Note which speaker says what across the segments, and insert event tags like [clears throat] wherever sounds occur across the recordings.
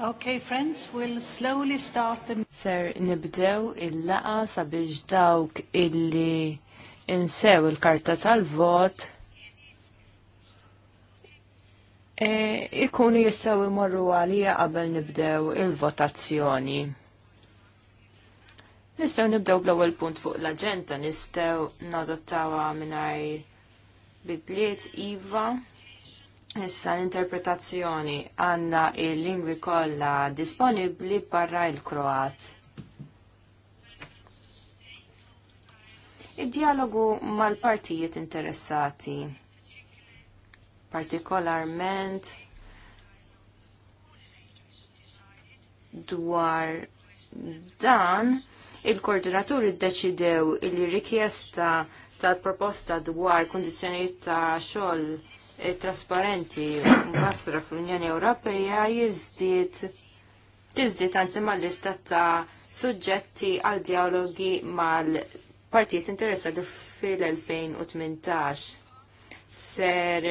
Speaker 1: Okay, friends, we'll slowly start the... Ser, nibdew il-laqa sabiex dawk illi insew il-karta tal-vot e, ikunu jistaw imorru għalija qabel nibdew il-votazzjoni. Nistaw nibdew bl-ewwel punt fuq l-aġenda, nistaw nadottawa mingħajr bidliet iva. Issa l-interpretazzjoni għanna il-lingwi kollha disponibli barra il-Kroat. Id-dialogu mal-partijiet interessati, partikolarment dwar dan, il-koordinaturi ddeċidew il-rikjesta tal-proposta dwar kondizjoniet ta' xogħol Eh, trasparenti mbasra fl-Unjoni Ewropea jizdiet tizdiet anzi mal-lista ta' suġġetti għal dialogi mal-partijiet interessati fil-2018. Ser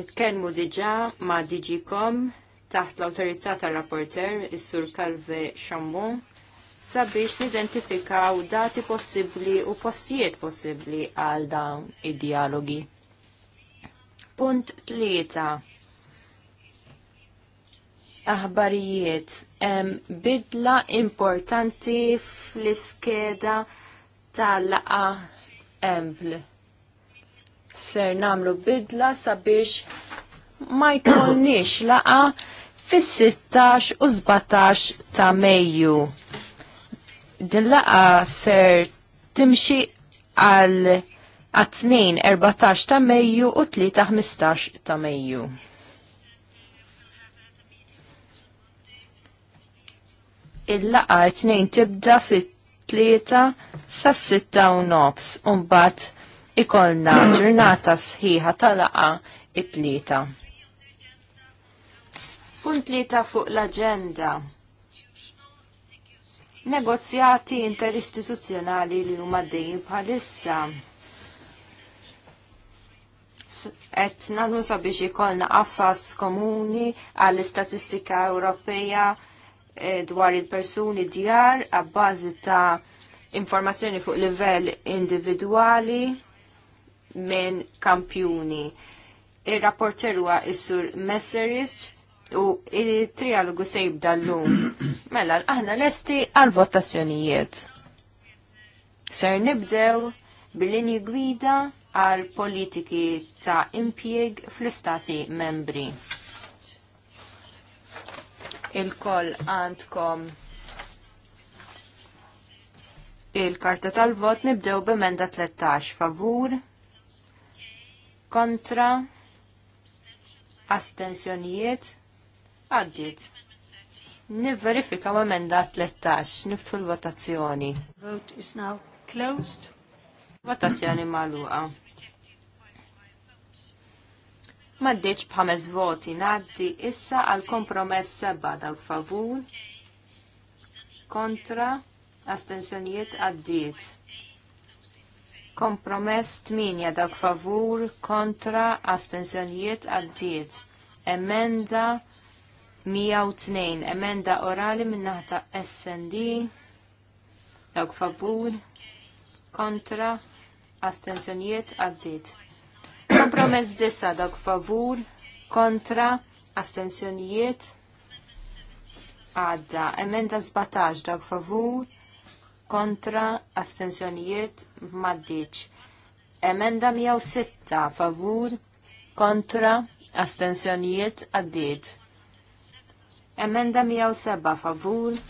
Speaker 1: nitkellmu diġa ma' DigiCom taħt l autorizzata tar-rapporter, is-Sur Calve Chambon, sabiex nidentifikaw dati possibbli u postijiet possibbli għal dawn id-dialogi. Punt tlieta. Aħbarijiet. Bidla importanti fl-iskeda tal-laqa empl. Ser namlu bidla sabiex ma jkollniex laqa fis-16 u 17 ta' Mejju. Din laqa ser timxi għal għat-2 14 ta' Mejju u 3 15 ta' Mejju. il laqqa t-nejn tibda fit-3 sa' 6 u nofs un-bat ikolna ġurnata sħiħa tal laqqa it-3. Punt 3 fuq l-agenda negozjati interistituzjonali li huma dejjem bħalissa qed nagħmlu sabiex ikollna affas komuni għall-istatistika Ewropea eh, dwar il-persuni djar għabbażi ta' informazzjoni fuq livell individuali minn kampjuni. Ir-rapporter huwa is-sur Messerich u il-trialogu sejb dal lum [coughs] Mela, aħna lesti għal-votazzjonijiet. Ser nibdew bil-linji gwida għal politiki ta' impjieg fl-istati membri. Il-koll għandkom il-karta tal-vot nibdew b'emenda 13 favur kontra astensjonijiet għaddit. Nivverifika emenda 13, niftu l-votazzjoni.
Speaker 2: Vote is now closed. Votazzjoni maluqa
Speaker 1: maddiċ bħames voti naddi issa għal kompromess seba dawk favur kontra astensjonijiet għaddiet. Kompromess tminja dawk favur kontra astensjonijiet għaddiet. Emenda 102, emenda orali minnaħta SND dawk favur kontra astensjonijiet għaddiet Kompromess disa dak favur kontra astensjonijiet għadda. Emenda 17 dak favur kontra astensjonijiet maddiċ. Emenda 106 favur kontra astensjonijiet għaddiċ. Emenda 107 favur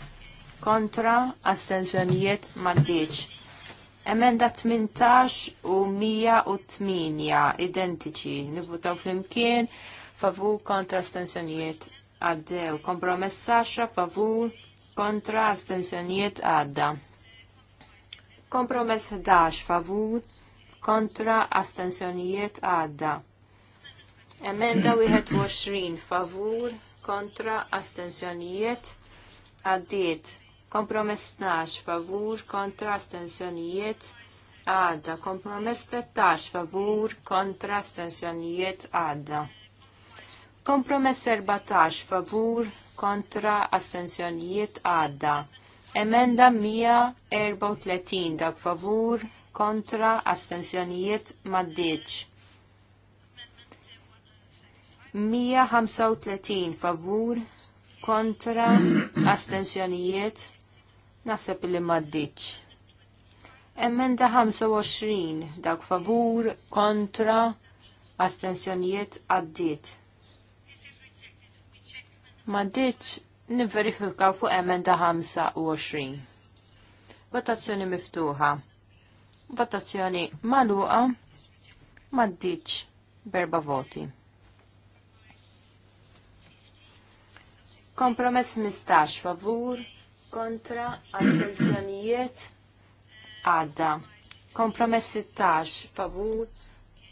Speaker 1: kontra astensjonijiet maddiċ. Emenda 18 u 108 identiċi fl flimkien favur kontra astensjonijiet għaddew. Kompromess 10 favur kontra astensjonijiet għadda. Kompromess 11 favur kontra astensjonijiet għadda. Emenda 21 [clears throat] favur kontra astensjonijiet għaddiet. Kompromess 12 favur kontra astensjonijiet għadda. Kompromess 13 favur kontra astensjonijiet għadda. Kompromess 14 favur kontra astensjonijiet għadda. Emenda 134 dak favur kontra astensjonijiet maddiċ. 135 favur kontra [coughs] astensjonijiet Naħseb li maddiċ. Emenda 25 dak favur kontra astensjonijiet għaddit. Maddiċ niverifika fuq emenda 25. Votazzjoni miftuħa. Votazzjoni maluqa maddiċ berba voti. Kompromess 15 favur kontra astenzjonijiet għadda. Kompromess 16 favur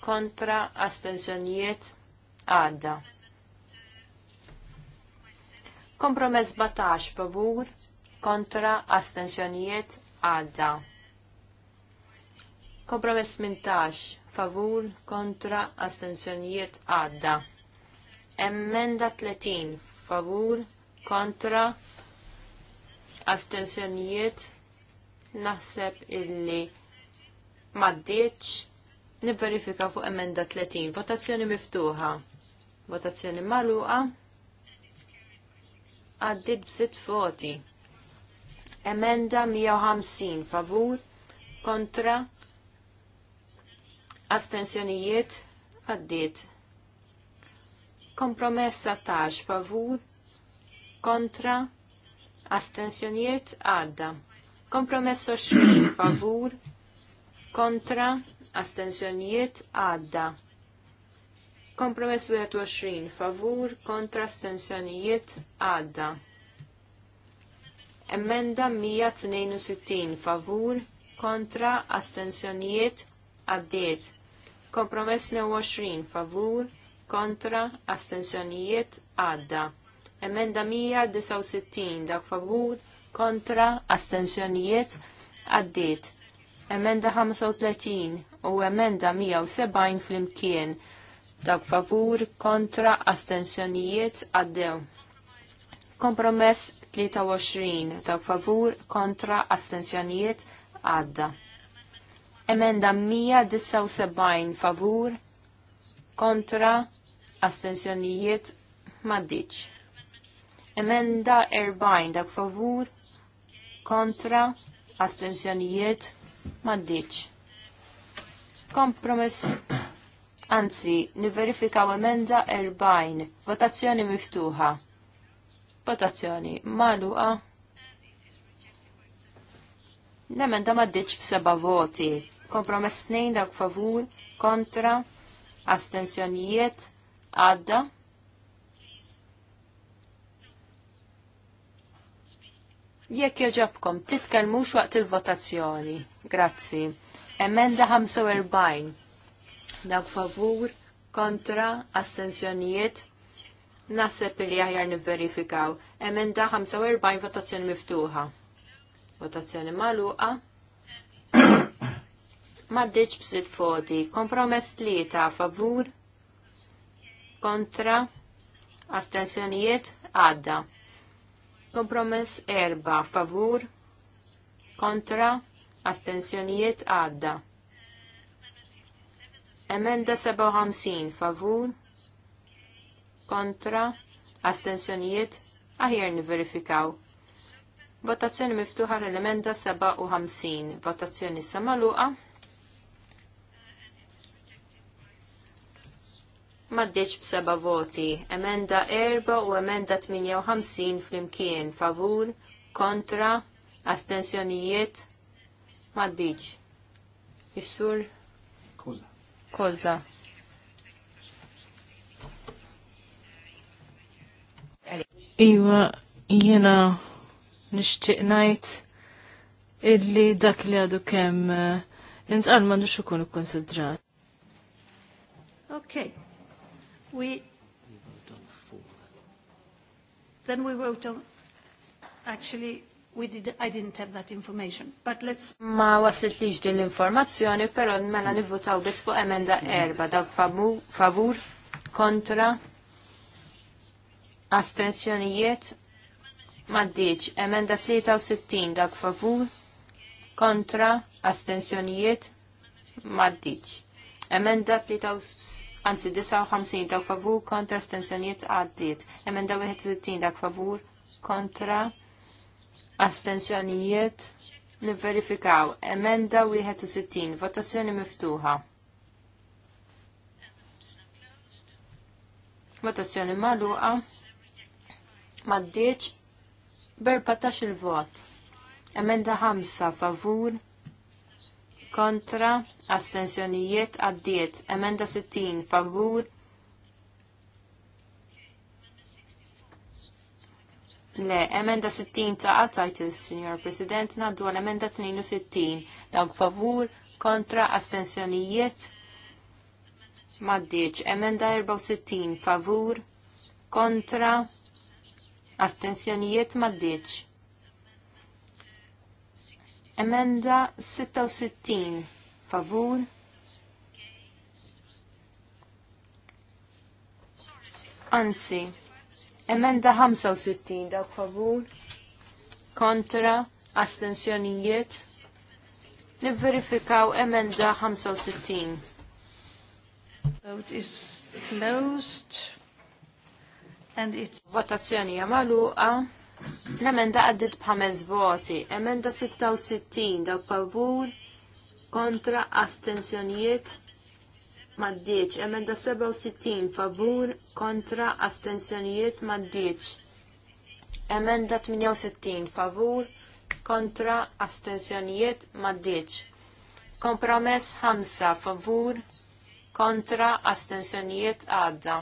Speaker 1: kontra astenzjonijiet għadda. Kompromess 17 favur kontra astenzjonijiet għadda. Kompromess 18 favur kontra astenzjonijiet għadda. Emmenda 30 favur kontra astensjonijiet naħseb illi maddieċ nivverifika fuq emenda 30. Votazzjoni miftuħa. Votazzjoni maluqa. Għaddit bżit voti. Emenda 150 favur kontra astensjonijiet għaddit. Kompromessa taċ favur kontra astensjonijiet għadda. Kompromess 20 [coughs] favur kontra astensjonijiet għadda. Kompromess 21 favur kontra astensjonijiet għadda. Emenda 162 favur kontra astensjonijiet għaddiet. Kompromess 29 favur kontra astensjonijiet għadda. Emenda 169 dak favur kontra astensjonijiet għaddit. Emenda 35 u emenda 170 flimkien dak favur kontra astensjonijiet għaddew. Kompromess 23 dak favur kontra astensjonijiet għadda. Emenda 179 favur kontra astensjonijiet maddiċ. Emenda erbajn dak favur kontra astensjonijiet maddiċ. Kompromess anzi niverifikaw emenda erbajn. votazzjoni miftuħa. Votazzjoni maluqa. L-emenda maddiċ f'seba' voti. Kompromess nejn dak favur kontra astensjonijiet għadda. Jekk joġobkom, titkellmux waqt il-votazzjoni. Grazzi. Emenda 45. Dak favur, kontra, astensjonijiet. Naseb li aħjar nivverifikaw. Emenda 45 votazzjoni miftuħa. Votazzjoni maluqa. [coughs] Maddiċ b'sit voti. Kompromess li ta' favur, kontra, astensjonijiet, għadda. Kompromess erba' favur kontra astensjonijiet għadda. Emenda 57 favur kontra astensjonijiet aħjar niverifikaw. Votazzjoni miftuħa l-emenda 57. Votazzjoni samaluqa. maddeċ b'seba voti, emenda erba' u emenda 58 flimkien favur, kontra, astensjonijiet, maddeċ. Jissur? Koza. Koza.
Speaker 3: Iwa, jena nishtiq najt illi dak li għadu kem uh, intqal mandux ikun konsidrat.
Speaker 2: Okay. We, we vote on four. Then we vote on, actually, we did, I didn't have that information, but let's...
Speaker 1: Ma waslet liġ din l-informazzjoni, pero mela nivvotaw bis fuq emenda erba, dak favur, kontra, astensjonijiet, maddiċ, emenda 63, dak favur, kontra, astensjonijiet, maddiċ. Emenda 63, anzi 59 dak favur kontra astensjonijiet għaddiet. Emenda 61 dak favur kontra astensjonijiet nivverifikaw. Emenda 61, votazzjoni miftuħa. Votazzjoni maluqa maddieċ berpatax il-vot. Emenda 5 favur kontra astensjonijiet għaddiet. Emenda 60 favur Le, emenda 60 ta' għatajt signor President naddu għal-emenda 62 dawk favur kontra astensjonijiet maddiċ. Emenda 64 favur kontra astensjonijiet maddiċ. Emenda 66 favur. Anzi, emenda 65 dawk favur. Kontra, astensjonijiet. Nivverifikaw emenda 65. Vote is closed and it's Votazzjoni jamaluqa. L-emenda għaddit b'ħames voti. Emenda 66 daw favur kontra astensjonijiet maddiċ. Emenda 67 favur kontra astensjonijiet maddiċ. Emenda 68 favur kontra astensjonijiet maddieċ. Kompromess 5 favur kontra astensjonijiet għadda.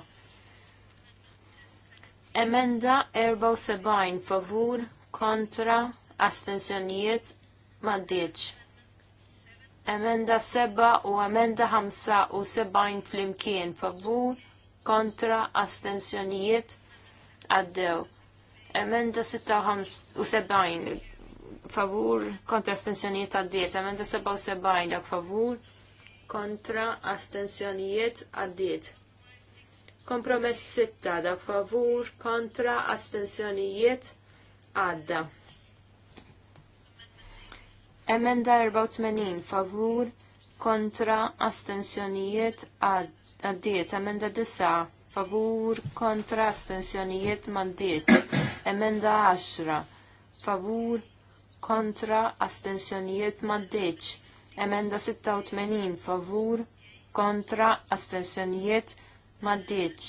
Speaker 1: Emenda 74 favur kontra astensjonijiet maddiċ. Emenda 7 u emenda 5 u 70 flimkien favur kontra astensjonijiet għaddew. Emenda 76 u 70 favur kontra astensjonijiet għaddiet. Emenda 77 dak favur kontra astensjonijiet għaddiet. Kompromess sitta dak favur kontra astensjonijiet għadda. Emenda 84 favur kontra astensjonijiet għaddiet. Emenda 9 favur kontra astensjonijiet maddiet. Emenda 10 favur kontra astensjonijiet maddiċ. Emenda 86 favur kontra astensjonijiet maddiċ.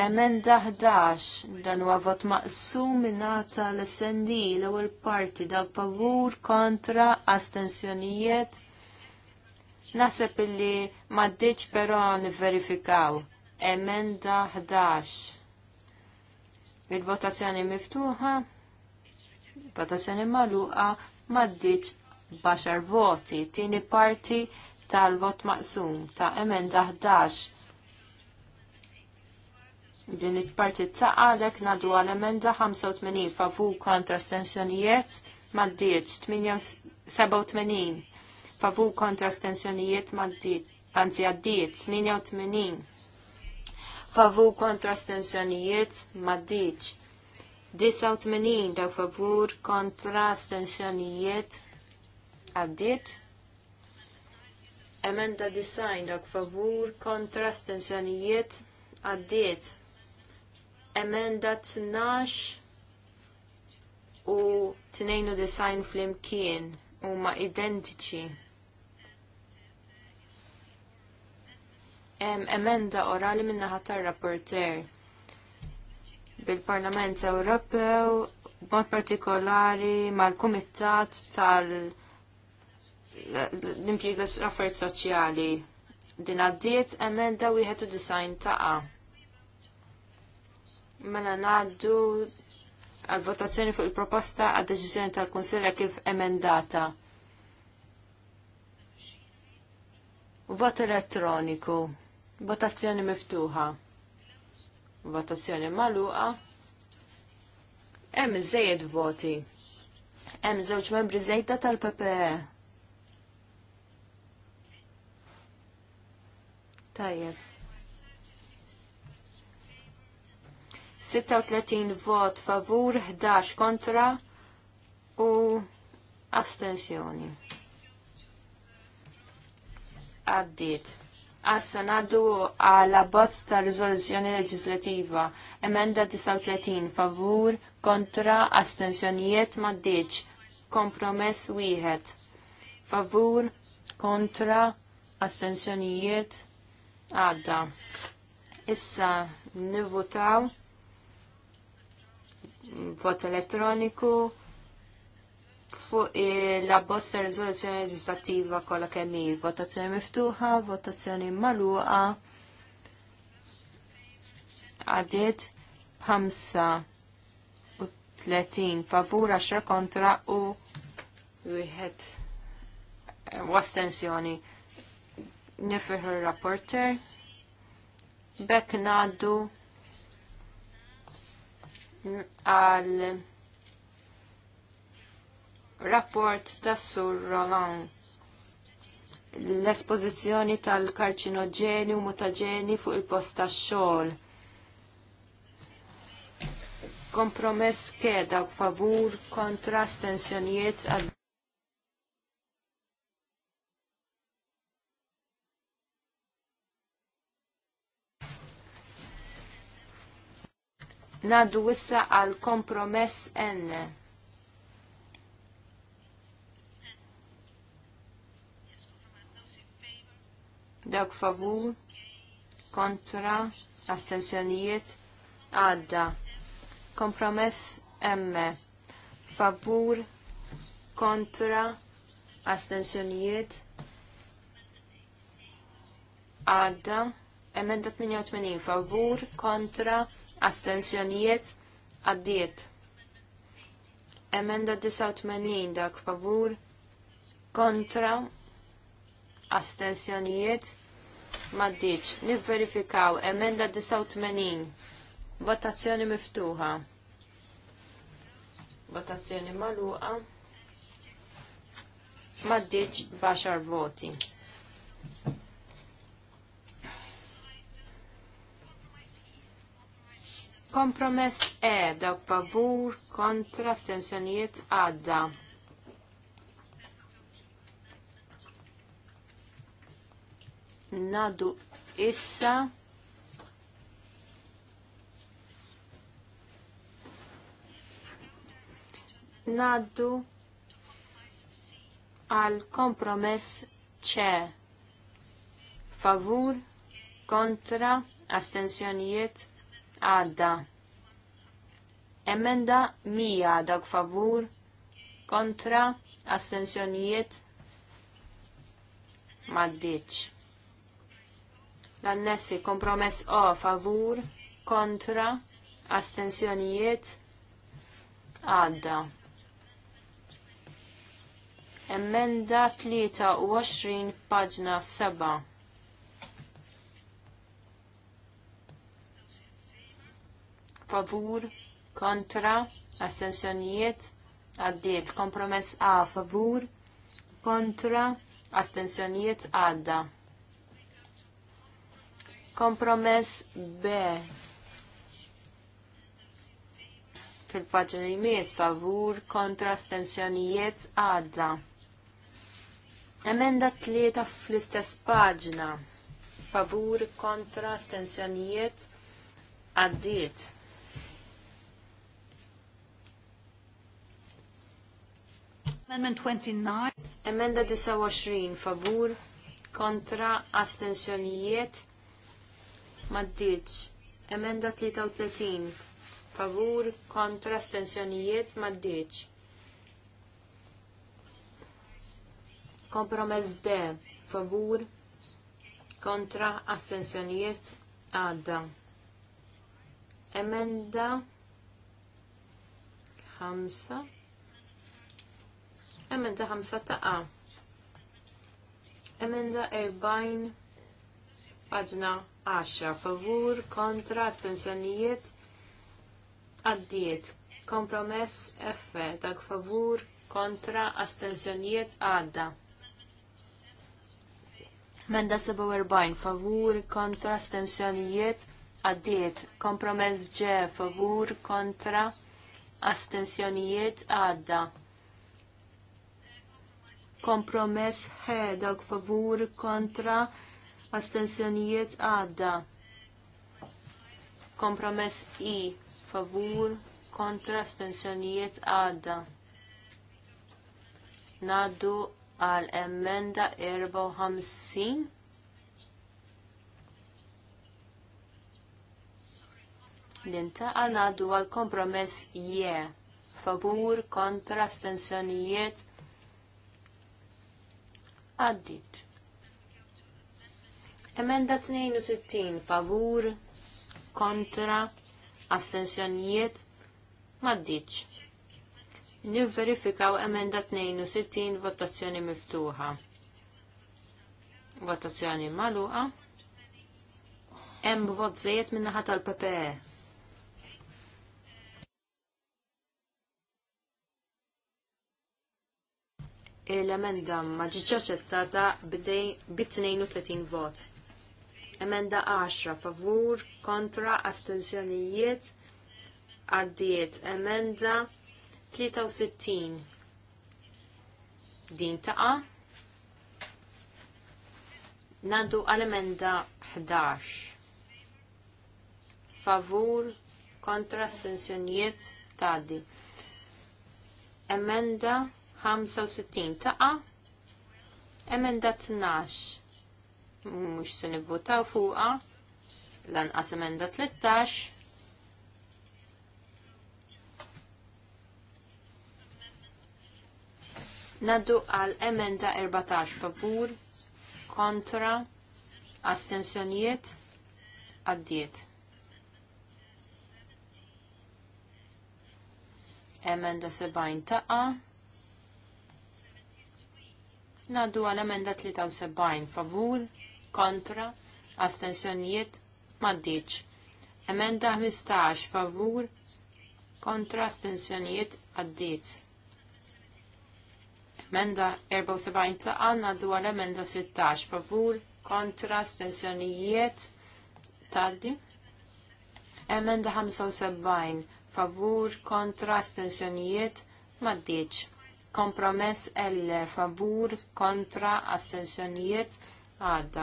Speaker 1: Emenda 11 dan huwa vot maqsum minata l sendi l-ewwel parti dal favur kontra astensjonijiet. Naħseb illi maddiċ però nivverifikaw. Emenda 11. Il-votazzjoni miftuħa, votazzjoni magħluqa maddiċ baxar voti, tieni parti tal-vot maqsum ta' emenda 11 Din it-parti taqalek nadru għal-emenda 85 favu kontra stensjonijiet maddiet 87 favu kontra stensjonijiet maddiet għanzi għaddiet 88 favu kontra stensjonijiet maddiet 89 da favur kontra stensjonijiet għaddiet emenda design dak favur kontra stensjonijiet għaddiet emenda 12 u 92 flimkien huma identiċi. Em, emenda orali minna ħatar rapporter bil-Parlament Ewropew b'mod partikolari mal-Kumitat tal
Speaker 2: l-impjieg
Speaker 1: l soċjali. Din għaddiet emenda wieħed u design taqa' Mela ngħaddu għal votazzjoni fuq il-proposta għad deċiżjoni tal-Kunsilja kif emendata. Vot elettroniku. Votazzjoni miftuħa. Votazzjoni magħluqa. Hemm żejjed voti. Hemm żewġ membri żejda tal-PPE. Tajjeb. 36 vot favur, 11 kontra u astensjoni. Għaddit. Għassa naddu għala bozz ta' rizoluzjoni legislativa. Emenda 39 favur, kontra, astensjonijiet diċ. Kompromess wieħed. Favur, kontra, astensjonijiet għadda. Issa nivutaw vot elettroniku fuq la bossa riżoluzzjoni leġislattiva kolla kemm hi votazzjoni miftuħa, votazzjoni magħluqa. Għadiet b'ħamsa u tletin favur 10 kontra u wieħed wastensjoni. Nifirħu rapporter. Bekk ngħaddu għal rapport tas Sur Roland l-espożizzjoni tal-karċinoġeni u mutaġeni fuq il-post tax-xogħol. Kompromess keda favur kontra stensjonijiet għad Naddu wissa għal kompromess N. Dak favur, kontra, astensjonijiet, għadda. Kompromess M. Favur, kontra, astensjonijiet, għadda. Emenda 88, favur, kontra, astensjonijiet għaddiet. Emenda 89 dak favur kontra astensjonijiet maddiċ. Nifverifikaw emenda 89. Votazzjoni miftuħa. Votazzjoni maluqa. Maddiċ baxar voti. Kompromess E, dawk pavur kontra stensjonijiet għadda. Nadu issa naddu għal kompromess ċe favur kontra astensjonijiet għadda. Emenda Mija dak favur kontra astensjonijiet maddiċ. L-annessi kompromess o favur kontra astensjonijiet għadda. Emenda 23 paġna 7. favur kontra astensjonijiet għaddiet kompromess A favur kontra astensjonijiet għadda kompromess B fil-paġna li mis favur kontra astensjonijiet għadda Emenda tlieta fl-istess paġna. Favur kontra stensjonijiet
Speaker 2: għaddiet. Amendment 29. Emenda 29
Speaker 1: favur kontra astensjonijiet maddiċ. Emenda 33 favur kontra astensjonijiet maddiċ. Kompromess D favur kontra astensjonijiet għadda. Emenda 5 Emenda 5 taqa. Emenda erbajn paġna għaxa. favur kontra astensjonijiet għaddiet. Kompromess F dak favur kontra astensjonijiet għadda. Menda 47 favur kontra astensjonijiet għaddiet. Kompromess G favur kontra astensjonijiet għadda. Kompromess he favur kontra astensjonijiet għadda. Kompromess i favur kontra astensjonijiet għadda. Naddu għal emenda 54. Ninta għal naddu għal kompromess je. favur kontra stensjonijiet Għaddit. Emenda 62 favur kontra astensjonijiet maddiċ. Nivverifikaw emenda 62 votazzjoni miftuħa. Votazzjoni maluqa. Hemm vot zejet min-naħa tal-PPE. l-emenda ma ġiċ aċċettata b-32 vot. Emenda 10 favur kontra astensjonijiet għaddiet. Emenda 63 din taqa. Nandu għal-emenda 11 favur kontra astensjonijiet taddi. Emenda 65 taqa. Emenda 12 mhux se nivvotaw fuqha. Lanqas emenda 13. Naddu għal emenda 14 papur kontra assenzjonijiet għaddiet. Emenda 70 taqa' Naddu għal emenda 73 favur, kontra, astensjonijiet, maddiċ. Emenda 15 favur, kontra, astensjonijiet, għaddiċ. Emenda 74 ta' għanna għaddu għal emenda 16 favur, kontra, astensjonijiet, taddi. Emenda 75 favur, kontra, astensjonijiet, maddiċ Kompromess għal favur kontra astensjonijiet għadda.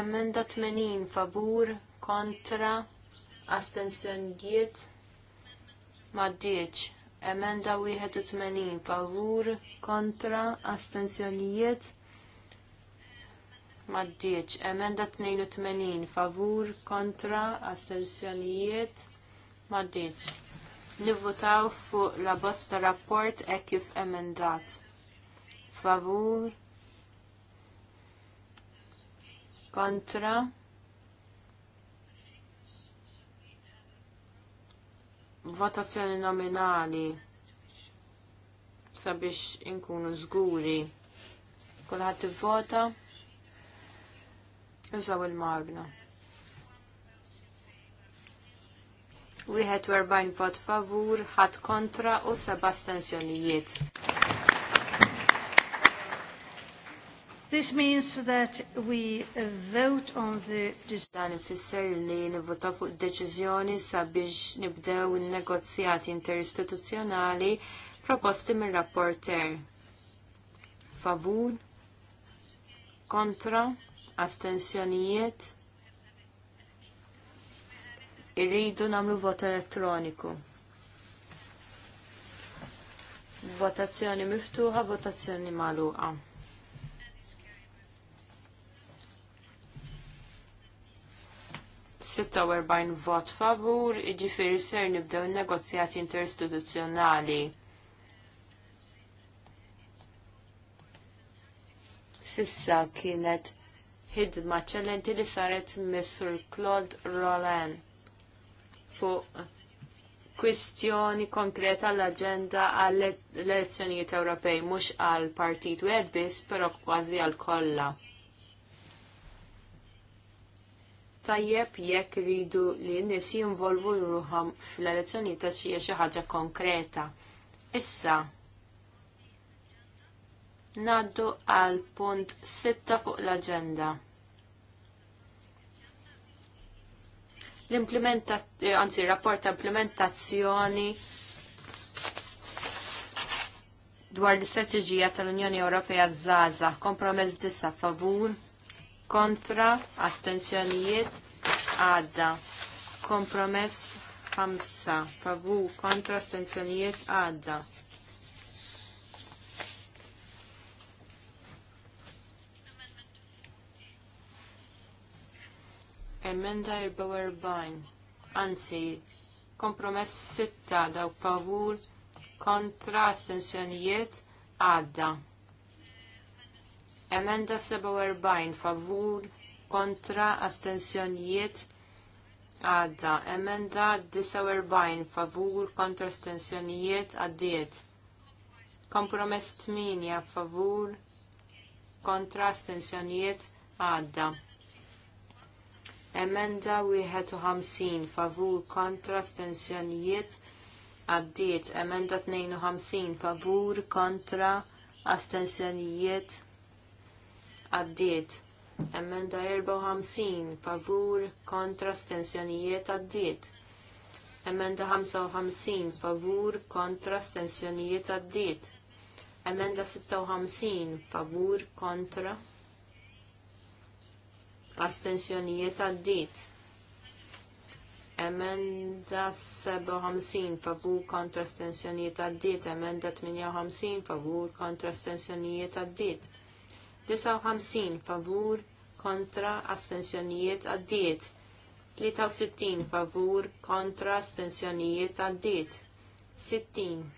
Speaker 1: Emenda 80 favur kontra astensjonijiet maddieċ. Emenda 81 favur kontra astensjonijiet maddieċ. Emenda 82 favur kontra astensjonijiet maddieċ nivvotaw fuq la bosta rapport e kif emendat. Favur. Kontra. Votazzjoni nominali sabiex inkunu żguri. Kulħadd vota. Użaw il-magna. 41 vot favur, ħadd kontra u seba' stensjonijiet.
Speaker 2: This means that we vote on the
Speaker 1: Dan ifisser li nivvota fuq deċiżjoni sabiex nibdew in-negozjati interistituzzjonali proposti mir-rapporter. Favur, kontra, astensjonijiet, Irridu namlu vot elettroniku. Votazzjoni miftuħa, votazzjoni maluqa. Sitta u vot favur, iġifiri ser nibdew negozjati interistituzjonali. Sissa kienet ħidma ċellenti li saret Missur Claude Roland fuq kwistjoni konkreta l-agenda għall-elezzjonijiet Ewropej, mhux għal partit wieħed biss, però kważi għal kollha. Tajjeb jekk ridu li n-nies jinvolvu ruħam fl-elezzjonijiet ta' xi xi ħaġa konkreta. Issa naddu għal punt 6 fuq l-agenda. l-implementazzjoni, eh, anzi rapport ta' implementazzjoni dwar l-istrateġija tal-Unjoni Ewropea żgħażagħ kompromess disa favur kontra astensjonijiet għadda kompromess 5 favur kontra astensjonijiet għadda Emenda 44. Anzi, kompromess sitta daw favur kontra astensjonijiet għadda. Emenda 47 favur kontra astensjonijiet għadda. Emenda 49 favur kontra astensjonijiet għaddiet. Kompromess 8 favur kontra astensjonijiet għadda. Emenda 51 favur kontra astensjonijiet għaddiet. Emenda 52 favur kontra astensjonijiet għaddiet. Emenda 54 favur kontra astensjonijiet għaddiet. Emenda 55 favur kontra astensjonijiet għaddiet. Emenda 56 favur kontra astensjonijiet għaddit. Emenda 57 favur kontra astensjonijiet għaddit, emenda 58 favur kontra astensjonijiet għaddit. 59 favur kontra astensjonijiet għaddit. 63 favur kontra astensjonijiet għaddit. 60.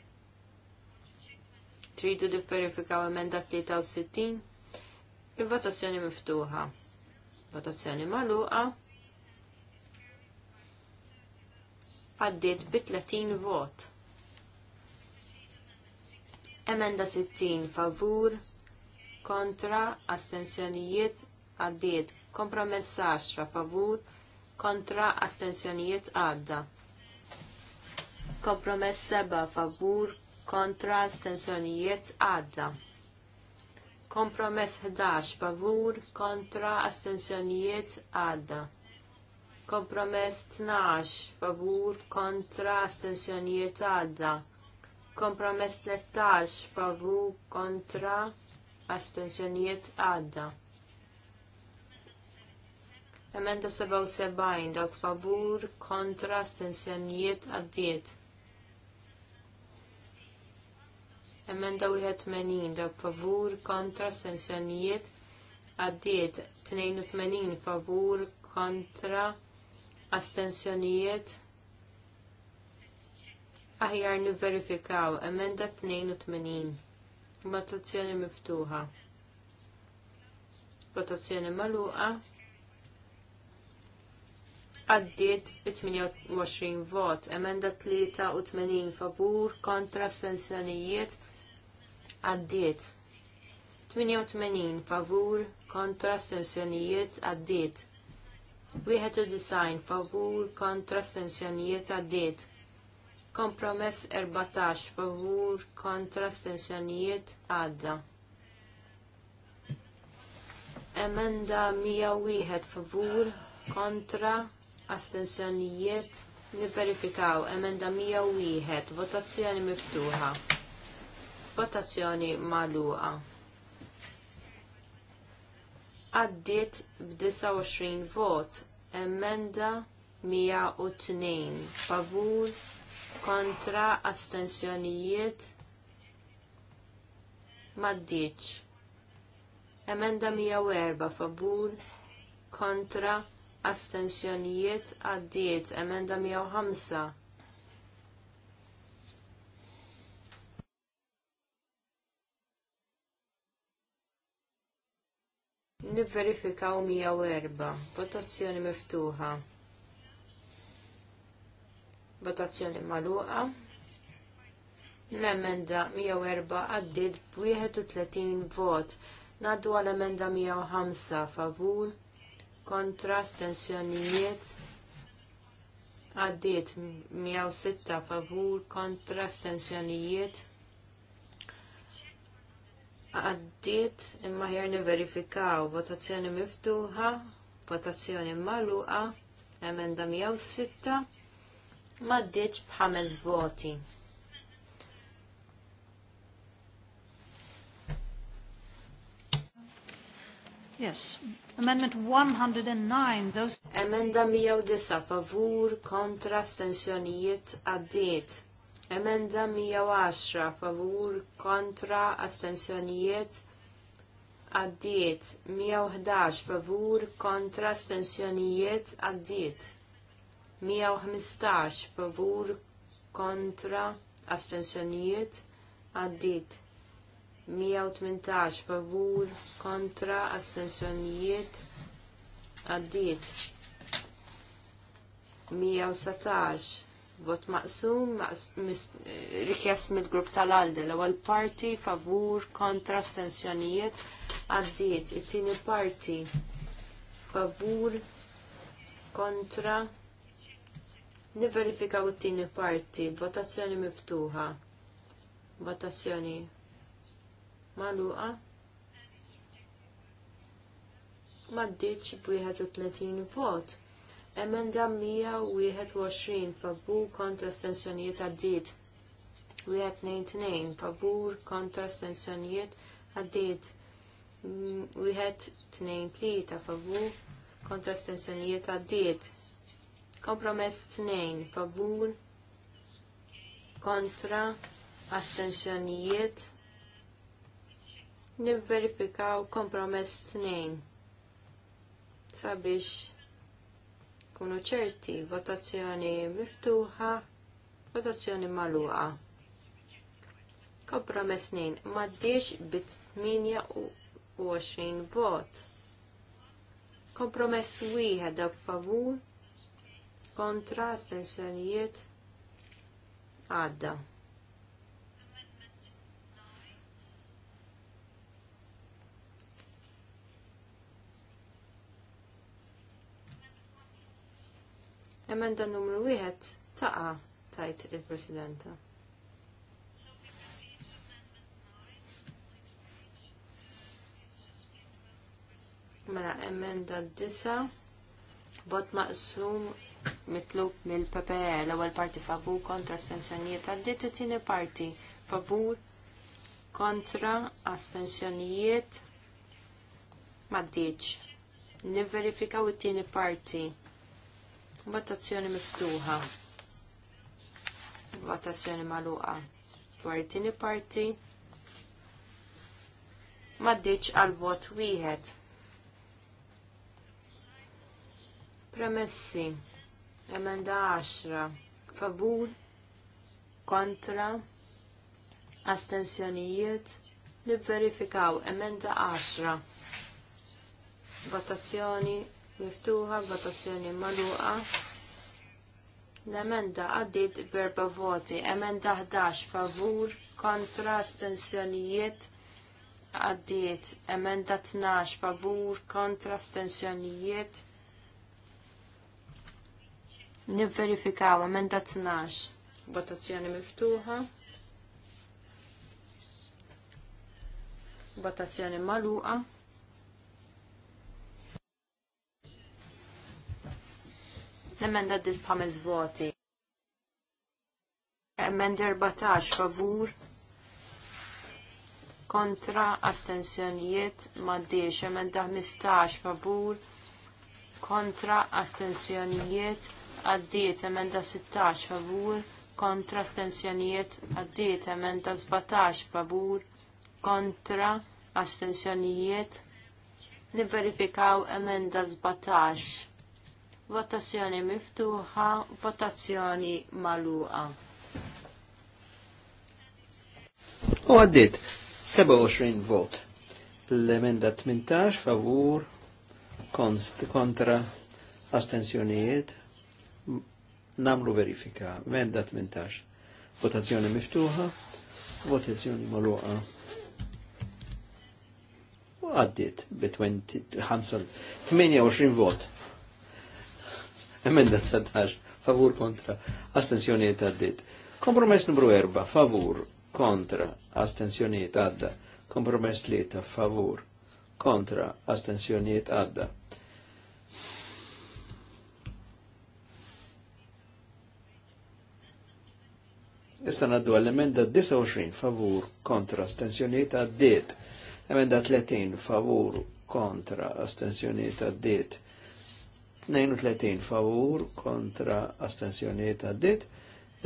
Speaker 1: Tridu differifikaw emenda 63. Il-votazzjoni miftuħa. Votazzjoni maluqa. Għaddit bi 30 vot. Emenda 60 favur kontra astensjonijiet għaddiet kompromess 10 favur kontra astensjonijiet għadda. Kompromess 7 favur kontra astensjonijiet għadda. Kompromess 11 favur kontra astensjonijiet għadda. Kompromess 12 favur kontra astensjonijiet għadda. Kompromess 13 favur kontra astensjonijiet għadda. Emenda 77 dak favur kontra astensjonijiet għaddiet. Emenda 81 dawk favur kontra sensjonijiet għaddiet 82 favur kontra astensjonijiet aħjar verifikaw emenda 82 votazzjoni miftuħa votazzjoni magħluqa għaddiet 28 vot, emenda 83 favur kontra stensjonijiet għaddiet. 88 favur kontra stensjonijiet għaddiet. 91 favur kontra stensjonijiet għaddiet. Kompromess 14 favur kontra stensjonijiet għadda. Emenda 101 favur kontra astensjonijiet Niverifikaw emenda 101, votazzjoni miftuħa votazzjoni magħluqa. Għaddiet b'29 vot, emenda 102 favur kontra astensjonijiet maddiċ. Emenda 104 favur kontra astensjonijiet għaddiet. Emenda 105 Nivverifikaw erba. Votazzjoni miftuħa. Votazzjoni maluqa. L-emenda 104 għaddit b'31 vot. Naddu għal-emenda 105 favur kontra stensjonijiet għaddiet 106 favur kontra stensjonijiet għaddiet imma ħjar niverifikaw votazzjoni miftuħa, votazzjoni magħluqa, emenda 106, ma b'ħames voti.
Speaker 2: Yes. Amendment 109, those...
Speaker 1: Emenda 109, favur, kontra, stensjonijiet, għaddiet. Emenda 110 favur kontra astensjonijiet għaddiet. 111 favur kontra astensjonijiet għaddiet. 115 favur kontra astensjonijiet għaddiet. 118 favur kontra astensjonijiet għaddiet 117 Vot maqsum, rikjess mill-grupp tal għalde l ewwel parti favur kontra stensjonijiet għaddiet, it-tieni parti favur kontra u it-tieni parti, votazzjoni miftuħa, votazzjoni maluqa. Maddiċ tletin vot. Emenda 121 favur kontra stensjonijiet għaddit. 122 favur kontra stensjonijiet għaddit. 123 favur kontra stensjonijiet għaddit. Kompromess 2 favur kontra astensjonijiet nivverifikaw kompromess 2 sabiex Kunu ċerti, votazzjoni miftuħa, votazzjoni maluqa. Kompromess snin, maddiex bit 28 vot. Kompromess wieħed dak favur, kontra, stensjonijiet, għadda. Emenda numru wieħed taqa tajt il-Presidenta. Mela emenda disa bot maqsum mitlub mill-PPE l-ewwel parti favur kontra astensjonijiet għaddiet it-tieni parti favur kontra astensjonijiet m'għaddiex. Nivverifikaw it-tieni parti Votazzjoni miftuħa. Votazzjoni maluqa. Dwar parti maddiċ għal vot wieħed. Premessi. Emenda 10. Favur. Kontra. Astensjonijiet. Nivverifikaw emenda 10. Votazzjoni miftuħa votazzjoni magħluqa. L-emenda għaddit berba voti, emenda 11 favur kontra stensjonijiet għaddiet, emenda 12 favur kontra stensjonijiet. Nivverifikaw emenda 12. Votazzjoni miftuħa. Votazzjoni magħluqa. L-emenda dil pamez voti. Emenda 14 favur kontra astensjonijiet maddiex. Emenda 15 favur kontra astensjonijiet għaddiet. Emenda 16 favur kontra astensjonijiet għaddiet. Emenda 17 favur kontra astensjonijiet niverifikaw emenda 17. Votazzjoni miftuħa, votazzjoni maluqa.
Speaker 4: U għaddit, 27 vot. L-emenda 18 favur konst, kontra astensjonijiet namlu verifika. Emenda 18. Votazzjoni miftuħa, votazzjoni maluqa għaddit bi 28 vot. Emenda 19, favur kontra astensjoniet għaddit. Kompromess numru 4, favur kontra astensjoniet għadda. Kompromess ta' favur kontra t għadda. Issa naddu għall-emenda 29 favur kontra astensjoniet għaddit Emenda 30 favur kontra astensjoniet għaddit 32 favur kontra astensjoniet għaddit,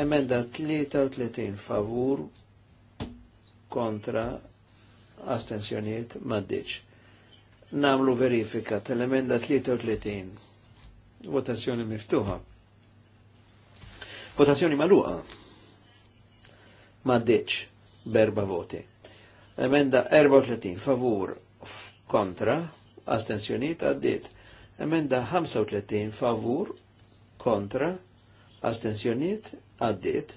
Speaker 4: emenda 33 favur kontra astensjoniet maddiċ. Namlu verifika tal-emenda 33. Votazzjoni miftuħa. Votazzjoni maluqa. Maddiċ berba voti. Emenda 34 favur kontra astensjoniet għaddit. Emenda 35 favur kontra astensjoniet għaddit.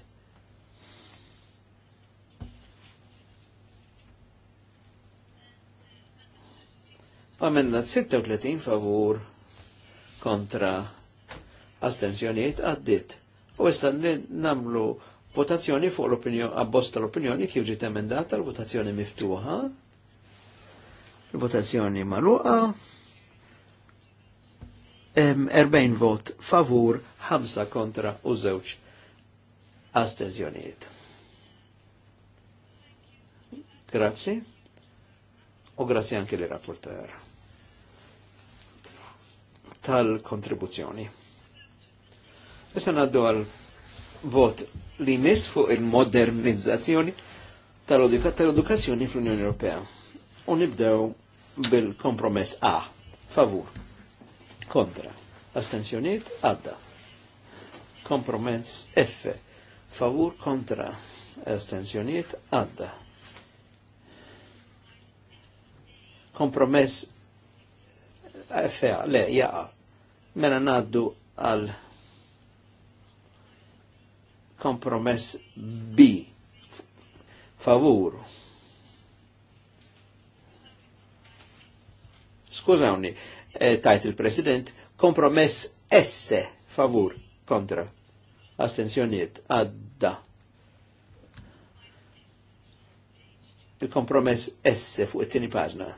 Speaker 4: Għamenna 36 favur kontra astensjoniet għaddit. U issa li namlu votazzjoni fuq l-opinjoni, abbosta l-opinjoni kif ġiet emendata l-votazzjoni miftuħa, l-votazzjoni maluqa. 40 vot favur, 5 kontra u żewġ astezjoniet. Grazzi u grazzi anke li rapporter tal-kontribuzzjoni. Issa naddu għal vot li mis fuq il-modernizzazzjoni tal-edukazzjoni fl-Unjoni Ewropea. U nibdew bil-kompromess A. Favur kontra, Astenzjoniet, għadda. Kompromess F, favur kontra, Astenzjoniet, għadda. Kompromess F, le, jaqa, mena naddu għal kompromess B, favur. Skużawni, Eh, tajt il-President, kompromess esse favur kontra. Astenzjoniet għadda. Il-kompromess esse fuq it tini paġna.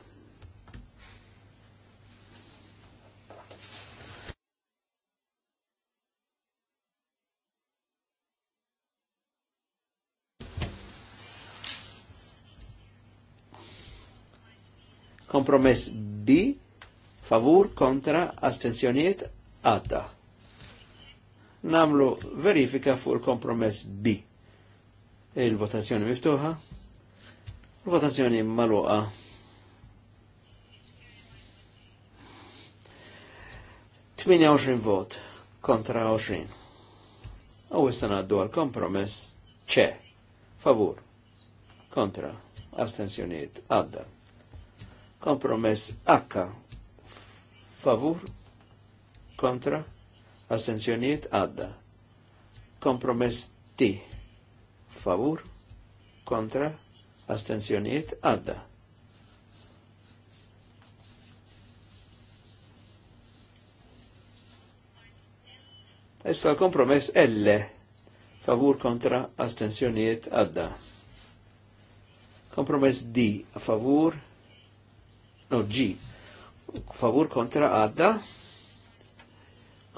Speaker 4: Kompromess B favur kontra astenzjoniet għadda. Namlu verifika fuq il-kompromess B. Il-votazzjoni miftuħa, il-votazzjoni maluqa. Tminja 28 vot kontra 20. U istan għaddu għal kompromess C. favur, kontra, astenzjoniet, għadda. Kompromess H, favur, kontra, astenzjoniet għadda. Kompromess T, favur, kontra, astenzjoniet għadda. Issa l-kompromess L, favur kontra astensjoniet għadda. Kompromess D, favur, no G, favur kontra għadda,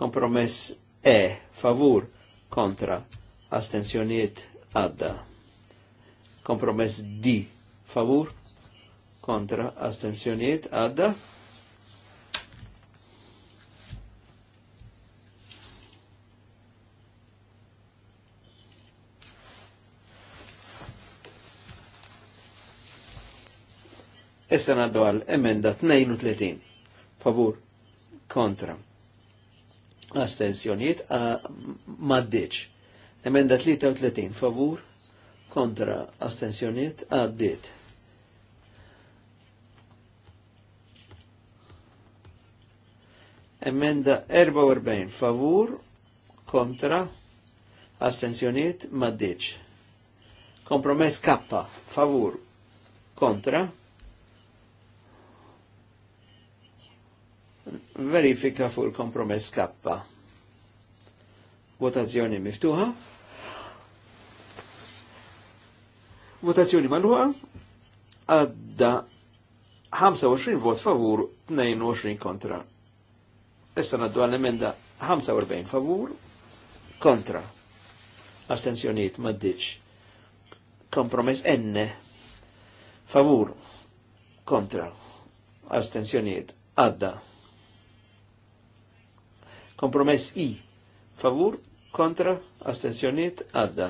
Speaker 4: kompromess E, favur kontra astensjoniet għadda, kompromess D, favur kontra astensjoniet għadda, Issa naddu għal emenda 32. Favur. Kontra. Astenzjoniet maddiċ. Emenda 33. Favur. Kontra. Astenzjoniet għaddit. Emenda 44. Favur. Kontra. Astenzjoniet maddiċ. Kompromess kappa. Favur. Kontra verifika fuq il-kompromess kappa. Votazzjoni miftuħa. Votazzjoni mal Għadda 25 vot favur, 22 kontra. Issa naddu għall-emenda 45 favur, kontra. Astenzjoniet maddiċ. Kompromess N Favur, kontra. Astenzjoniet għadda. Kompromess I. Favur kontra astensjoniet għadda.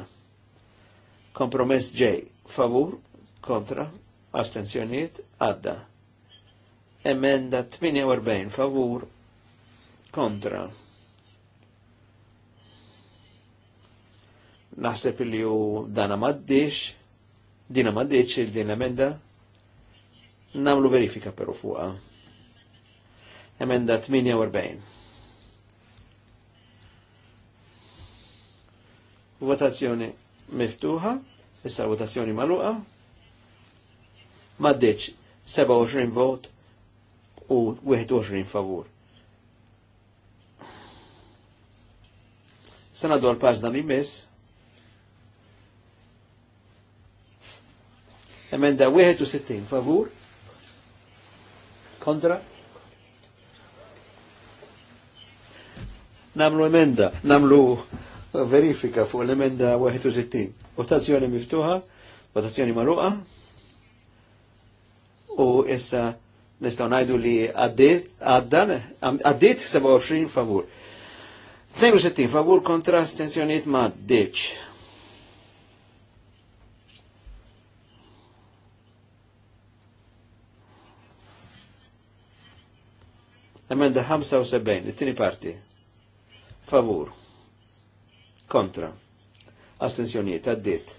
Speaker 4: Kompromess J. Favur kontra astensjoniet għadda. Emenda 48 favur kontra. Naħseb li ju dana maddix, dina maddix il-din emenda, namlu verifika peru fuqa. Emenda 48. Votazzjoni miftuħa, issa votazzjoni maluqa. maddeċ 27 vot u 21 favur. Sena dwar paġna li miss. Emenda 61 favur. Kontra. Namlu emenda, namlu verifika fuq l-emenda 61. Votazzjoni miftuħa, votazzjoni maruqa. U issa nistaw najdu li għaddan, għaddit 27 favur. 62 favur kontra astensjoniet ma deċ. Emenda 75, it-tini parti. Favur kontra, astensjoniet għaddit.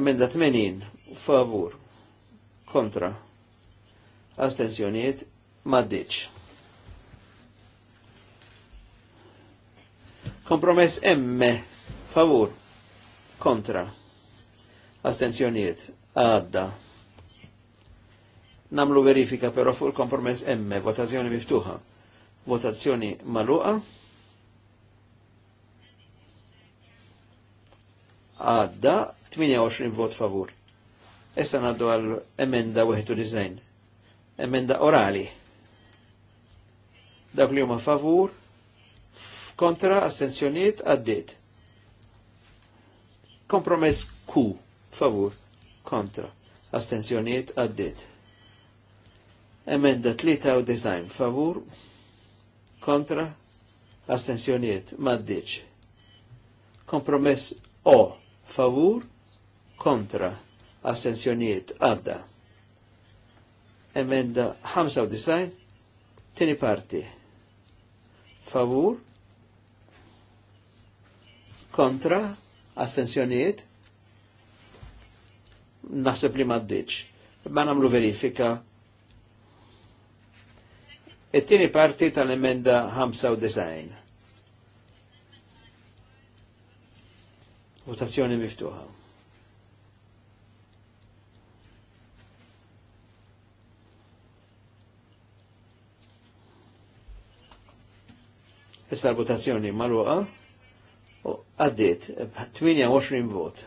Speaker 4: Emenda 80, favur, kontra, astensjoniet maddiċ. Kompromess M, favur, kontra, astensjoniet għadda. Namlu verifika però fuq il-kompromess M, votazzjoni miftuħa. Votazzjoni maluqa. għadda 28 vot favur. Issa għaddu għal emenda dizajn. Emenda orali. Dak li huma favur, kontra, astenzjoniet, għaddit. Kompromess Q, favur, kontra, astenzjoniet, għaddit. Emenda u dizajn. favur, kontra, astenzjoniet, maddiċ. Kompromess O, favur kontra astensjoniet għadda. Emenda 95, tini parti. Favur kontra astensjoniet, naħseb li maddiċ. Ma namlu verifika. it e tini parti tal-emenda 95. Votazzjoni miftuħa. Issa l-votazzjoni marruqa u għaddit 28 vot.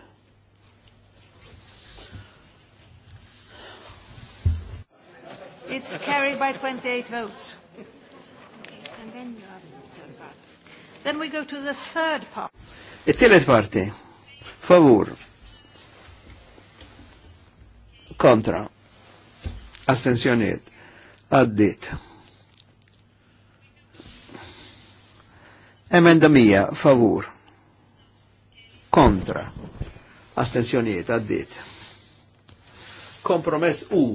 Speaker 2: It's carried by 28 votes. And then you have the Then we go to the third part.
Speaker 4: the third part favur kontra astensjoniet għaddit emenda mia. favur kontra astensjoniet għaddit kompromess u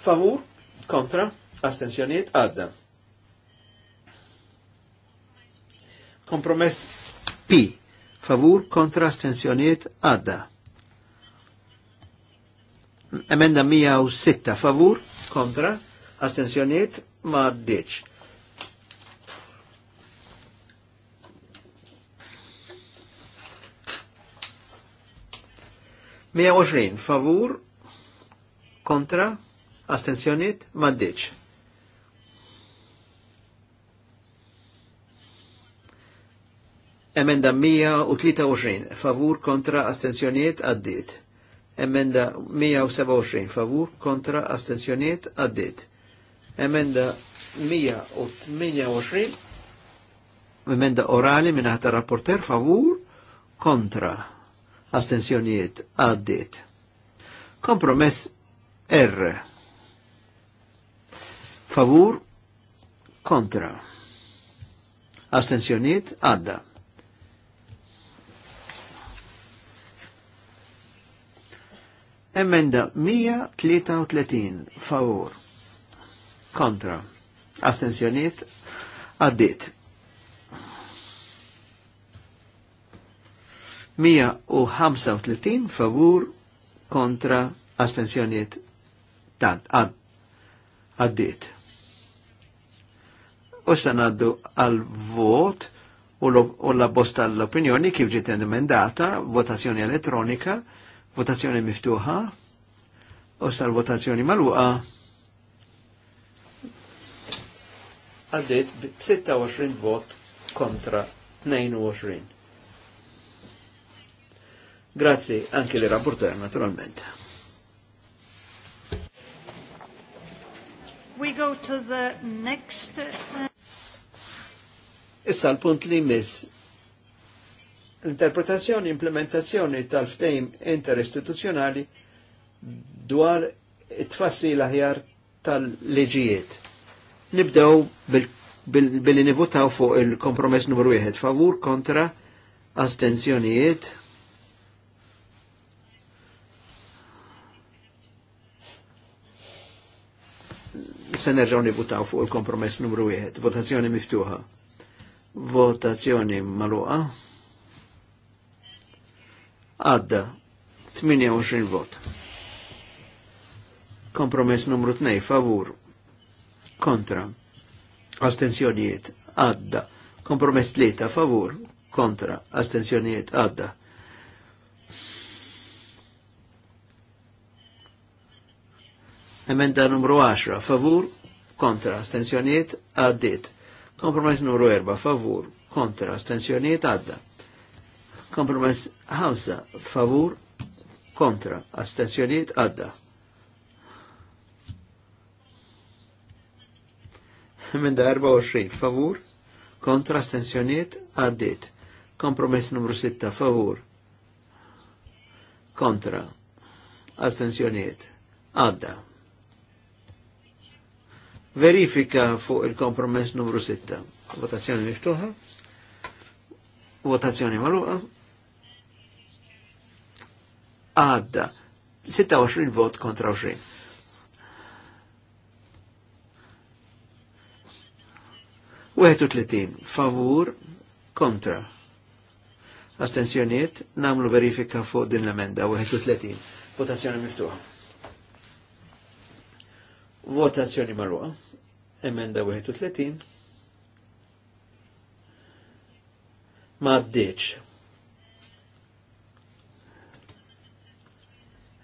Speaker 4: favur kontra astensjoniet għadda kompromess P favur kontra astensjoniet għadda. Emenda 106 favur kontra astensjoniet ma għaddiċ. Mija favur kontra astensjoniet ma Emenda 123 favur kontra astensjoniet għaddit. Emenda 127 favur kontra astensjoniet għaddit. Emenda 128 emenda orali minn ħata rapporter favur kontra astensjoniet għaddit. Kompromess R. Favur kontra. Astensjoniet għadda. Emenda 133 favor Kontra. Astensjoniet għaddit. 135 favur kontra astensjoniet tant għaddit. U sanaddu għal vot u la bosta l-opinjoni kif ġiet emendata, votazzjoni elettronika, Votazzjoni miftuħa. U sar votazzjoni maluqa. Għaddit 26 vot kontra 22. Grazzi anche li rapporter naturalment.
Speaker 2: We go to the next.
Speaker 4: Uh, Issa l-punt li miss l-interpretazzjoni implementazzjoni tal-ftejm interistituzzjonali dwar it tfassi l aħjar tal-leġijiet. Nibdew billi bil nivutaw fuq il-kompromess numru 1 favur kontra astenzjonijiet. Se nerġaw nivutaw fuq il-kompromess numru 1, votazzjoni miftuħa. Votazzjoni maluqa. Għadda, 28 vot. Kompromess numru 2, favur. Kontra. Astenzjonijiet, għadda. Kompromess 3, favur. Kontra. Astenzjonijiet, għadda. Emenda numru 10, favur, kontra, astensjonijiet għaddit. Kompromess numru 4, favur, kontra, astensjonijiet għadda. Kompromess ħamsa favur kontra astazzjoniet għadda. Minn da 24 favur kontra astazzjoniet għaddit. Kompromess numru 6 favur kontra astazzjoniet għadda. Verifika fuq il-kompromess numru 6. Votazzjoni miftuħa. Votazzjoni maluqa għadda 26 vot kontra 20. Wieħed u tletin favur kontra. Astenzjoniet namlu verifika fuq din l-emenda 31. Votazzjoni miftuħa. Votazzjoni marwa. Emenda 31. Ma' d-deċ.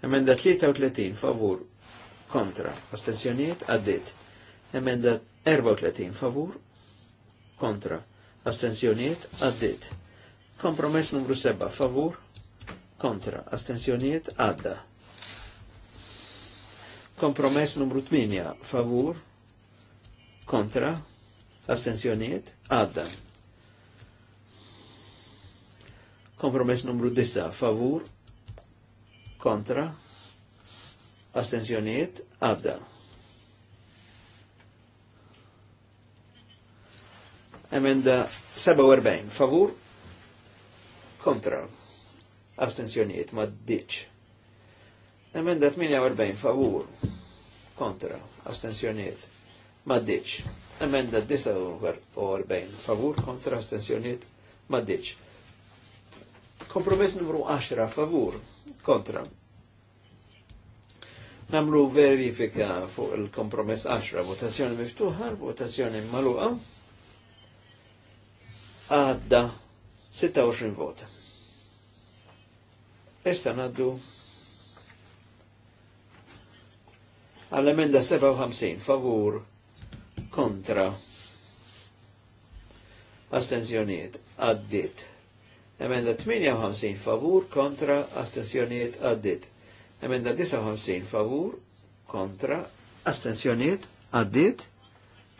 Speaker 4: Emenda 33 favur kontra astensjoniet għaddit. Emenda 34 favur kontra astensjoniet għaddit. Kompromess numru 7 favur kontra astensjoniet għadda. Kompromess numru 8 favur kontra astensjoniet għadda. Kompromess numru 9 favur kontra, astenzjoniet, għadda. Emenda 47, favur, kontra, astenzjoniet, ma ditx. Emenda 48, favur, kontra, astenzjoniet, ma ditx. Emenda 49, favur, kontra, astenzjoniet, ma ditx. Kompromess numru 10, favur, kontra, namlu verifika fuq il-kompromess 10, votazzjoni miftuħa, votazzjoni maluqa, għadda 26 vota. Issa naddu għall-emenda 57, favur, kontra, astenzjoniet, għaddit. Emenda 58, favur, kontra, astenzjoniet, għaddit. Emenda 59 favur kontra astensjoniet għaddit.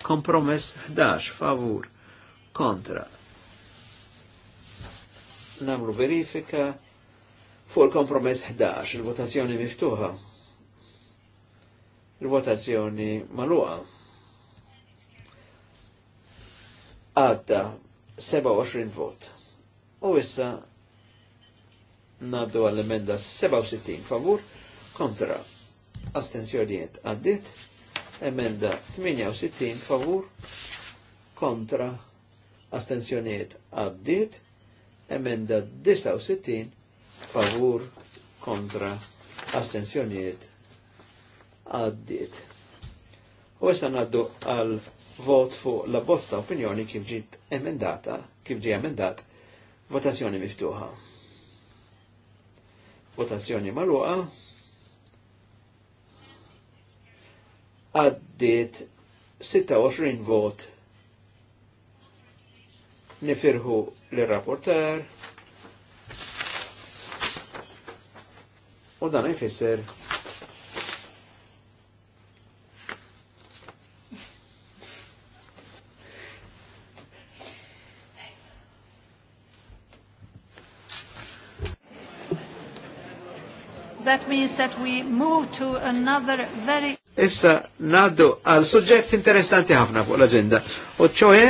Speaker 4: Kompromess 11 favur kontra. Namlu verifika fuq il-kompromess 11 il-votazzjoni miftuħa. Il-votazzjoni maluqa. Għadda 27 vot. U issa Naddu għall-emenda 67 favur kontra astensjonijiet għaddit. Emenda 68 favur kontra astensjoniet għaddit. Emenda 69 favur kontra astensjonijiet għaddit. U issa għaddu għal vot fuq la bozza opinjoni kif ġiet emendata, kif ġi emendat, votazzjoni miftuħa votazzjoni maluqa, għaddit 26 vot nifirħu l-rapporter u dan jfisser
Speaker 2: that means that we move to another very...
Speaker 4: Issa naddu għal suġġett interessanti ħafna fuq l-agenda. U ċoħe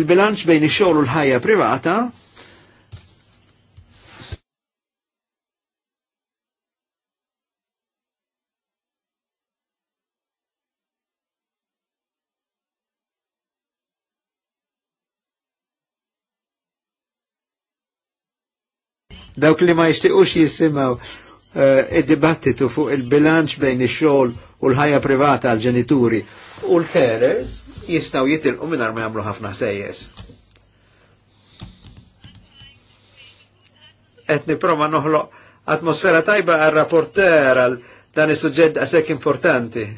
Speaker 4: il-bilanċ bejn ix-xogħol u l-ħajja privata Dawk li ma jixtiqux jisimaw eh, id-dibattitu fuq il-bilanċ bejn ix-xogħol u l-ħajja privata għal ġenituri u l-carers jistgħu jitilqu minn ma jagħmlu ħafna sejjes. Qed nipprova noħloq atmosfera tajba għal rapporter għal dan is-suġġett għasek importanti.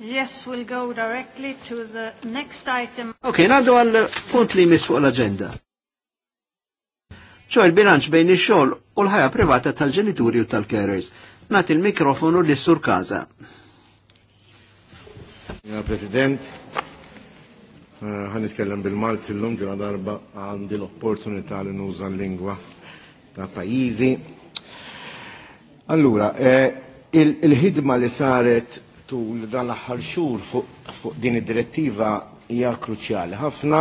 Speaker 2: Yes, we'll go directly to the next item. Ok,
Speaker 4: naddu għal punt li jmiss fuq l-agenda. ċo il-bilanċ bejn ix-xogħol u l-ħajja privata tal-ġenituri u tal-carers. Nagħti il-mikrofonu li sur kaza. Ja,
Speaker 5: President, eh, ħan nitkellem bil-Malti l-lum darba għandi l-opportunità li nuża l-lingwa ta' pajjiżi. Allura, eh, il-ħidma li saret li dan l-aħħar xhur fuq din id-direttiva hija kruċjali ħafna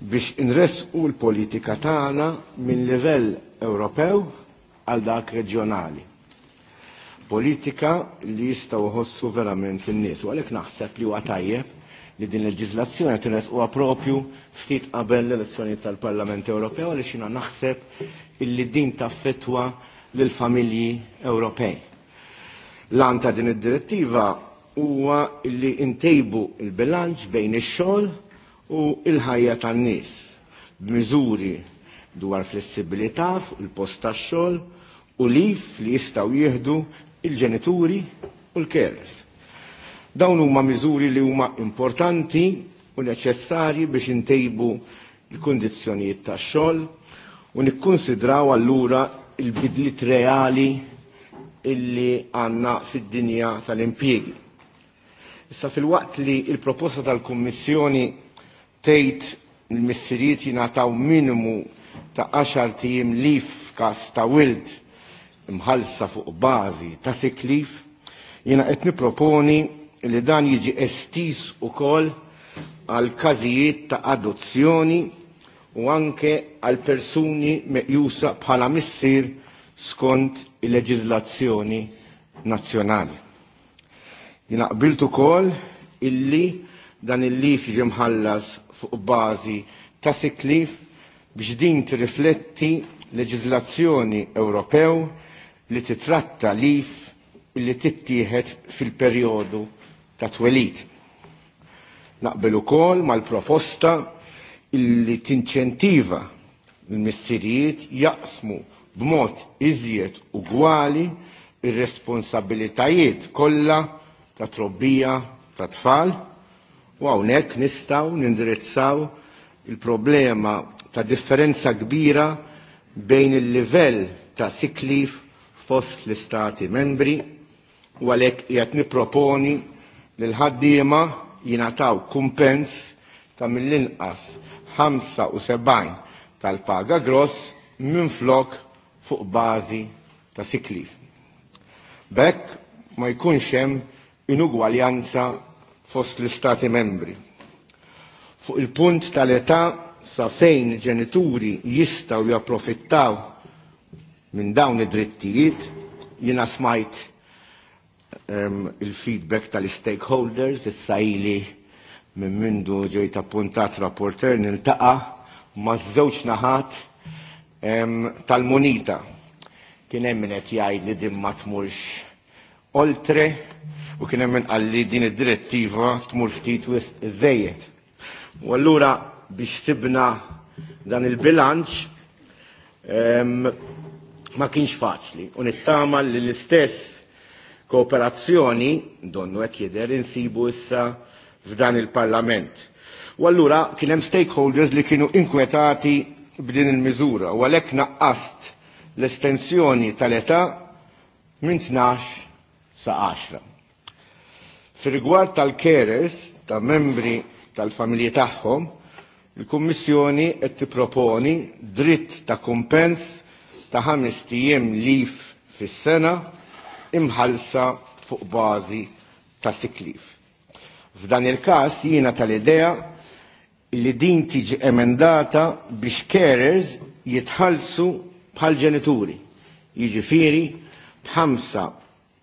Speaker 5: biex inresqu l-politika tagħna minn livell Ewropew għal dak reġjonali. Politika li jistgħu jħossu verament in-nies u għalhekk naħseb li huwa tajjeb li din qed tinnes huwa propju ftit qabel l-elezzjoni tal-Parlament Ewropew għaliex jiena naħseb illi din taffetwa lill familji Ewropej. Lan ta' din id-direttiva huwa li intejbu il-bilanċ bejn ix-xogħol u l-ħajja tan-nies b'miżuri dwar flessibilità fuq il-post tax-xogħol u lif li jistgħu jieħdu il-ġenituri u l keres Dawn huma miżuri li huma importanti u neċessarji biex intejbu l-kundizzjonijiet tax-xogħol u nikkunsidraw allura il-bidliet reali illi għanna fid-dinja tal-impjegi. Issa fil-waqt li il-proposta tal-Kummissjoni tgħid l-missirijiet jingħataw minimu ta' 10 tim lif kas ta' wild imħalsa fuq bażi ta' siklif, jiena qed niproponi li dan jiġi estis ukoll għal każijiet ta' adozzjoni u anke għal persuni meqjusa bħala missier skont il-leġizlazzjoni nazzjonali. Jina qbiltu kol illi dan il-lif ġimħallas fuq bazi ta' siklif biex din tirrifletti leġizlazzjoni Ewropew li titratta lif illi tittieħed fil-perjodu ta' twelit. Naqbelu ukoll mal-proposta illi tinċentiva l-missirijiet jaqsmu b'mod iżjed ugwali ir-responsabilitajiet kollha ta' trobbija ta' tfal u hawnhekk nistgħu nindirizzaw il-problema ta' differenza kbira bejn il-livell ta' siklif fost l-istati membri u għalhekk qiegħed nipproponi lil ħaddiema jingħataw kumpens ta' mill-inqas 75 tal-paga gross minn flok fuq bażi ta' sikli. Bekk ma jkunx hemm inugwaljanza fost l-Istati membri. Fuq il-punt tal-età sa fejn ġenituri jistaw japprofittaw minn dawn id-drittijiet, jina smajt um, il-feedback tal-stakeholders, il-sajli minn mindu ġejt appuntat rapporter nil-taqa ma' żewġ naħat tal-munita. Kien hemm min qed li din ma tmurx oltre u kien hemm min qal li din id-direttiva tmur ftit u zzejet. U allura biex tibna dan il-bilanċ ma kienx faċli u nittama li l-istess kooperazzjoni donnu hekk jidher insibu issa f'dan il-Parlament. U allura kien hemm stakeholders li kienu inkwetati b'din il-miżura u għalhekk naqqast l-estensjoni tal-età minn 12 sa 10. Fir-rigward tal-carers, ta' membri tal-familji tagħhom, il-Kummissjoni qed tipproponi dritt ta' kumpens ta' ħames tiem lif fis-sena imħalsa fuq bażi ta' siklif. F'dan il-każ jiena tal-idea li din tiġi emendata biex carers jitħalsu bħal ġenituri. Jiġifieri b'ħamsa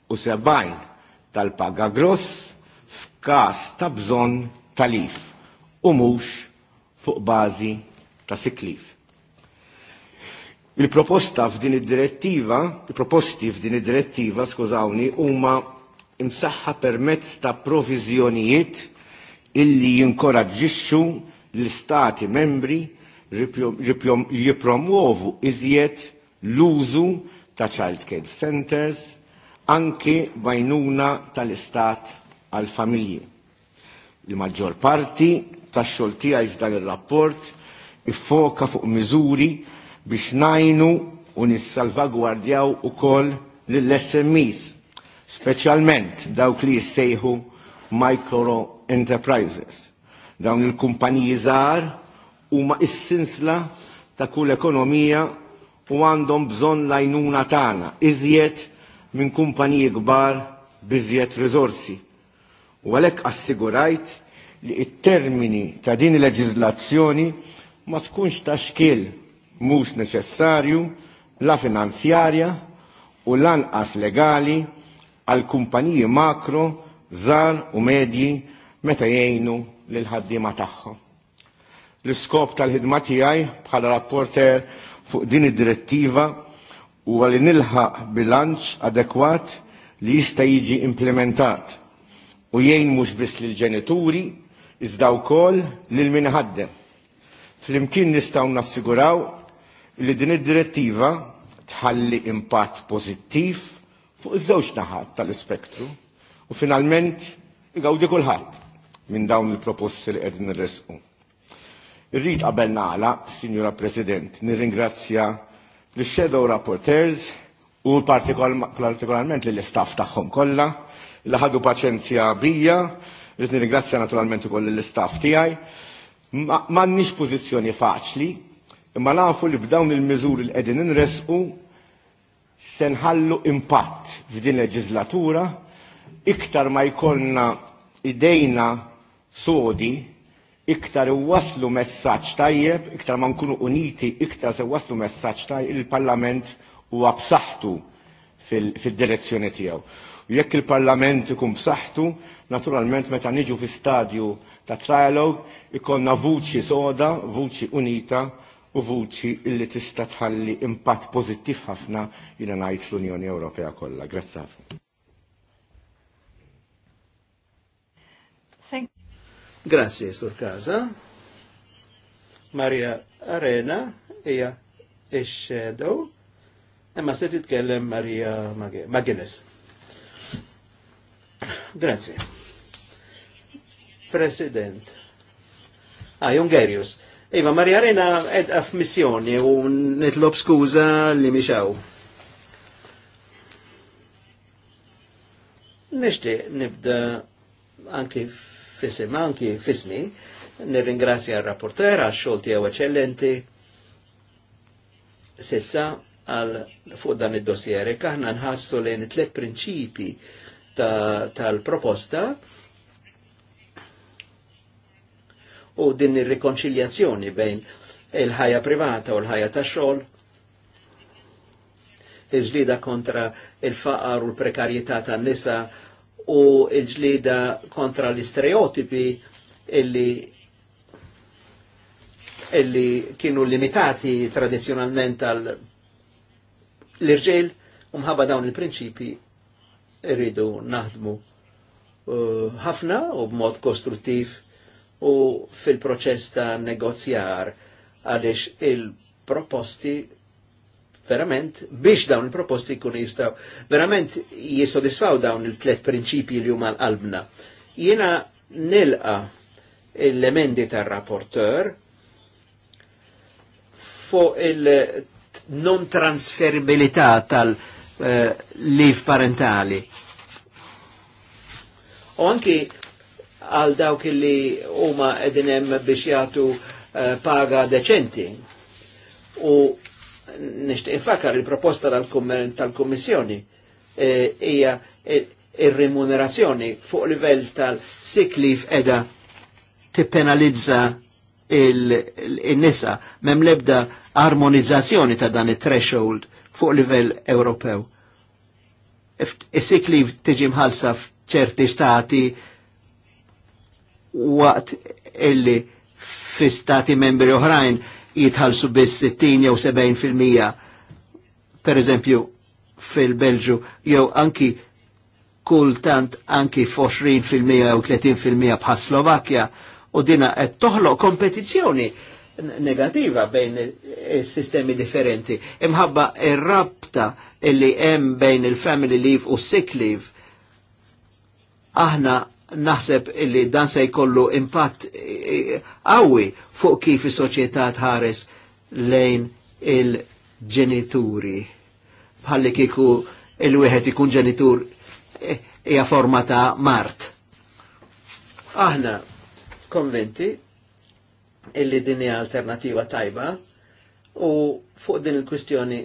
Speaker 5: u sebajn tal-paga gross f'każ ta' bżonn talif u mhux fuq bażi ta' siklif. Il-proposta f'din id-direttiva, il-proposti f'din id-direttiva, skużawni, huma imsaħħa permezz ta' provizjonijiet illi jinkoraġġixxu l-istati membri jipromuovu iżjed l-użu ta' child care centers anki bajnuna tal-istat għal-familji. Il-maġġor parti ta' xoltija f'dan il-rapport iffoka fuq miżuri biex najnu u nissalvagwardjaw u koll l-SMEs, specialment dawk li jissejħu micro enterprises Dawn il-kumpaniji żgħar huma is-sinsla ta' kull ekonomija u għandhom bżonn lajnuna tagħna iżjed minn kumpaniji kbar biżjed riżorsi. U għalhekk assigurajt li it-termini ta' din il-leġizlazzjoni ma tkunx ta' xkil mhux neċessarju la finanzjarja u lanqas legali għal kumpaniji makro, żgħar u medji meta jgħinu l-ħaddima tagħhom. L-iskop tal-ħidma tiegħi bħala rapporter fuq din id-direttiva huwa li nilħaq bilanċ adekwat li jista' jiġi implementat u jgħin mhux biss lill-ġenituri iżda wkoll lil minħaddem. Flimkien nistgħu nassiguraw li din id-direttiva tħalli impatt pożittiv fuq iż-żewġ naħat tal-ispektru u finalment igawdi kulħadd minn dawn il-proposti li qegħdin nirresqu. Irrid qabel nagħla, Sinjura President, nirringrazzja l-Shadow Rapporteurs u partikolarment l-istaff tagħhom kollha li ħadu paċenzja bija, rrid nirringrazzja naturalment ukoll l-istaff tiegħi. M'għandniex pożizzjoni faċli, imma nafu li b'dawn il-miżuri li qegħdin inresqu se nħallu impatt f'din leġislatura iktar ma jkollna idejna sodi iktar waslu messaċ tajjeb, iktar ma nkunu uniti, iktar se waslu messaċ tajjeb il-Parlament u b'saħħtu fil-direzzjoni fil tiegħu. U jekk il-Parlament ikun b'saħħtu, naturalment meta niġu fi stadju ta' trialog ikonna vuċi soda, vuċi unita u vuċi illi tista' tħalli impatt pozittiv ħafna jina ngħid fl-Unjoni Ewropea kollha. Grazzi ħafna.
Speaker 4: Grazie, Sur Casa. Maria Arena ija ix-shadow, imma se titkellem Maria Maginis. Grazie. President. Ah, Jungerius. Iva, Maria Arena edha missjoni u nitlob skuza li mixaw. Nishti nibda anki fissim anki fismi. Nirringrazzja r-rapporter għal xogħol tiegħu eċellenti sissa għal fuq dan id-dossier. Aħna nħarsu lejn tliet prinċipi tal-proposta u din ir-rikonċiljazzjoni bejn il-ħajja privata u l-ħajja ta' xogħol iż kontra il-faqar u l-prekarjetà tan-nisa u iġlida ġlida kontra l-istereotipi illi illi kienu limitati tradizjonalment għal l irġel umħabba dawn il-prinċipi irridu naħdmu uh, ħafna uh, u b'mod kostruttiv u fil-proċess ta' negozjar għalix il-proposti verament biex dawn il-proposti jkun jistaw verament jisodisfaw dawn il-tlet prinċipji li huma l-qalbna. Jiena nilqa l-emendi tar-rapporteur fuq il-non transferibilità tal-liv eh, parentali. U anki għal dawk li huma edinem biex jagħtu eh, paga deċenti. U nishtiq infakar il-proposta tal-Kommissjoni eh, hija eh, il remunerazzjoni fuq livell tal-siklif edha tippenalizza il-nisa mem lebda armonizzazzjoni ta' dan it-threshold fuq livell Ewropew. Is-siklif tiġi mħalsa f'ċerti stati waqt illi fi stati membri oħrajn jitħalsu biss 60 jew 70 fil-mija, per eżempju, fil-Belġu, jew anki kultant anki f-20 fil-mija jew 30 fil-mija bħal Slovakkja, u dina qed toħloq kompetizzjoni negativa bejn sistemi differenti. Imħabba ir-rabta illi hemm bejn il-family leave u sick leave, aħna naħseb illi dan se jkollu impatt e, e, qawwi fuq kif is-soċjetà tħares lejn il-ġenituri. Bħalli kiku il-wieħed ikun ġenitur e, hija forma ta' mart. Aħna konventi illi din hija alternativa tajba u fuq din il-kwistjoni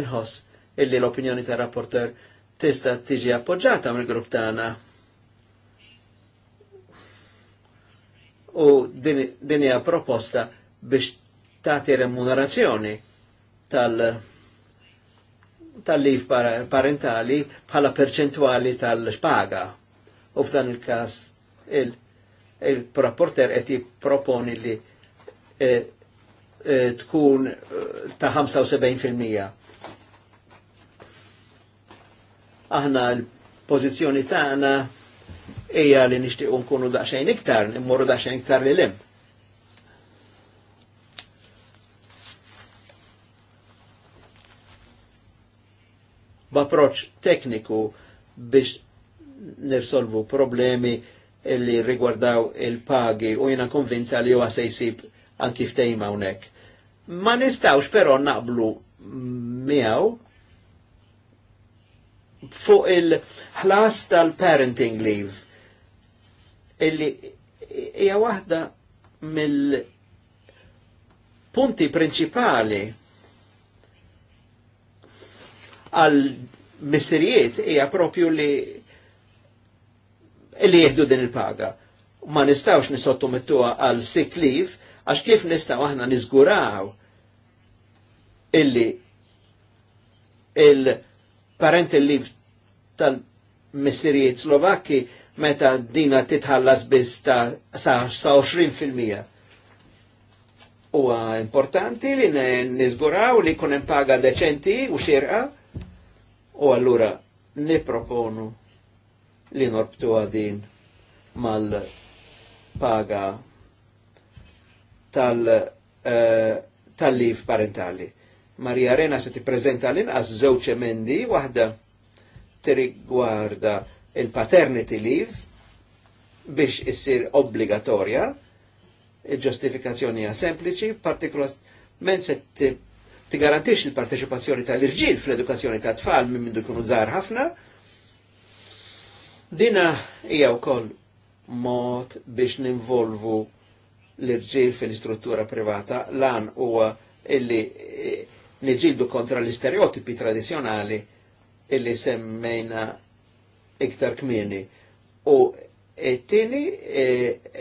Speaker 4: inħoss illi l-opinjoni ta' rapporter tista' tiġi appoġġata mill-grupp tagħna u din hija proposta biex tagħti remunerazzjoni tal tal-liv parentali bħala perċentwali tal-xpaga. U f'dan il-kas il proporter il qed proponi li eh, eh, tkun eh, ta' 75%. Aħna l-pożizzjoni tagħna ija li nixtiequ nkunu daqsxejn iktar, immorru daqxajn iktar li lim. B'approċċ tekniku biex nirsolvu problemi li rigwardaw il-pagi u jina konvinta li huwa se jsib anki ftejma hawnhekk. Ma nistawx però naqblu miegħu fuq il-ħlas tal-parenting leave illi hija waħda mill-punti principali għal missirijiet hija propju li li jihdu din il-paga. Ma nistawx nisottomettuha għal sick leave għax kif nistaw aħna niżguraw illi il-parental leave tal-missirijiet Slovakki meta dina titħallas biss ta' sa' 20%. Huwa importanti li niżguraw li jkun hemm paga deċenti u xirqa u allura niproponu li norbtu din mal-paga tal- uh, eh, tal parentali. Marija Arena se tippreżenta l-inqas żewġ emendi, waħda tirigwarda il-paternity leave biex issir obbligatorja, il-ġustifikazzjoni hija sempliċi, partikolarment se tigarantix il-parteċipazzjoni tal-irġiel fl-edukazzjoni ta' tfal minn minn dukun użar ħafna. Dina hija wkoll mod biex ninvolvu l-irġiel fil-istruttura privata lan huwa illi eh, niġildu kontra l-istereotipi tradizjonali illi semmejna iktar kmieni. U it-tieni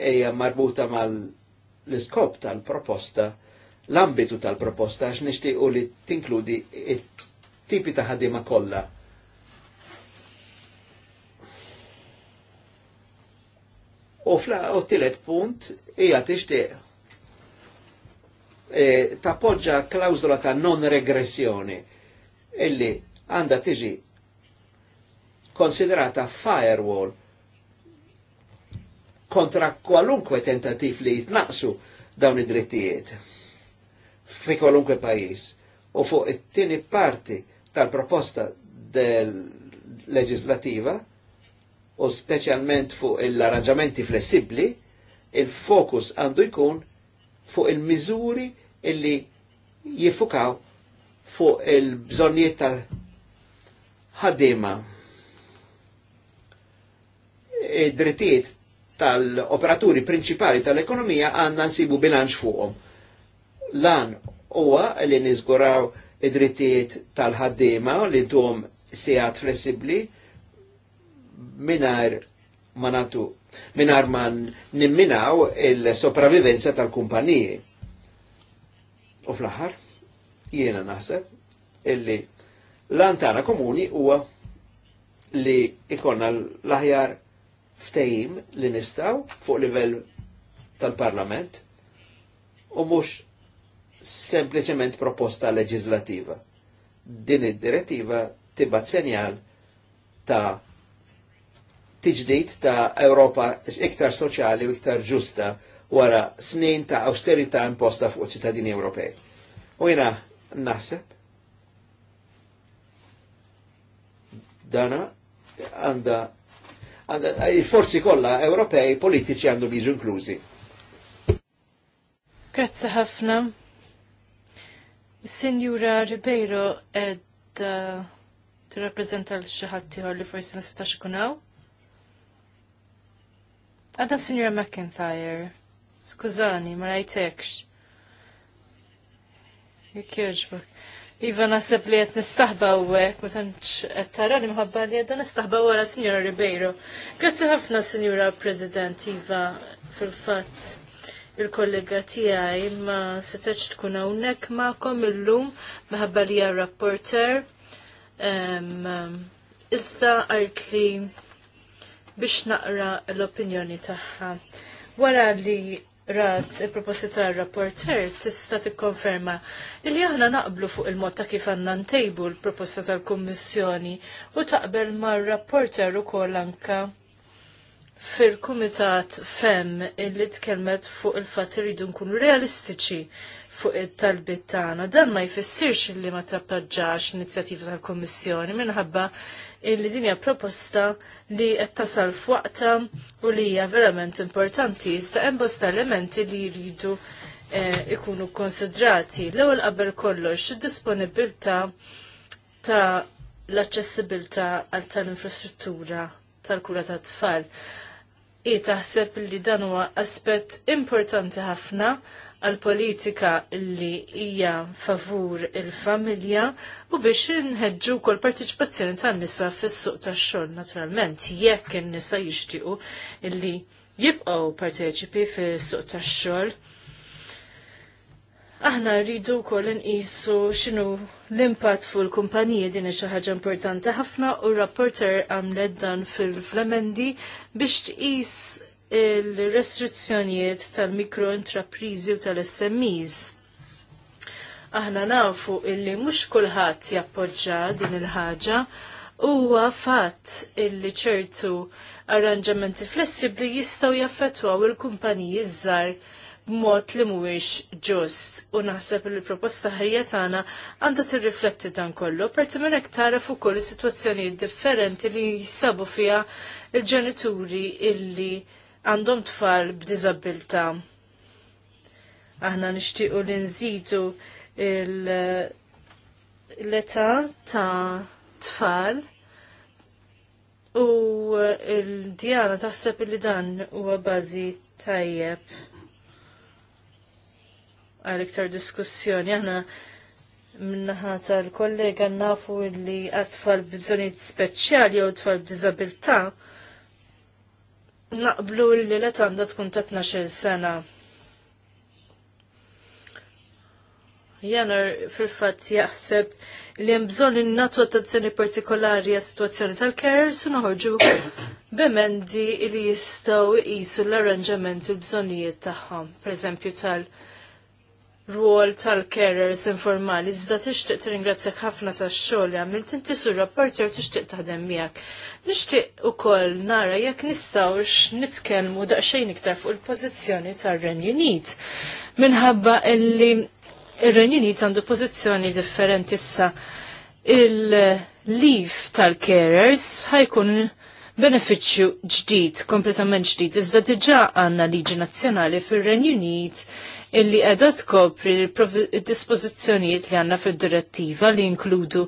Speaker 4: eja marbuta mal-iskop tal-proposta, l-ambitu tal-proposta għax u li tinkludi it-tipi ta' ħadima kollha. U t tilet punt t-ixti e, ta' poġġa klausula ta' non-regressjoni illi għanda tiġi konsiderata firewall kontra kwalunkwe tentativ li jitnaqsu dawn id-drittijiet fi kwalunkwe pajis u fuq it-tieni parti tal-proposta del leġislativa u speċjalment fuq l-arranġamenti flessibli, il-fokus għandu jkun fuq il-miżuri illi jifukaw fuq il-bżonniet tal-ħadima id-drittijiet tal-operaturi principali tal-ekonomija għandna nsibu bilanċ fuqhom. Lan huwa li niżguraw id-drittijiet tal-ħaddiema li dom sejat flessibbli minar manatu minar ma nimminaw il-sopravivenza tal-kumpaniji. U fl-aħħar, jiena naħseb illi l-antana komuni huwa li ikonna l-aħjar ftejim li nistaw fuq livell tal-parlament u mux sempliciment proposta legislativa. Din id-direttiva tibat senjal ta' tiġdid ta' Europa iktar soċjali u iktar ġusta wara snin ta' austerità imposta fuq ċittadini Ewropej. U jena naħseb dana għanda il-forzi eh, kollha Ewropej politiċi għandu biġu inklużi.
Speaker 3: Grazzi ħafna. Signora Ribeiro ed eh, tirrappreżenta l xi ħadd ieħor li forsi ma kunaw. ikun hawn. Għadna Signora McIntyre. Skużani, ma rajtekx. Jekk jogħġbok. Iva nasib li għet nistaħba u għek, ma tanċ għet tara li mħabba li għedda nistaħba għara Signora Ribeiro. Grazzi ħafna Signora President Iva fil-fat il-kollega tijaj ma setax tkun għawnek ma'kom il-lum maħabba li għar rapporter. Iżda għart li biex naqra l-opinjoni taħħa. Wara li rat il-proposti tal-rapporter tista' tikkonferma li aħna naqblu fuq il-mod ta' kif għandna ntejbu l-proposta tal-Kummissjoni u taqbel mar-rapporter ukoll anka fil-Kumitat FEM illi tkellmet fuq il-fatt irridu nkunu realistiċi fuq it-talbit tagħna. Dan ma jfissirx li ma tappoġġax inizjattiva tal-Kummissjoni minħabba illi dinja proposta li qed tasal f'waqta u li hija verament importanti iżda hemm bosta elementi li jridu eh, ikunu konsidrati. L-ewwel qabel kollox id-disponibilità ta' l-aċċessibilità għal tal-infrastruttura tal-kura tat-tfal i taħseb li dan huwa aspett importanti ħafna għal politika li hija favur il-familja u biex nħedġu kol partiċipazzjoni tan nisa fis-suq tax-xogħol naturalment jekk in-nisa jixtiequ illi jibqgħu parteċipi fis-suq tax-xogħol. Aħna rridu wkoll inqisu x'inhu l-impatt fuq il-kumpaniji din xi ħaġa importanti ħafna u r-rapporter għamlet dan fil-flemendi biex tqis il-restrizzjonijiet tal-mikroentreprizi u tal-SMEs. Aħna nafu illi mhux kulħadd jappoġġa din il-ħaġa huwa fatt illi ċertu arranġamenti flessibbli jistgħu jaffettwaw il-kumpaniji żgħar b'mod li mhuwiex ġust u naħseb li l-proposta ħajja tagħna għandha tirrifletti dan kollu parti minn hekk taraf ukoll is-sitwazzjonijiet differenti li jsabu fiha il-ġenituri illi għandhom tfal b'diżabilità. Aħna nixtiequ li nżidu l-età ta' tfal u l-djana taħseb li dan huwa bażi tajjeb għal iktar diskussjoni. Aħna minnaħa tal-kollega nafu li għat-tfal bżonijiet speċjali jew tfal b'diżabilità naqblu li leta għandha tkun ta' 12 sena. Janar fil-fat jaħseb li hemm bżonn innatu attenzjoni partikolari għas situazzjoni tal-carers u naħorġu bemendi li jistgħu jqisu l-arranġament l l-bżonnijiet tagħhom, pereżempju tal- rwol tal-carers informali. Iżda tixtieq tirringrazzjak ħafna tax-xogħol li għamilt inti sur rapporter tixtieq taħdem miegħek. Nixtieq ukoll nara jekk nistgħux nitkellmu daqsxejn iktar fuq il-pożizzjoni tar-Renju Unit. Minħabba illi r renju Unit għandu pożizzjoni differenti issa il-leaf tal-carers ħajkun beneficju ġdid, kompletament ġdid, iżda diġa għanna liġi nazzjonali fir-Renju Unit illi qiegħda tkopri l-dispożizzjonijiet li għandna fid-direttiva li inkludu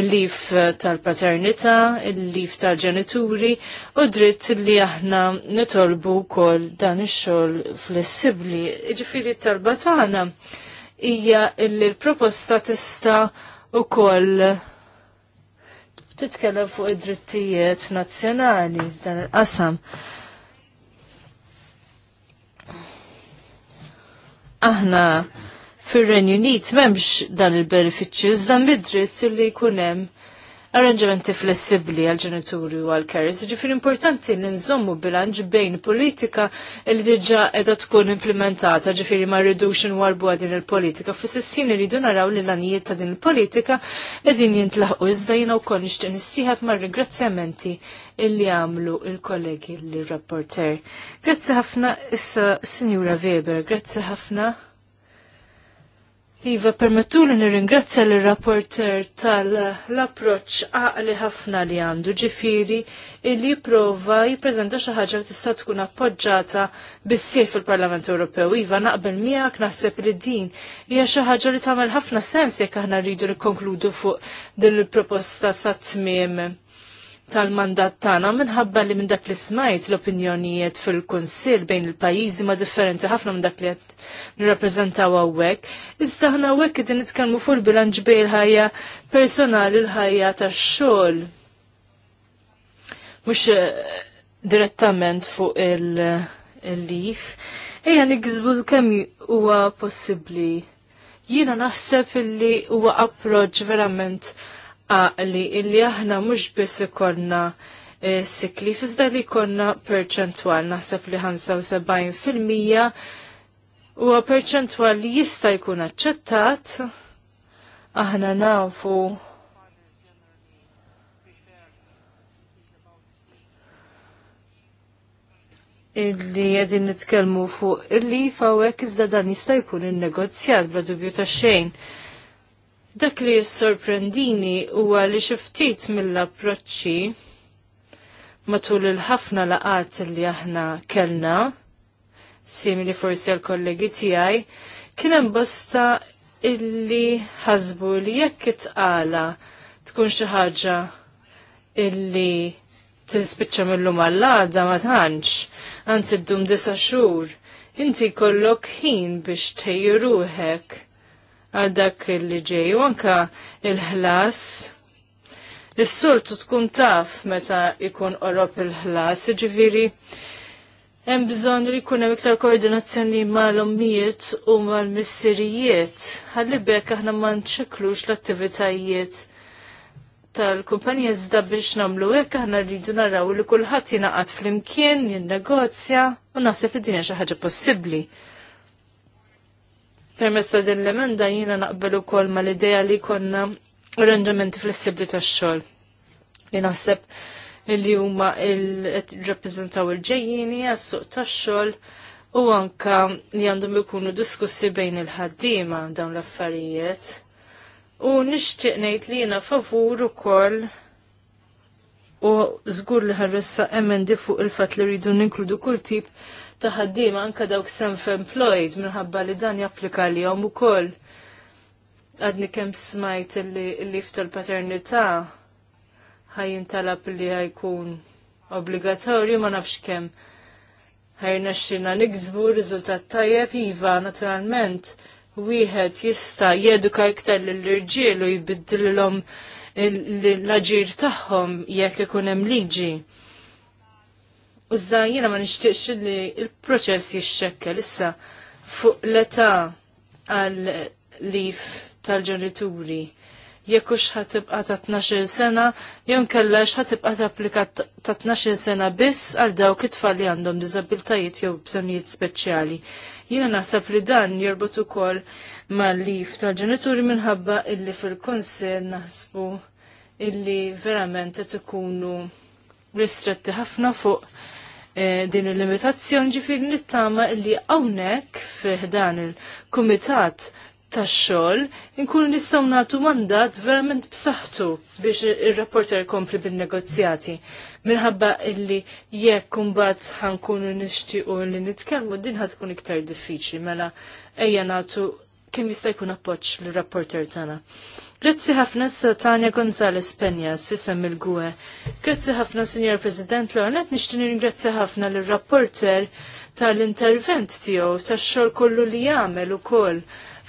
Speaker 3: il-lif eh, tal-paternità, il-lif tal-ġenituri u dritt li aħna nitolbu wkoll dan ix-xogħol flessibbli. Ġifieri talba tagħna hija illi l-proposta tista' ukoll titkellem fuq id-drittijiet nazzjonali f'dan il-qasam. aħna fir-Renju Unit m'hemmx dan il-benefiċċju iżda mid-dritt li jkun hemm arranġamenti flessibli għal ġenituri u għal carers. Ġifir importanti li nżommu bilanġ bejn politika li diġa edha tkun implementata, ġifir ma rridux warbu għadin il-politika. Fississin rridu naraw li l-anijiet ta' din il-politika edin jintlaħu iżda jina u koll s nissiħat ma' ringrazzjamenti illi għamlu il-kollegi l-rapporter. Grazzi ħafna issa Signora Weber, grazzi ħafna. Iva, permettu li nirringrazzja l rapporter tal-approċ għaqli ħafna li għandu ġifiri illi prova jiprezenta xi ħaġa li tista' tkun appoġġata bis-sir fil-Parlament Ewropew. Iva, naqbel miegħek naħseb li din hija xi ħaġa li tagħmel ħafna sens jekk aħna rridu nikkonkludu fuq din il-proposta sa tmiem tal-mandat tagħna minħabba li minn dak li smajt l-opinjonijiet fil-Kunsill bejn il-pajjiżi ma' differenti ħafna minn dak li għed nirrapprezentaw għawek. Iżda aħna hawnhekk qegħdin nitkellmu fuq il-bilanċ bejn il-ħajja personali l-ħajja tax-xogħol. Mhux eh, direttament fuq il-lif. Ejja nigżbu kemm huwa possibbli. Jiena naħseb illi huwa approċċ verament għaqli illi aħna mhux biss ikollna e, sikli fiżda li konna perċentwal naħseb li 75% huwa perċentwal li jista' jkun aċċettat aħna nafu illi għedin nitkelmu fuq illi fawek iżda dan jista' jkun il-negozjat bla dubju ta' xejn. Dak li sorprendini huwa li xiftit mill-approċċi matul il-ħafna laqat li aħna kellna, simili forsi għal kollegi tiegħi, kien hemm bosta illi ħasbu li jekk itqala tkun xi ħaġa illi tispiċċa mill-lum għall-għada ma tantx, anzi dum disa' xhur, inti kollok ħin biex tejju għal dak li ġej u anka il-ħlas. Is-sultu tkun taf meta ikun qorob il-ħlas, ġifiri hemm bżonn li jkun hemm iktar koordinazzjoni mal-ommijiet u mal-missirijiet. Ħalli bekk aħna ma nċeklux l-attivitajiet tal-kumpanija iżda biex nagħmlu hekk aħna rridu naraw li kulħadd jingħaqad flimkien, jinnegozja u naħseb li din hija xi ħaġa possibbli. Permezz ta' din l-emenda jiena naqbel ukoll mal-idea li konna arranġamenti fis-sibli tax-xogħol. Li naħseb li huma il reprezentaw il-ġejjini għas-suq tax-xogħol u anka li għandhom ikunu diskussi bejn il-ħaddiema dawn l-affarijiet. U nixtieq ngħid li jiena favur ukoll u żgur li ħarressa emendi fuq il-fatt li rridu ninkludu kull tip ta' ħaddiema anke dawk self-employed minħabba li dan japplika lihom ukoll. Għadni kemm smajt li lift l paternità ħajin talab li ħajkun obbligatorju ma nafx kemm ħajna xina nikzbu rizultat tajjeb iva naturalment wieħed jista' jeduka iktar lill-irġiel u jbiddilhom l-aġir tagħhom jekk ikun hemm liġi. Użda jiena ma nixtieqx li il-proċess jixxekkel issa fuq l-età għal lif tal-ġenituri. Jekk hux ħatibqa' ta' 12 sena, jew nkella ħatibqa' tapplika ta' 12 sena biss għal dawk it li għandhom diżabiltajiet jew bżonnijiet speċjali. Jiena naħseb li dan jirbot ukoll mal-lif tal-ġenituri minħabba illi fil-kunsil naħsbu illi verament qed ikunu ristretti ħafna fuq Eh, din il-limitazzjoni ġifir nittama li għawnek fiħdan il-komitat tax-xogħol inkunu nistgħu nagħtu mandat verament b'saħħtu biex ir-rapporter kompli bin-negozjati. Minħabba illi jekk imbagħad ħankunu nixtiequ li nitkellmu din ħad tkun iktar diffiċli mela ejja nagħtu kemm jista' jkun appoġġ lir-rapporter tagħna. Grazzi ħafna s Tania Gonzalez Penjas, fissam il-gwe. Grazzi ħafna, Signor President Lornet, nishtin ringrazzi ħafna l-rapporter tal-intervent tiegħu tax-xogħol kollu li jagħmel ukoll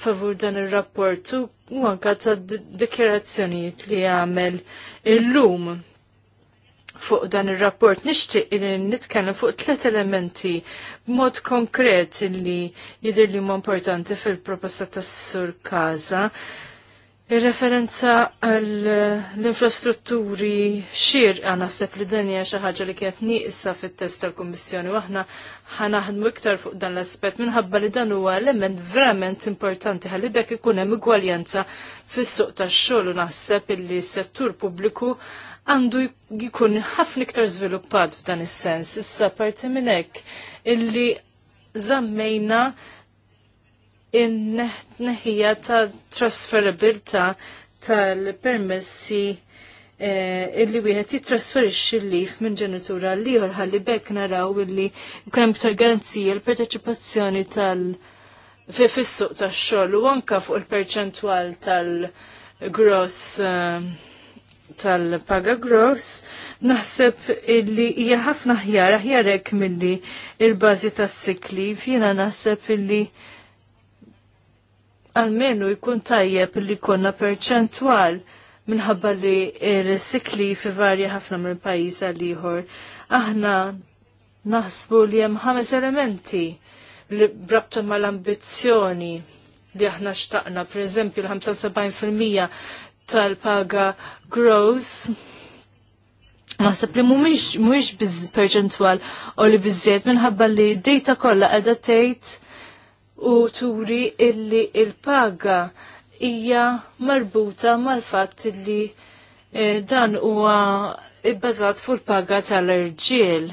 Speaker 3: favur dan ir-rapport u anke tad-dikjarazzjonijiet li il illum fuq dan ir-rapport nixtieq il nitkellem fuq tliet elementi b'mod konkret li jidher li huma importanti fil-proposta tas-sur Kaza. Ir-referenza għall-infrastrutturi xir naħseb li dan hija xi ħaġa li kienet niqsa fit-test tal-Kummissjoni u aħna ħanaħdmu iktar fuq dan l-aspett minħabba li dan huwa element verament importanti ħalli bekk ikun hemm igwaljanza fis-suq tax-xogħol u naħseb illi s-settur pubbliku għandu jkun ħafna iktar żviluppat f'dan is-sens. Issa parti minn hekk illi żammejna in-neħija ta' trasferabilta tal-permessi eh, illi wieħed jitrasferixxi l-lif minn ġenitura l ieħor ħalli bekk naraw illi kemm ta' garanzija l-parteċipazzjoni tal- fis-suq tax-xogħol u anke fuq il-perċentwal tal-gross eh, tal-paga gross, naħseb illi hija ħafna ħjar, hekk milli il-bażi tas-sikli, jiena naħseb illi għalmenu jkun tajjeb li konna perċentwal minħabba li r-sikli fi varja ħafna minn pajjiż għal liħor Aħna naħsbu li hemm ħames elementi li brabta mal-ambizzjoni li aħna xtaqna, per eżempju l-75% tal-paga gross Naħseb li mhumiex mhuwiex perċentwal u li biżżejjed minħabba li d-dejta kollha qiegħda tgħid u turi illi il-paga hija marbuta mal-fatt illi eh, dan huwa ibbażat fuq il-paga tal-irġiel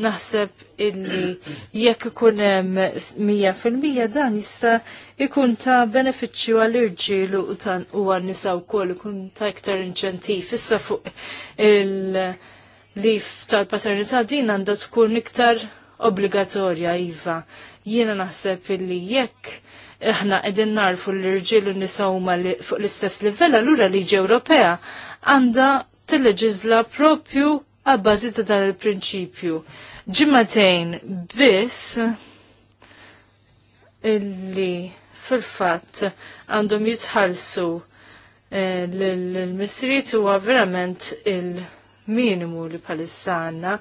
Speaker 3: naħseb illi jekk ikun hemm 100% dan jista' ikun ta' benefiċċju għall irġiel u tan u għan-nisa wkoll ikun ta' iktar inċentiv. Issa fuq il-lif tal-paternità din għandha tkun iktar obbligatorja iva. Jiena naħseb illi jekk aħna qegħdin narfu l-irġiel u nisa huma fuq l-istess livell allura liġi Ewropea għandha tilleġiżla propju għabbażi ta' dan il-prinċipju. Ġimmatejn biss illi fil-fatt għandhom jitħallsu eh, l-misriet huwa verament il- minimu li bħalissa għandna.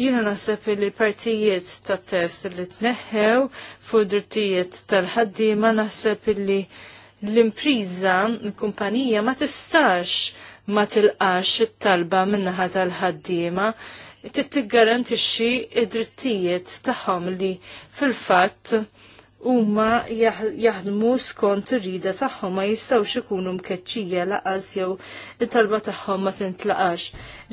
Speaker 3: Jiena naħseb li partijiet ta' test li tneħħew fuq drittijiet tal-ħaddiema naħseb li l-impriża, l-kumpanija ma tistax ma tilqax it-talba minnaħa tal-ħaddiema tittigarantixxi id-drittijiet tagħhom li fil-fatt huma jaħdmu skont ir-rida tagħhom ma jistgħux ikunu mkeċċija laqas jew it-talba tagħhom ma tintlaqax.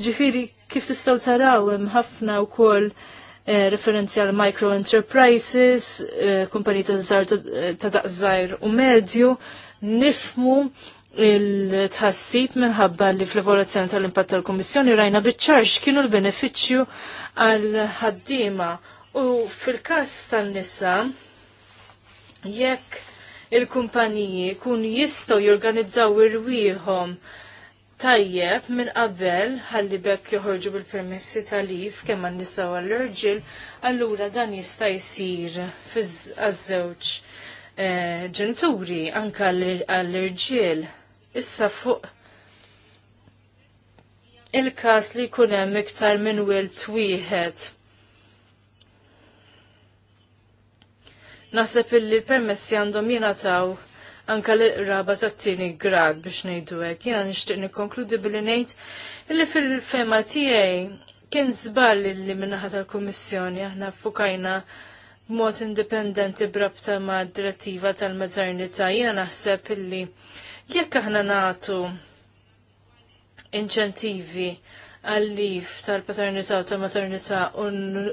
Speaker 3: Ġifieri kif tistaw taraw hemm ħafna wkoll eh, referenzi għal micro enterprises, eh, kumpani ta' daqżajr u medju, nifmu il-tħassib minħabba li fl-evoluzzjoni tal-impatt tal-Kommissjoni rajna biċċarx kienu l-beneficju għal ħaddiema u fil-kas tan-nisa Jekk il-kumpaniji kun jistgħu jorganizzaw irwiħom tajjeb minn qabel ħalli bekk joħorġu bil-permessi tal-if kemm għannisaw għall-irġiel, allura dan jista' jsir għaż-żewġ eh, ġenituri anke għall-irġiel. Issa fuq il-każ li jkun hemm iktar minn wilt wieħed Naħseb illi l-permessi għandhom jingħataw anka l-raba ta' t-tieni grad biex ngħidu hekk. Jina nixtieq nikkonkludi billi ngħid illi fil-fema tiegħi kien żball li minnaħat tal-Kummissjoni aħna fukajna b'mod indipendenti brabta ma' direttiva tal maternita Jiena naħseb illi jekk aħna nagħtu inċentivi għallif tal-paternità u tal-maternità u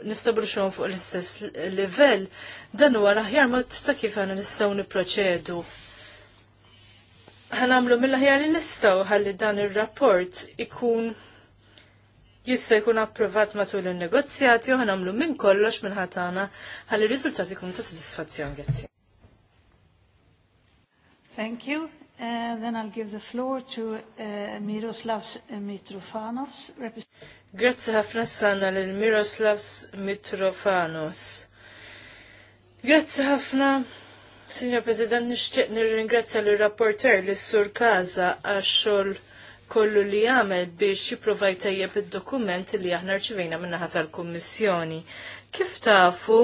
Speaker 3: nistabruxon fuq l-istess livell, dan huwa l-aħjar ma ta' kif għana nistaw niproċedu. għamlu mill-aħjar li nistaw għalli dan il-rapport ikun jista' jkun approvat matul il-negozjati u għamlu minn kollox minn ħatana għalli r-riżultati jkunu ta' soddisfazzjon. Grazie. Thank you.
Speaker 2: Uh, then I'll give the floor to uh, Miroslav Mitrofanovs.
Speaker 3: Grazie ħafna sanna lil Miroslav Mitrofanos. Grazie ħafna, Signor President, nixtieq nirringrazzja lir rapporter lis sur Kaza għax-xogħol kollu li għamel biex jipprovaj tajjeb id-dokument li aħna rċivejna min-naħa tal-Kummissjoni. Kif tafu,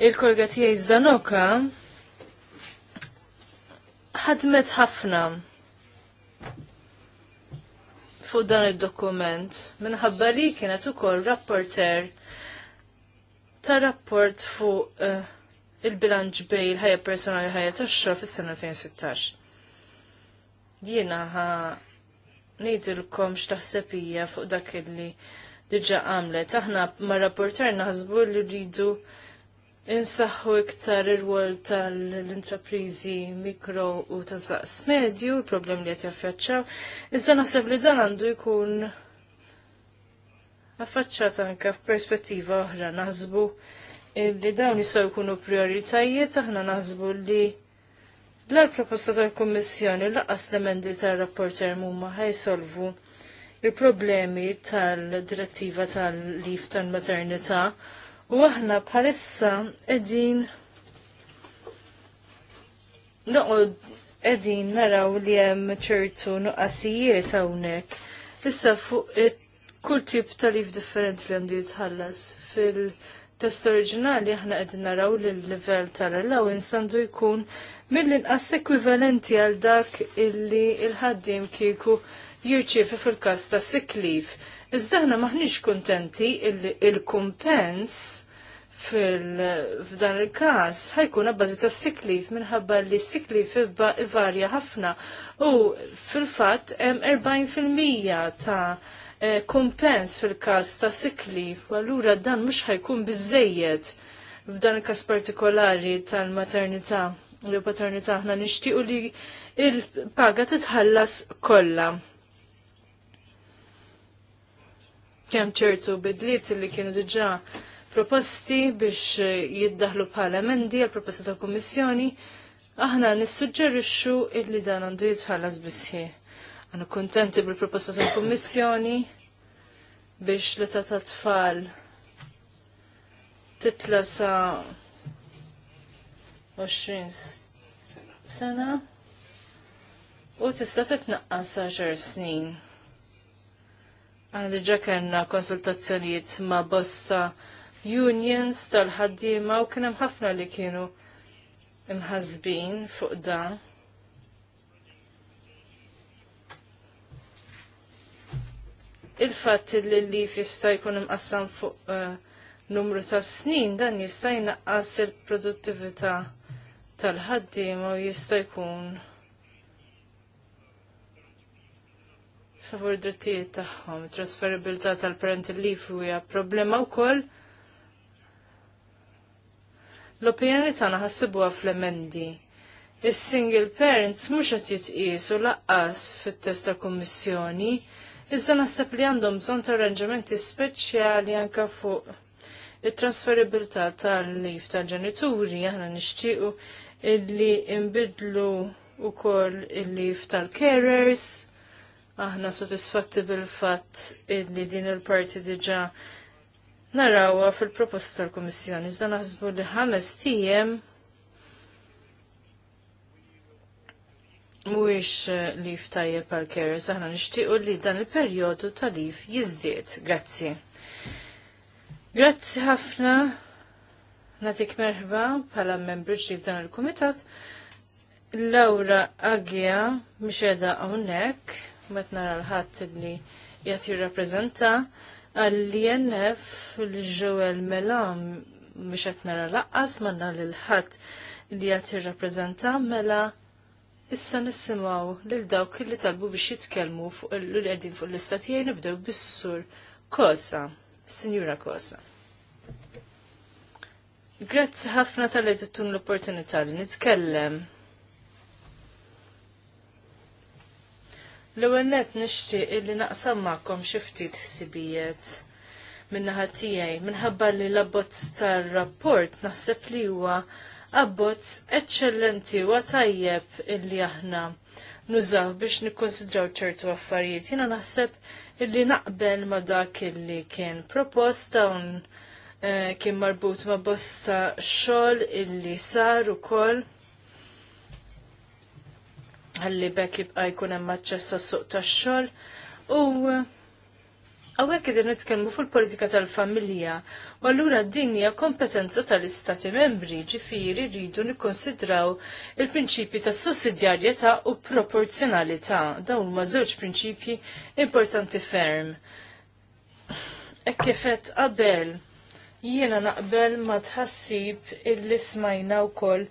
Speaker 3: il-kolga tiegħi Zdanoka ħadmet ħafna fuq dan id-dokument minħabba li kienet ukoll rapporter ta' rapport fuq uh, il-bilanċ bej il-ħajja personali ħajja tax xor fis-sena 2016. Jiena ħa ngħidilkom x'taħsebija fuq dak li diġà għamlet. Aħna ma' rapporter naħsbu li rridu insaħħu iktar ir-rwol tal-intraprizi mikro u ta' Saqs medju, il-problem li qed jaffaċċaw. Iżda naħseb li dan għandu jkun affaċċat anke f'perspettiva oħra naħsbu li dawn jistgħu jkunu prioritajiet aħna naħsbu li l-proposta tal-Kummissjoni laqas l-emendi tar-rapporter huma ħajsolvu il-problemi tal-direttiva tal-lif tal-maternità. tal lif tal maternità U aħna bħalissa qegħdin edin qegħdin naraw li hemm ċertu nuqqasijiet hawnhekk. Issa fuq kull tip tarif differenti li għandu jitħallas fil- test oriġinali aħna qegħdin naraw li l-livell tal-allowance għandu jkun mill-inqas ekwivalenti għal dak illi l-ħaddiem kieku jirċiefi fil-każ ta' sick leave. Iżda aħna maħniex kuntenti il-kumpens f'dan il-każ ħajkun abbażi ta' siklif minħabba li siklif iva- varja ħafna u fil-fatt hemm 40% ta' eh, kumpens fil-każ ta' siklif u allura dan mhux ħajkun bizzejiet f'dan il-każ partikolari tal-maternità u paternita aħna nixtiequ li il-paga titħallas kollha kemm ċertu bidliet li kienu diġà proposti biex jiddaħlu bħala emendi għal proposta tal kummissjoni, aħna nissuġġerixxu illi dan għandu jitħallas bisħi. Għanna kontenti bil-proposta tal kummissjoni biex li ta' tfal titla sa 20 sena u tista' titnaqqas sa xar snin. Għana diġa kena konsultazzjonijiet ma bosta unions tal-ħaddima u kienem ħafna li kienu imħazbin fuq dan. Il-fatt li li jista' jkun imqassam fuq eh, numru ta' snin dan jista' jnaqqas il-produttività tal-ħaddiema u jista' jkun favur drittijiet tagħhom. Trasferibilità tal-parental leave hija problema wkoll. L-opinjoni tagħna ħassibuha fl-emendi. Is-single parents mhux qed jitqiesu laqqas fit-test tal-Kummissjoni, iżda naħseb li għandhom bżonn ta' arranġamenti speċjali anke fuq it-trasferibilità tal-lif tal-ġenituri aħna nixtiequ illi imbidlu wkoll il-lif tal-carers aħna sodisfatti bil-fatt illi din il-parti diġa narawa fil-proposta tal-Komissjoni. Iżda naħsbu li ħames tijem mhuwiex eh, lif tajjeb għal keres, aħna nixtiequ li dan il-perjodu tal-lif jiżdied. Grazzi. Grazzi ħafna natik merħba bħala membru ġdid dan il-kumitat. Laura Agja mhix qiegħda hawnhekk met nara l-ħadd li qed jirrappreżenta għal inf l-ġewel mela mhux qed nara laqqas ma nara l-ħadd li qed jirrappreżenta mela issa nisimgħu lil dawk li talbu biex jitkellmu fuq l-għedin fuq l-istatijaj nibdew bissur Kosa, Sinjura Kosa. Grazzi ħafna tal-li l-opportunità li nitkellem L-ewwel nett nixtieq illi naqsam magħkom xi ftit ħsibijiet min-naħa tiegħi minħabba li l-abbozz tar-rapport naħseb li huwa abbozz eċċellenti u tajjeb illi aħna nużaw biex nikkonsidraw ċertu affarijiet. Jiena naħseb illi naqbel ma dak illi kien proposta un eh, kien marbut ma bosta xogħol illi sar ukoll ħalli bekk jibqa' jkun hemm aċċess għas-suq tax-xogħol u eh, hawnhekk qegħdin nitkellmu fil-politika tal-familja, u allura din hija kompetenza tal-istati membri ġifieri rridu nikkonsidraw il-prinċipji tas sussidjarjetà u proporzjonalità. Dawn huma żewġ prinċipji importanti ferm. Hekk qed qabel jiena naqbel ma tħassib illi smajna wkoll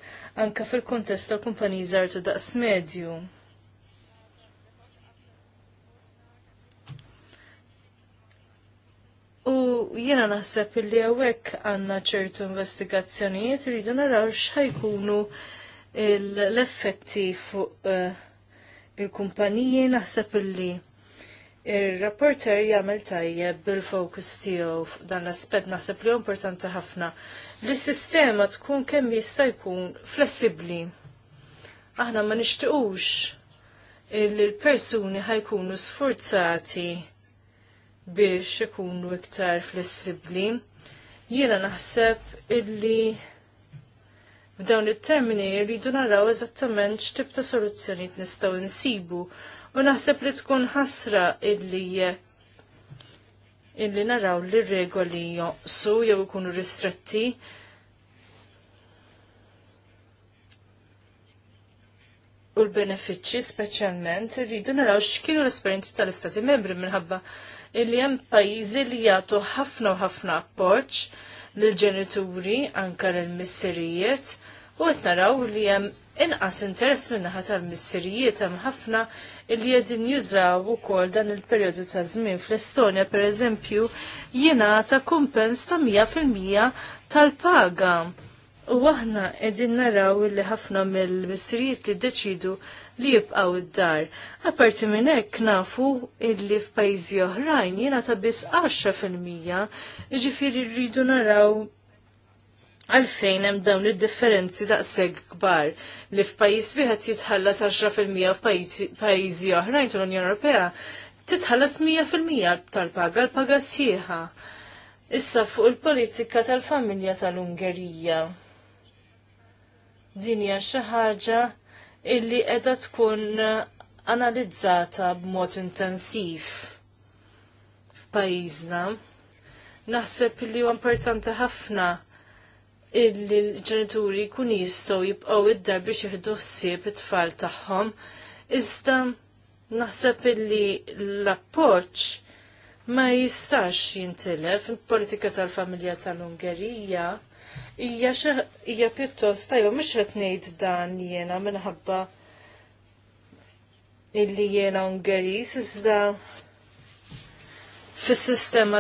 Speaker 3: anke fil kontest tal kumpaniji żgħar tu daqs medju. U jiena naħseb illi hawnhekk għandna ċertu investigazzjonijiet rridu naraw x'ħajkunu l-effetti fuq eh, il-kumpaniji naħseb illi Ir-rapporter jagħmel tajjeb bil-fokus tiegħu f'dan l-aspett naħseb li importanti ħafna li s-sistema tkun kemm jista' jkun flessibbli. Aħna ma nixtiequx li l-persuni ħajkunu sforzati biex ikunu iktar flessibbli. Jiena naħseb illi F'dawn it-termini rridu naraw eżattament x'tib ta' soluzzjonijiet nistgħu insibu u naħseb li tkun ħasra illi illi naraw li regoli joqsu jew ikunu ristretti. U l-benefiċċji speċjalment irridu naraw x'kienu l-esperjenzi tal-Istati Membri minħabba illi hemm pajjiżi li jagħtu ħafna u ħafna appoġġ lill ġenituri anke lill missierijiet u qed naraw li hemm inqas interess minnaħa tal-missirijiet hemm ħafna li qegħdin jużaw ukoll dan il-perjodu ta' żmien fl-Estonja pereżempju jingħata kumpens ta' 100% tal-paga. U aħna qegħdin naraw illi ħafna mill-missirijiet li ddeċidu li jibqaw id-dar. Aparti minn hekk nafu illi f'pajjiżi oħrajn jiena ta' biss 10% ġifieri rridu naraw għalfejn hemm dawn id-differenzi daqseg kbar li f'pajjiż wieħed jitħallas 10% f'pajjiżi oħrajn tal-Unjoni Ewropea titħallas 100% tal-paga l-paga sħiħa. Issa fuq il-politika tal-familja tal-Ungerija. Din hija xi ħaġa illi qiegħda tkun analizzata b'mod intensiv f'pajjiżna. Naħseb li huwa importanti ħafna il-ġenituri kun jistgħu jibqgħu id-dar biex jieħdu ħsieb it-tfal tagħhom. Iżda naħseb li l-appoġġ ma jistax jintilef il-politika tal-familja tal-Ungerija hija hija pjuttost tajba mhux qed ngħid dan jiena minħabba illi jiena Ungeris iżda fis-sistema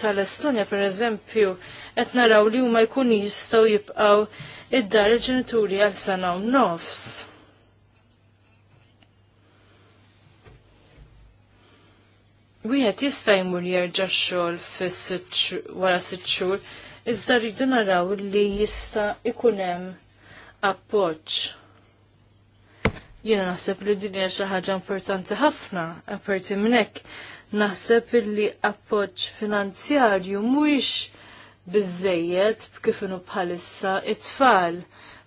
Speaker 3: tal-Estonja per eżempju qed naraw li huma jkunu jistgħu jibqgħu id-dar il-ġenituri għal sena u nofs. Wieħed jista' jmur jerġa' xogħol fis wara sitt xhur, iżda rridu naraw li jista' ikun hemm appoġġ. Jiena naħseb li din hija xi ħaġa importanti ħafna, apparti minn hekk naħseb illi appoġġ finanzjarju mhuwiex biżejjed kif inhu bħalissa it-tfal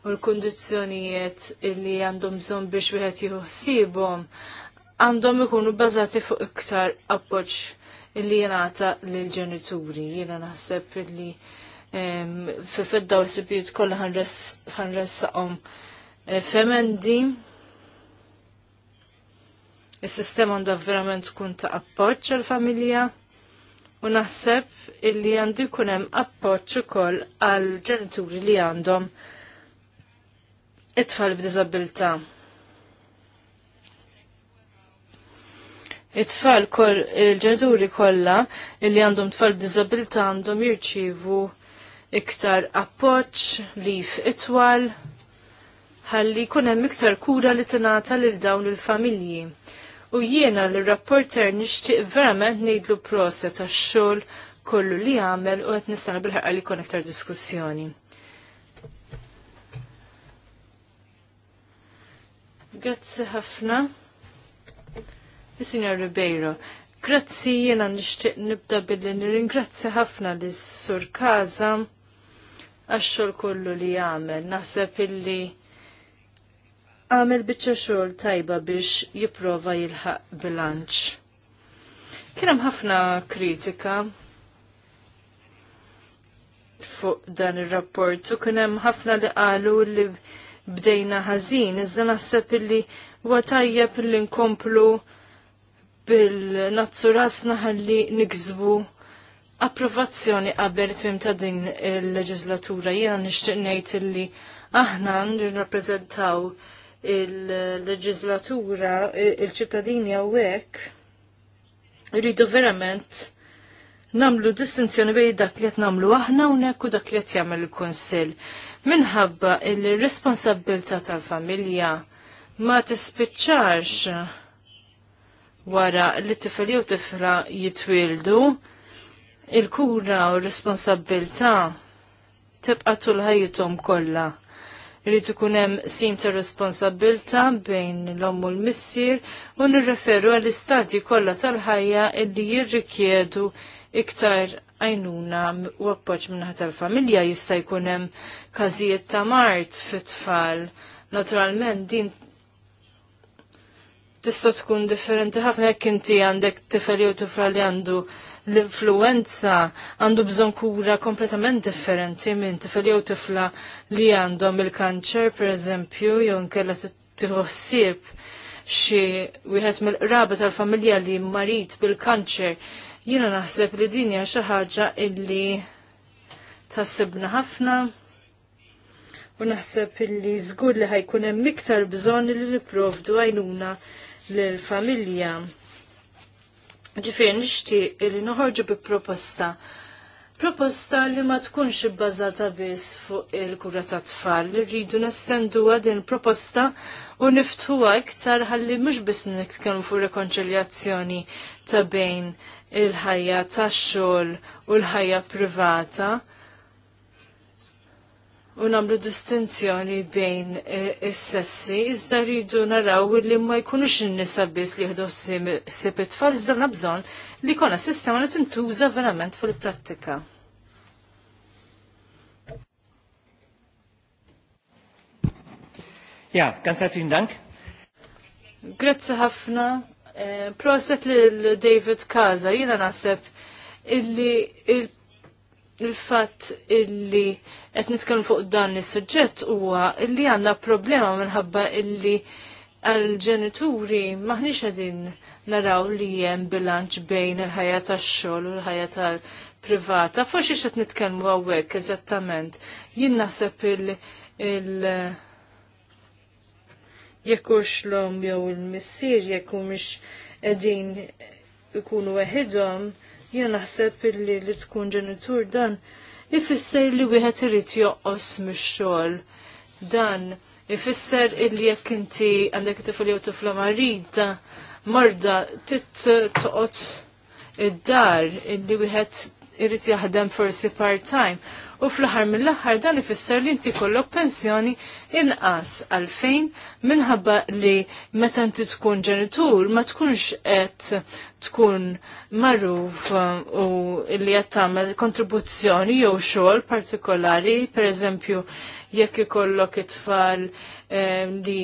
Speaker 3: u l-kundizzjonijiet illi għandhom bżonn biex wieħed jieħu ħsiebhom għandhom ikunu bbażati fuq iktar appoġġ illi jingħata lill-ġenituri. Jiena naħseb illi fid-dawl sibijiet kollha ħanressaqhom eh, femendi Is-sistema għandha verament tkun ta' appoġġ għall-familja u naħseb illi għandu jkun hemm appoġġ ukoll għall ġenituri li għandhom it-tfal b'diżabilità. It-tfal koll il-ġenituri kollha illi għandhom tfal b'diżabilità għandhom jirċivu iktar appoġġ li itwal ħalli jkun hemm iktar kura li tingħata lil dawn il-familji. il familji u jiena li rapporter nixtieq verament ngħidlu prosa ta' xogħol kollu li għamel u qed nistana bil-ħarqa li jkun aktar diskussjoni. Grazzi ħafna. Signor Ribeiro, grazzi jiena nixtieq nibda billi nirringrazzi ħafna s sur Kaza għax-xogħol kollu li għamel. Naħseb illi għamil biċċa xogħol tajba biex jipprova jilħaq bilanċ. Kien hemm ħafna kritika fuq dan ir-rapport u kien hemm ħafna li qalu li bdejna ħażin, iżda naħseb illi huwa tajjeb li nkomplu bil-nazzu rasna ħalli niksbu approvazzjoni qabel tim ta' din il-leġislatura. Jena nixtieq ngħid illi aħna nirrappreżentaw il-leġislatura, il-ċittadini għawek, rridu verament namlu distinzjoni bej dak li namlu aħna unek u dak li jagħmel il-Kunsill. Minħabba il-responsabilta tal-familja ma tispiċċarx wara li tifel jew tifla jitwildu, il-kura u r responsabilità tibqa tul ħajjithom kollha Irrid ikun hemm sim ta' responsabilta bejn l-omm u l-missier u nirreferu għall-istadji kollha tal-ħajja illi jirrikjedu iktar għajnuna u appoġġ minnaħat tal-familja jista' jkun hemm każijiet ta' mart fit-tfal. Naturalment din tista' tkun differenti ħafna jekk inti għandek tifel jew tifra li għandu l-influenza għandu bżon kura kompletament differenti minn tifel jew tifla li għandhom il-kanċer per eżempju jew nkella tħossib xi wieħed mill-qraba tal-familja li marit bil-kanċer. Jiena naħseb li din hija xi ħaġa illi tassibna ħafna u naħseb illi żgur li ħajkun hemm iktar bżonn li nipprovdu għajnuna lill-familja. Ġifieri nixtieq li noħorġu bi proposta proposta li ma tkunx ibbażata biss fuq il-kura ta' tfal, li rridu nestenduha din proposta u niftuha iktar ħalli mhux biss nitkellmu fuq rekonċiljazzjoni ta' bejn il-ħajja tax-xogħol u l-ħajja privata, u namlu distinzjoni bejn e, is-sessi, iżda rridu naraw li ma jkunux in-nisa biss li jħdu s it-tfal iżda nabżon li jkollna sistema li tintuża verament fil-prattika.
Speaker 4: Ja, ganz herzlichen Dank.
Speaker 3: Grazzi ħafna. E, proset lil David Kaza, jiena naħseb illi il-fatt illi qed nitkellmu fuq dan is-suġġett huwa li għandna problema minħabba illi għal-ġenituri maħniex qegħdin naraw li hemm bilanċ bejn il-ħajja tax-xogħol u l-ħajja tal-privata. Forsi qed nitkellmu hawnhekk eżattament. Jien naħseb il-, il jekkux l-om jew il-missir jekku mix edin ikunu weħidhom, jien naħseb illi li tkun ġenitur dan ifisser li wieħed irid joqos mix-xogħol. Dan ifisser illi jekk inti għandek tifel jew tifla marida marda tit toqgħod id-dar illi wieħed irrit jaħdem forsi part-time. U fl-ħar mill-ħar dan ifisser li inti kollok pensjoni inqas għalfejn minħabba li meta inti tkun ġenitur ma tkunx qed tkun marruf uh, u li qed tagħmel kontribuzzjoni jew xogħol partikolari, pereżempju jekk ikollok it-tfal eh, li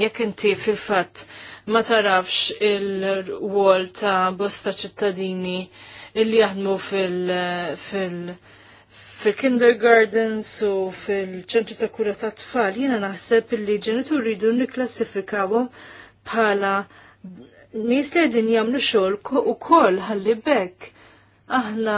Speaker 3: jekk inti fil-fatt ma tarafx il-wol ta' bosta ċittadini illi jaħdmu fil- fil-kindergardens u fil-ċentru ta' kura ta' tfal, jiena naħseb illi ġenituri jridu niklassifikawu bħala nis li jamlu jagħmlu xogħol ukoll ħalli bekk. Aħna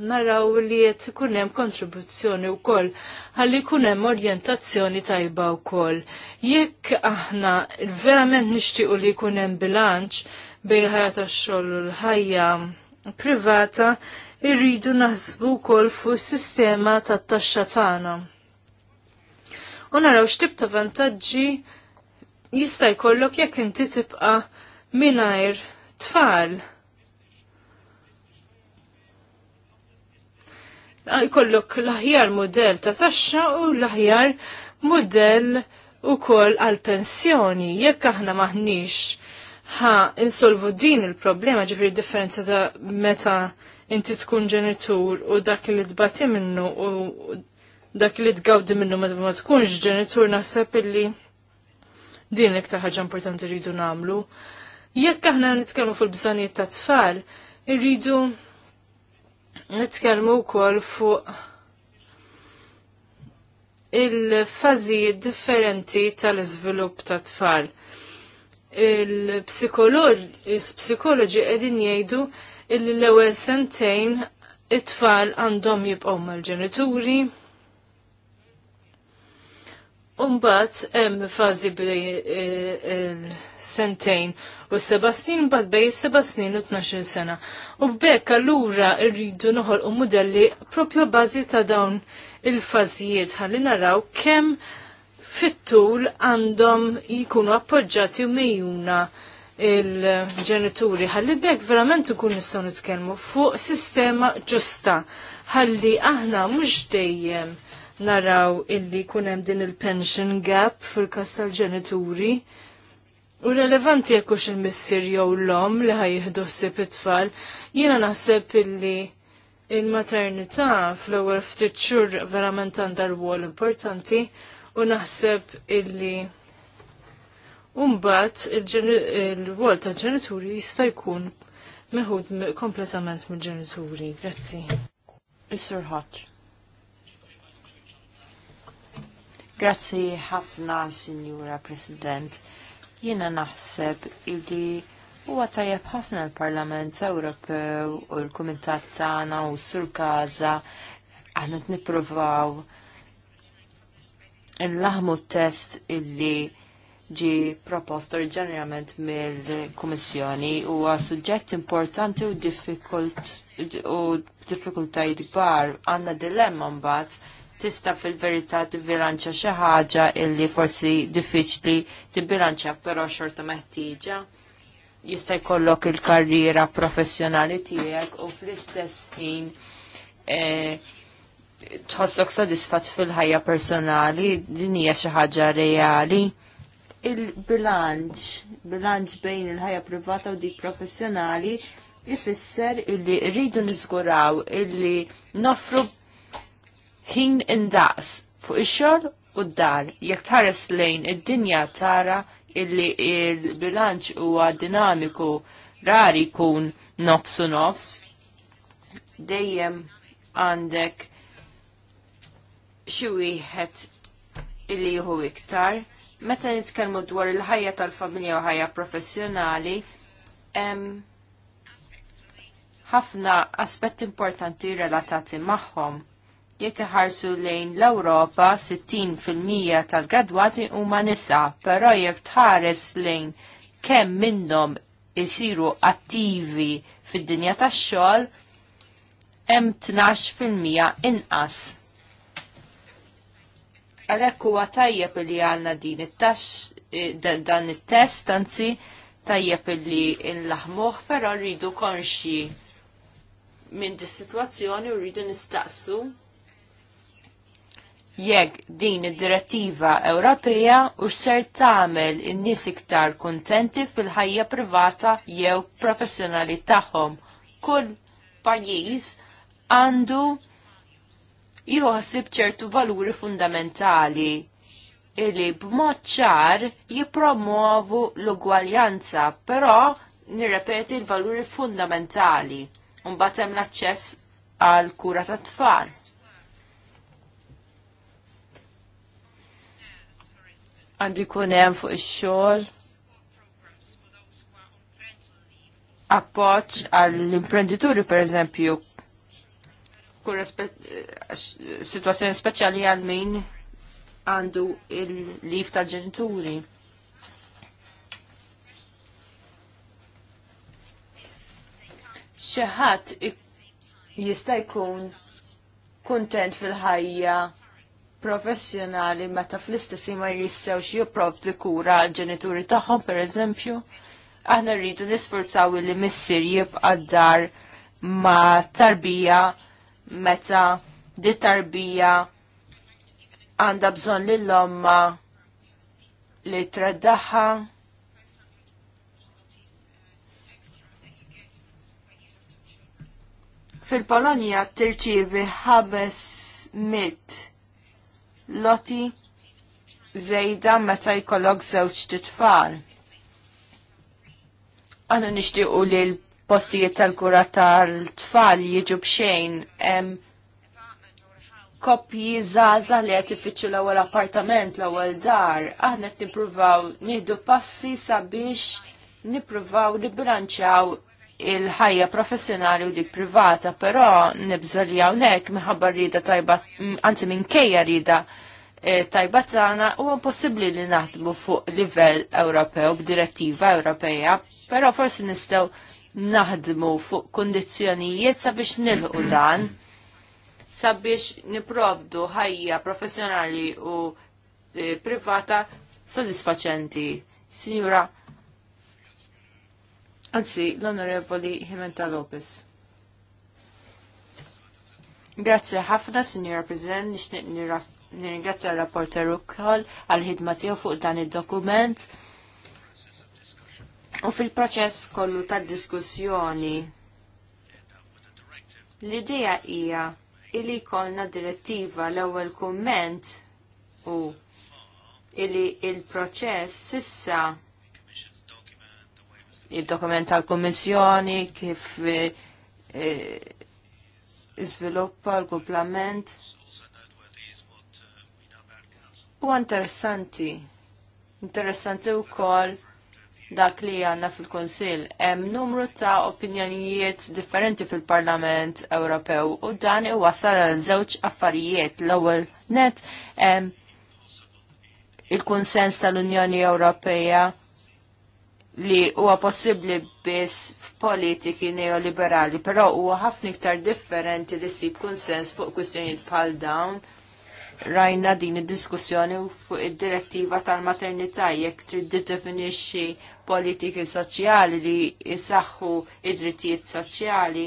Speaker 3: naraw li qed ikun hemm kontribuzzjoni wkoll koll, jkun hemm orjentazzjoni tajba wkoll. Jekk aħna verament nixtiequ li jkun hemm bilanċ bejn ħajata ħajja tax-xogħol u l-ħajja privata, irridu naħsbu wkoll fuq is-sistema tat-taxxa tagħna. U naraw x'tib ta' vantaġġi jista' jkollok jekk inti tibqa' mingħajr tfal jkollok l-aħjar modell ta' taxxa u l-aħjar modell ukoll għal pensjoni jekk aħna maħniex ħa insolvu din il-problema ġifri differenza ta' meta inti tkun ġenitur u dak li tbati minnu u dak li tgawdi minnu meta ma tkunx ġenitur naħseb illi din l-iktar ħaġa importanti rridu namlu. Jekk aħna nitkellmu fil-bżonijiet ta' tfal, irridu nitkellmu wkoll fuq il fażi differenti tal-iżvilupp ta' tfal. Il-psikoloġi qegħdin jgħidu li l-ewwel sentejn it-tfal għandhom jibqgħu mal-ġenituri, Umbat, hemm fazi bli eh, eh, sentejn u seba snin, mbagħad bej seba snin u 12 sena. U bekk allura rridu noħolqu mudelli propju bażi ta' dawn il fazijiet ħalli naraw kemm fit-tul għandhom jikunu appoġġati u mejjuna il-ġenituri. Ħalli bekk verament ikun nistgħu nitkellmu fuq sistema ġusta. Ħalli aħna mhux dejjem naraw illi kunem din il-pension gap fil-kas tal-ġenituri. U relevanti jekkux il-missir jew l-om li ħajjihdu ħsieb it-tfal, jiena naħseb illi il-maternità fl-ewwel ftit xhur verament għandha rwol importanti u naħseb illi Umbat il-rwol ta' ġenituri jista' jkun meħud kompletament mill-ġenituri. Grazzi. is Hodge. Grazzi
Speaker 1: ħafna, Signora President. Jiena naħseb illi huwa tajjeb ħafna l-Parlament Ewropew u l-Kumitat tagħna u s-Sur Gaza aħna nippruvaw nlaħmu t-test illi ġi propost oriġinarjament mill-Kummissjoni huwa suġġett importanti u diffikult u diffikultajiet kbar għandna dilemma mbagħad tista fil-verità tibbilanċa xi ħaġa illi forsi diffiċli tibbilanċa però xorta meħtieġa. Jista' jkollok il-karriera professjonali tiegħek u fl-istess ħin e, tħossok sodisfatt fil-ħajja personali, din hija xi ħaġa reali. Il-bilanċ, bilanċ bejn il-ħajja privata u dik professjonali, ifisser illi rridu niżguraw illi nofru ħin indaqs fuq ix-xogħol u d-dar. Jekk tħares lejn id-dinja tara illi il-bilanċ huwa dinamiku rari jkun nofs u nofs. Dejjem għandek xi wieħed illi jieħu iktar. Meta nitkellmu dwar il-ħajja tal-familja u ħajja professjonali, ħafna aspetti importanti relatati magħhom Jekk iħarsu lejn l-Ewropa, 60% tal-gradwati huma nisa, però jekk tħares lejn kemm minnhom isiru attivi fid-dinja tax-xogħol, hemm 12% inqas. Għalhekk huwa tajjeb li għandna din it-tax eh, dan it-test anzi tajjeb li nlaħmuh, però rridu konxi minn dis-sitwazzjoni u rridu nistaqsu jekk din id-direttiva Ewropea u xser tagħmel in-nies iktar kuntenti fil-ħajja privata jew professjonali tagħhom. Kull pajjiż għandu jħossib ċertu valuri fundamentali illi b'mod ċar jipromuovu l-ugwaljanza, però nirrepeti l-valuri fundamentali. batem l-aċċess għal kura tat-tfal għandu jkun hemm fuq ix-xogħol appoġġ għall-imprenditori pereżempju kull eh, situazzjoni speċjali għal min għandu il-lif tal-ġenituri. Xeħat jista' jkun kontent fil-ħajja professjonali meta fl-istess ma jistgħux jipprovdu kura għal ġenituri tagħhom pereżempju. Aħna rridu nisforzaw li missier jibqa' dar ma' tarbija meta di tarbija għandha bżonn lill-omma li traddaħħa fil polonija tirċivi ħabes mit loti zejda meta jkollok żewġ titfal. Għana nixtiequ li l-postijiet tal-kura tal-tfal jiġu bxejn koppji zaza li għet ifittxu l-ewwel appartament, l-ewwel dar, aħna qed nippruvaw nieħdu passi sabiex nippruvaw nibranċaw il-ħajja professjonali u dik privata, però nibżal li hawnhekk minħabba rida tajba, anzi kejja rida e, tajba tana huwa possibbli li naħdmu fuq livell Ewropew b'direttiva Ewropea, però forsi nistgħu naħdmu fuq kundizzjonijiet sabiex nilħu dan sabiex niprovdu ħajja professjonali u e, privata sodisfaċenti. Signora, Anzi, l-Onorevoli Himenta Lopez. Grazie ħafna, Signora President, nixtieq nirringrazzja l rapporter ukoll għall-ħidma tiegħu fuq dan id-dokument. U fil-proċess kollu ta' diskussjoni l-idea hija illi jkollna direttiva l-ewwel kumment u illi il-proċess sissa il-dokument tal-Kommissjoni kif eh, iżviluppa l-kumplament. U interessanti, interessanti u koll dak li għanna fil-Konsil. Hemm numru ta' opinjonijiet differenti fil-Parlament Ewropew u dan iwassal għal żewġ affarijiet. L-ewwel net il-kunsens tal-Unjoni Ewropea li huwa possibbli biss f'politiki neoliberali, però huwa ħafna iktar differenti li ssib kunsens fuq kwistjonijiet bħal dawn. Rajna din id-diskussjoni fuq id-direttiva tal-maternità jekk trid tiddefinixxi politiki soċjali li jisaxħu id-drittijiet soċjali.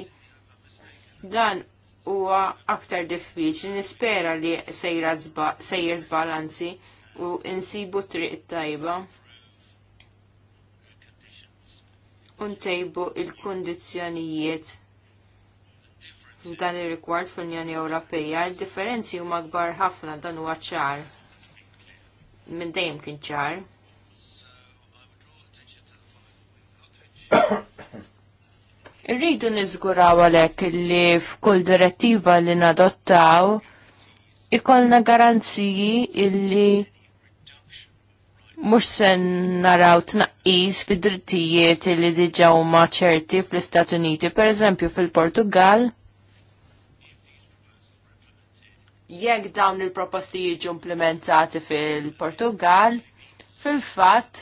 Speaker 1: Dan huwa aktar diffiċli nispera li sejjer sbalanzi u insibu triq tajba. untejbu il-kondizjonijiet f'dan ir-rigward fl-Unjoni Ewropeja, il-differenzi huma kbar ħafna dan huwa ċar. Minn dejjem kien ċar. [coughs] Irridu niżguraw għalhekk li f'kull direttiva li nadottaw ikollna garanziji illi mux sen naraw tnaqqis fi drittijiet li diġaw huma ċerti fl-Istat Uniti, per eżempju fil-Portugal. Jekk dawn il-proposti jiġu implementati fil-Portugal, fil-fatt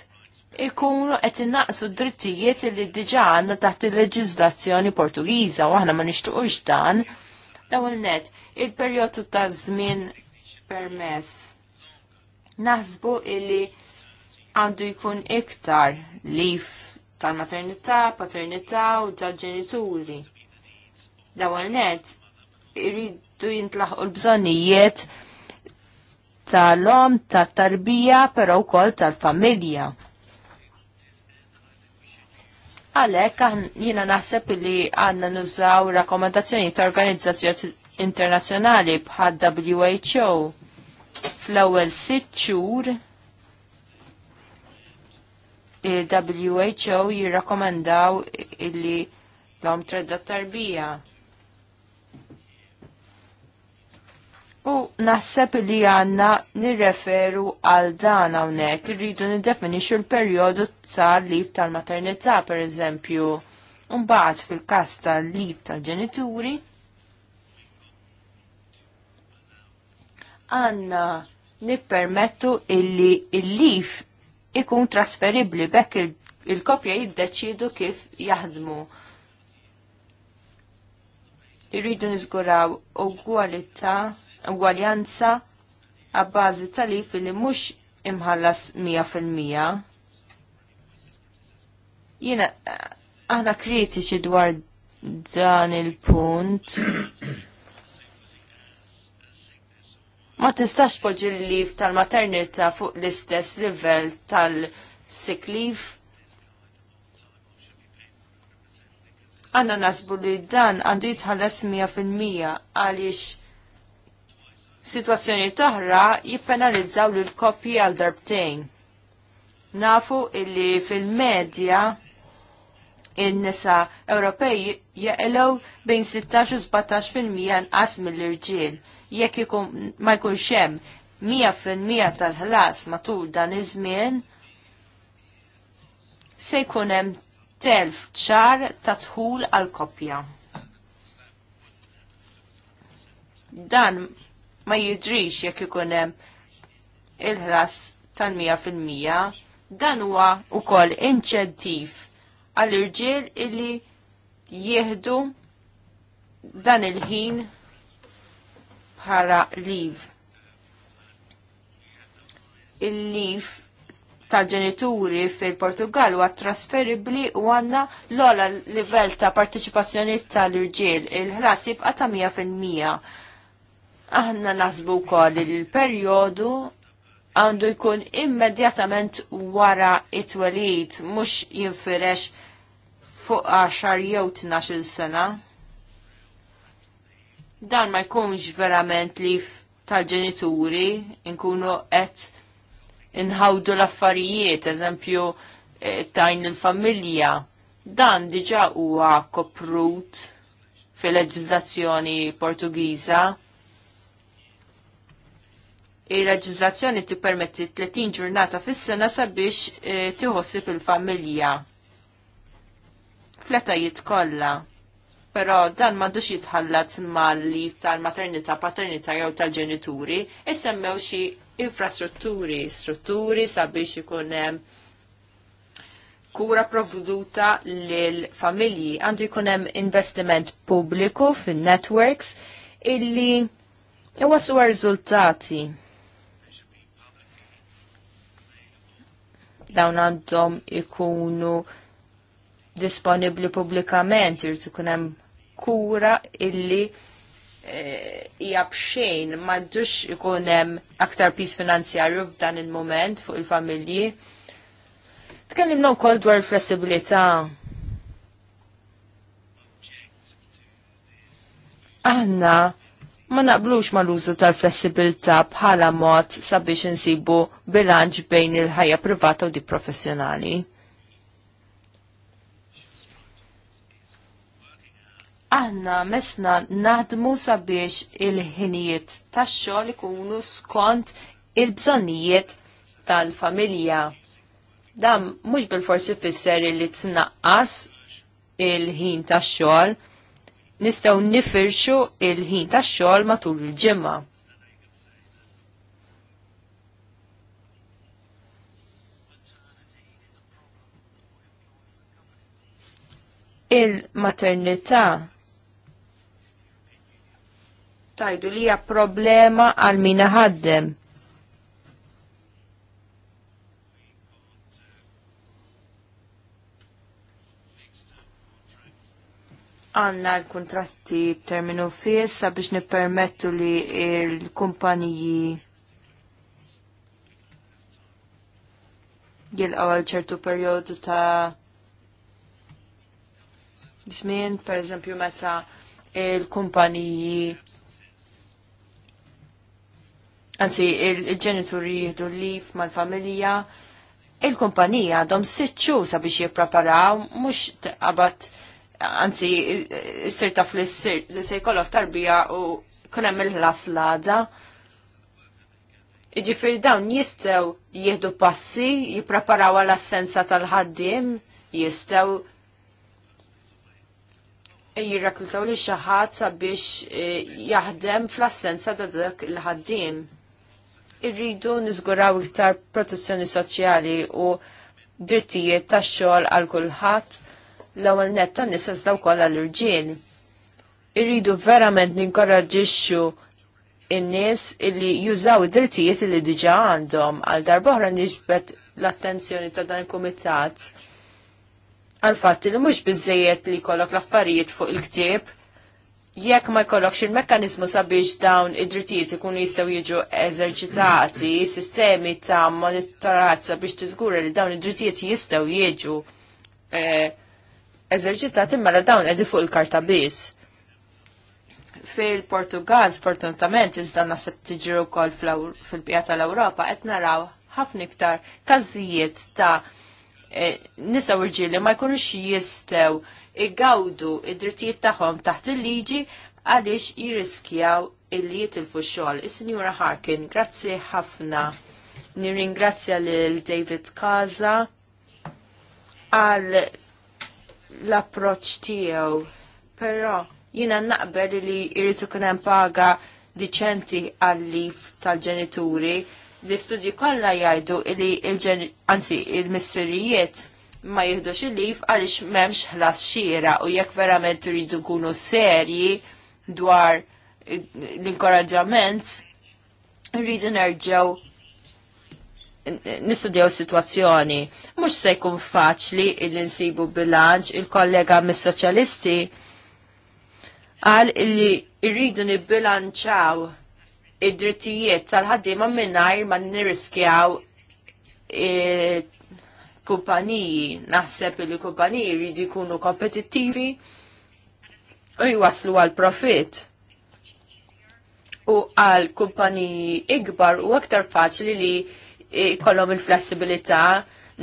Speaker 1: ikunu qed innaqsu drittijiet li diġa għandna taħt il-leġiżlazzjoni Portugiża u aħna ma nixtuqux dan. L-ewwel net, il-perjodu ta' żmien permess. Naħsbu illi għandu jkun iktar lif tal-maternità, paternità u tal-ġenituri. L-ewwel net irridu jintlaħqu l-bżonnijiet tal-om, tal-tarbija, però wkoll tal-familja. Għalek, jina naħseb li għanna nużaw rakkomandazzjoni ta' organizzazzjoni internazzjonali bħal WHO fl-ewwel sitt xhur il-WHO jirrakomendaw illi l-om tredda tarbija. U naħseb li għanna nirreferu għal dan hawnhekk irridu niddefinixxu l-perjodu tal-lif tal-maternità pereżempju. Mbagħad fil-każ tal-lif tal-ġenituri għanna nippermettu illi il-lif ikun trasferibli bekk il-kopja jiddeċidu kif jaħdmu. Irridu nizguraw ugwalità, ugwaljanza għabbażi tal-if li mhux imħallas 100%. Jiena aħna kritiċi dwar dan il-punt ma tistax poġi l-lif tal-maternita fuq l-istess livell tal-sick leave. Għanna nasbu li dan għandu jitħalles 100% għaliex situazzjoni toħra jippenalizzaw l kopji għal darbtejn. Nafu illi fil-medja il nisa Ewropej jeqilgħu bejn 16 u 17% nqas mill-irġiel jekk ma jkunx hemm 100% tal-ħlas matul dan iż-żmien se jkun hemm telf ċar ta' tħul għal koppja. Dan ma jidrix jekk ikun hemm il-ħlas tal-100% dan huwa wkoll inċentiv għall irġiel illi jieħdu dan il-ħin ħara liv. Il-liv tal-ġenituri fil-Portugal huwa trasferibbli u għandna l-ola livell ta' partiċipazzjoni tal-irġiel il-ħlas jibqa' ta' 100%. Aħna nasbu wkoll il-perjodu għandu jkun immedjatament wara it-twelid mhux jinfirex fuq 10 jew 12 sena dan ma jkunx verament li tal-ġenituri nkunu qed inħawdu l-affarijiet, eżempju e, tajn il-familja. Dan diġa huwa koprut fil-leġizlazzjoni Portugiża. Il-leġizlazzjoni tippermetti 30 ġurnata fis-sena sabiex e, tiħossib il-familja. Fletajiet kollha Però dan m'għandux jitħallat ma li tal maternita paternita jew tal-ġenituri, issemmew xi infrastrutturi, strutturi sabiex ikun hemm kura provduta lil familji għandu jkun hemm investiment pubbliku fin-networks illi iwasu riżultati. Dawn għandhom ikunu disponibli pubblikament, jrid ikun hemm kura illi eh, hija e, bxejn m'għandux ikun hemm aktar pis finanzjarju f'dan il-moment fuq il-familji. Tkellimna wkoll dwar il flessibilità. Aħna ma naqblux l użu tal-flessibilità bħala mod sabiex insibu bilanċ bejn il-ħajja privata u di professjonali. aħna mesna naħdmu sabiex il-ħinijiet tax-xogħol ikunu skont il-bżonnijiet tal-familja. Dan mhux bil-forsi fisser li tnaqqas il-ħin tax-xogħol, nistgħu nifirxu il-ħin tax-xogħol matul il-ġimgħa. il-maternità tajdu li hija problema għal min ħaddem. Għanna l-kontratti b'terminu fissa biex nippermettu li l-kumpaniji jilqaw għal ċertu periodu ta' Dismin, per eżempju, meta il-kumpaniji Anzi, il-ġenituri jihdu li mal-familja, il-kumpanija għadhom sitxu sabiex jippreparaw, mux għabat, anzi, s-sirta fl-sir li se jkollok tarbija u kunem il-laslada. Iġifir dawn jistew jihdu passi, jipreparaw għal assenza tal-ħaddim, jistew jirraklutaw li xaħat sabiex eh, jaħdem fl-assenza ta' dak il-ħaddim irridu niżguraw iktar protezzjoni soċjali u drittijiet tax-xogħol għal kulħadd l-ewwel nett tan-nies iżda wkoll għall-irġiel. Irridu verament ninkoraġġixxu in-nies illi jużaw id-drittijiet illi diġà għandhom għal darb'oħra niġbed l-attenzjoni ta' dan il-kumitat għal fatt li mhux biżejjed li jkollok l-affarijiet fuq il-ktieb jekk ma jkollokx il-mekkanizmu sabiex dawn id-drittijiet ikunu jistgħu jiġu eżerċitati, sistemi ta' monitorat sabiex tiżgura li dawn id-drittijiet jistgħu jiġu eh, eżerċitati mela dawn qegħdi fuq il-karta biss. Fil-Portugal, fortunatament iżda naħseb tiġru wkoll fil-pija tal-Ewropa qed naraw ħafna iktar każijiet ta' eh, nisa u ma jkunux jistgħu igawdu id-drittijiet tagħhom taħt il-liġi għaliex jirriskjaw illi jitilfu xogħol. Is-Sinjura Harkin, grazzi ħafna. Nirringrazzja lil David Kaza għal l-approċ tiegħu. Però jiena naqbel li jrid ikun hemm paga diċenti għal lif tal-ġenituri l-istudji kollha jgħidu li il-ġen anzi il-missirijiet ma jihdux il-lif għalix memx ħlas xira u jekk verament rridu kunu serji dwar l-inkoraġġament, rridu nerġaw nistudjaw situazzjoni. Mux se jkun faċli il-insibu bilanċ il-kollega mis-soċjalisti għal illi rridu nibilanċaw id-drittijiet tal-ħaddima minnajr ma nirriskjaw kumpaniji. Naħseb li kumpaniji jridu jkunu kompetittivi u jwaslu għal profit. U għal kumpaniji ikbar u aktar faċli li kollom il-flessibilità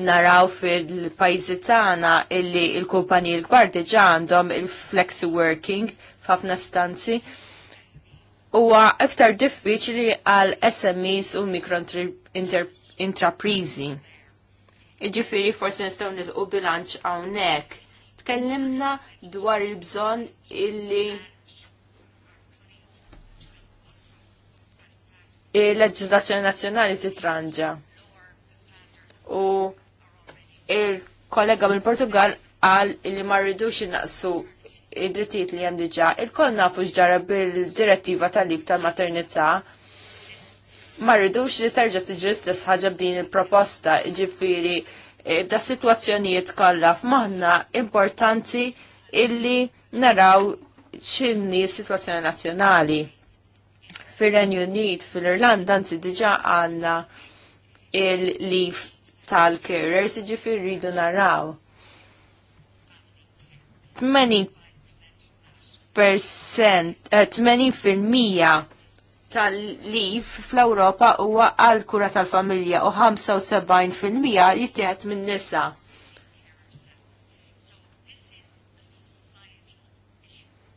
Speaker 1: naraw fil-pajzi tagħna illi il-kumpaniji l-kbar diġà għandhom il-flexi working f'ħafna stanzi huwa aktar diffiċli għal SMEs u mikro intraprizi. Inter Iġifiri forsi nistgħu nilqu bilanċ hawnhekk. Tkellimna dwar il-bżonn illi il-leġislazzjoni nazzjonali titranġa. U il-kollega mill-Portugal qal li ma rridux innaqsu id-drittijiet li hemm diġà. Il-kol nafu x'ġara bil-direttiva tal-lif tal-maternità. tal tal lif tal maternità ma rridux li terġa' tiġri stess ħaġa b'din il-proposta, ġifiri, eh, da situazzjonijiet kollha f'maħna importanti illi naraw x'inhi s-sitwazzjoni nazzjonali. Fir-Renju Unit, fil-Irlanda, anzi diġà għandna il-lif tal carers ġifiri rridu naraw. Many percent, 80% eh, tal-liv fl-Ewropa huwa għal kura tal-familja u 75% jittieħed minn nisa.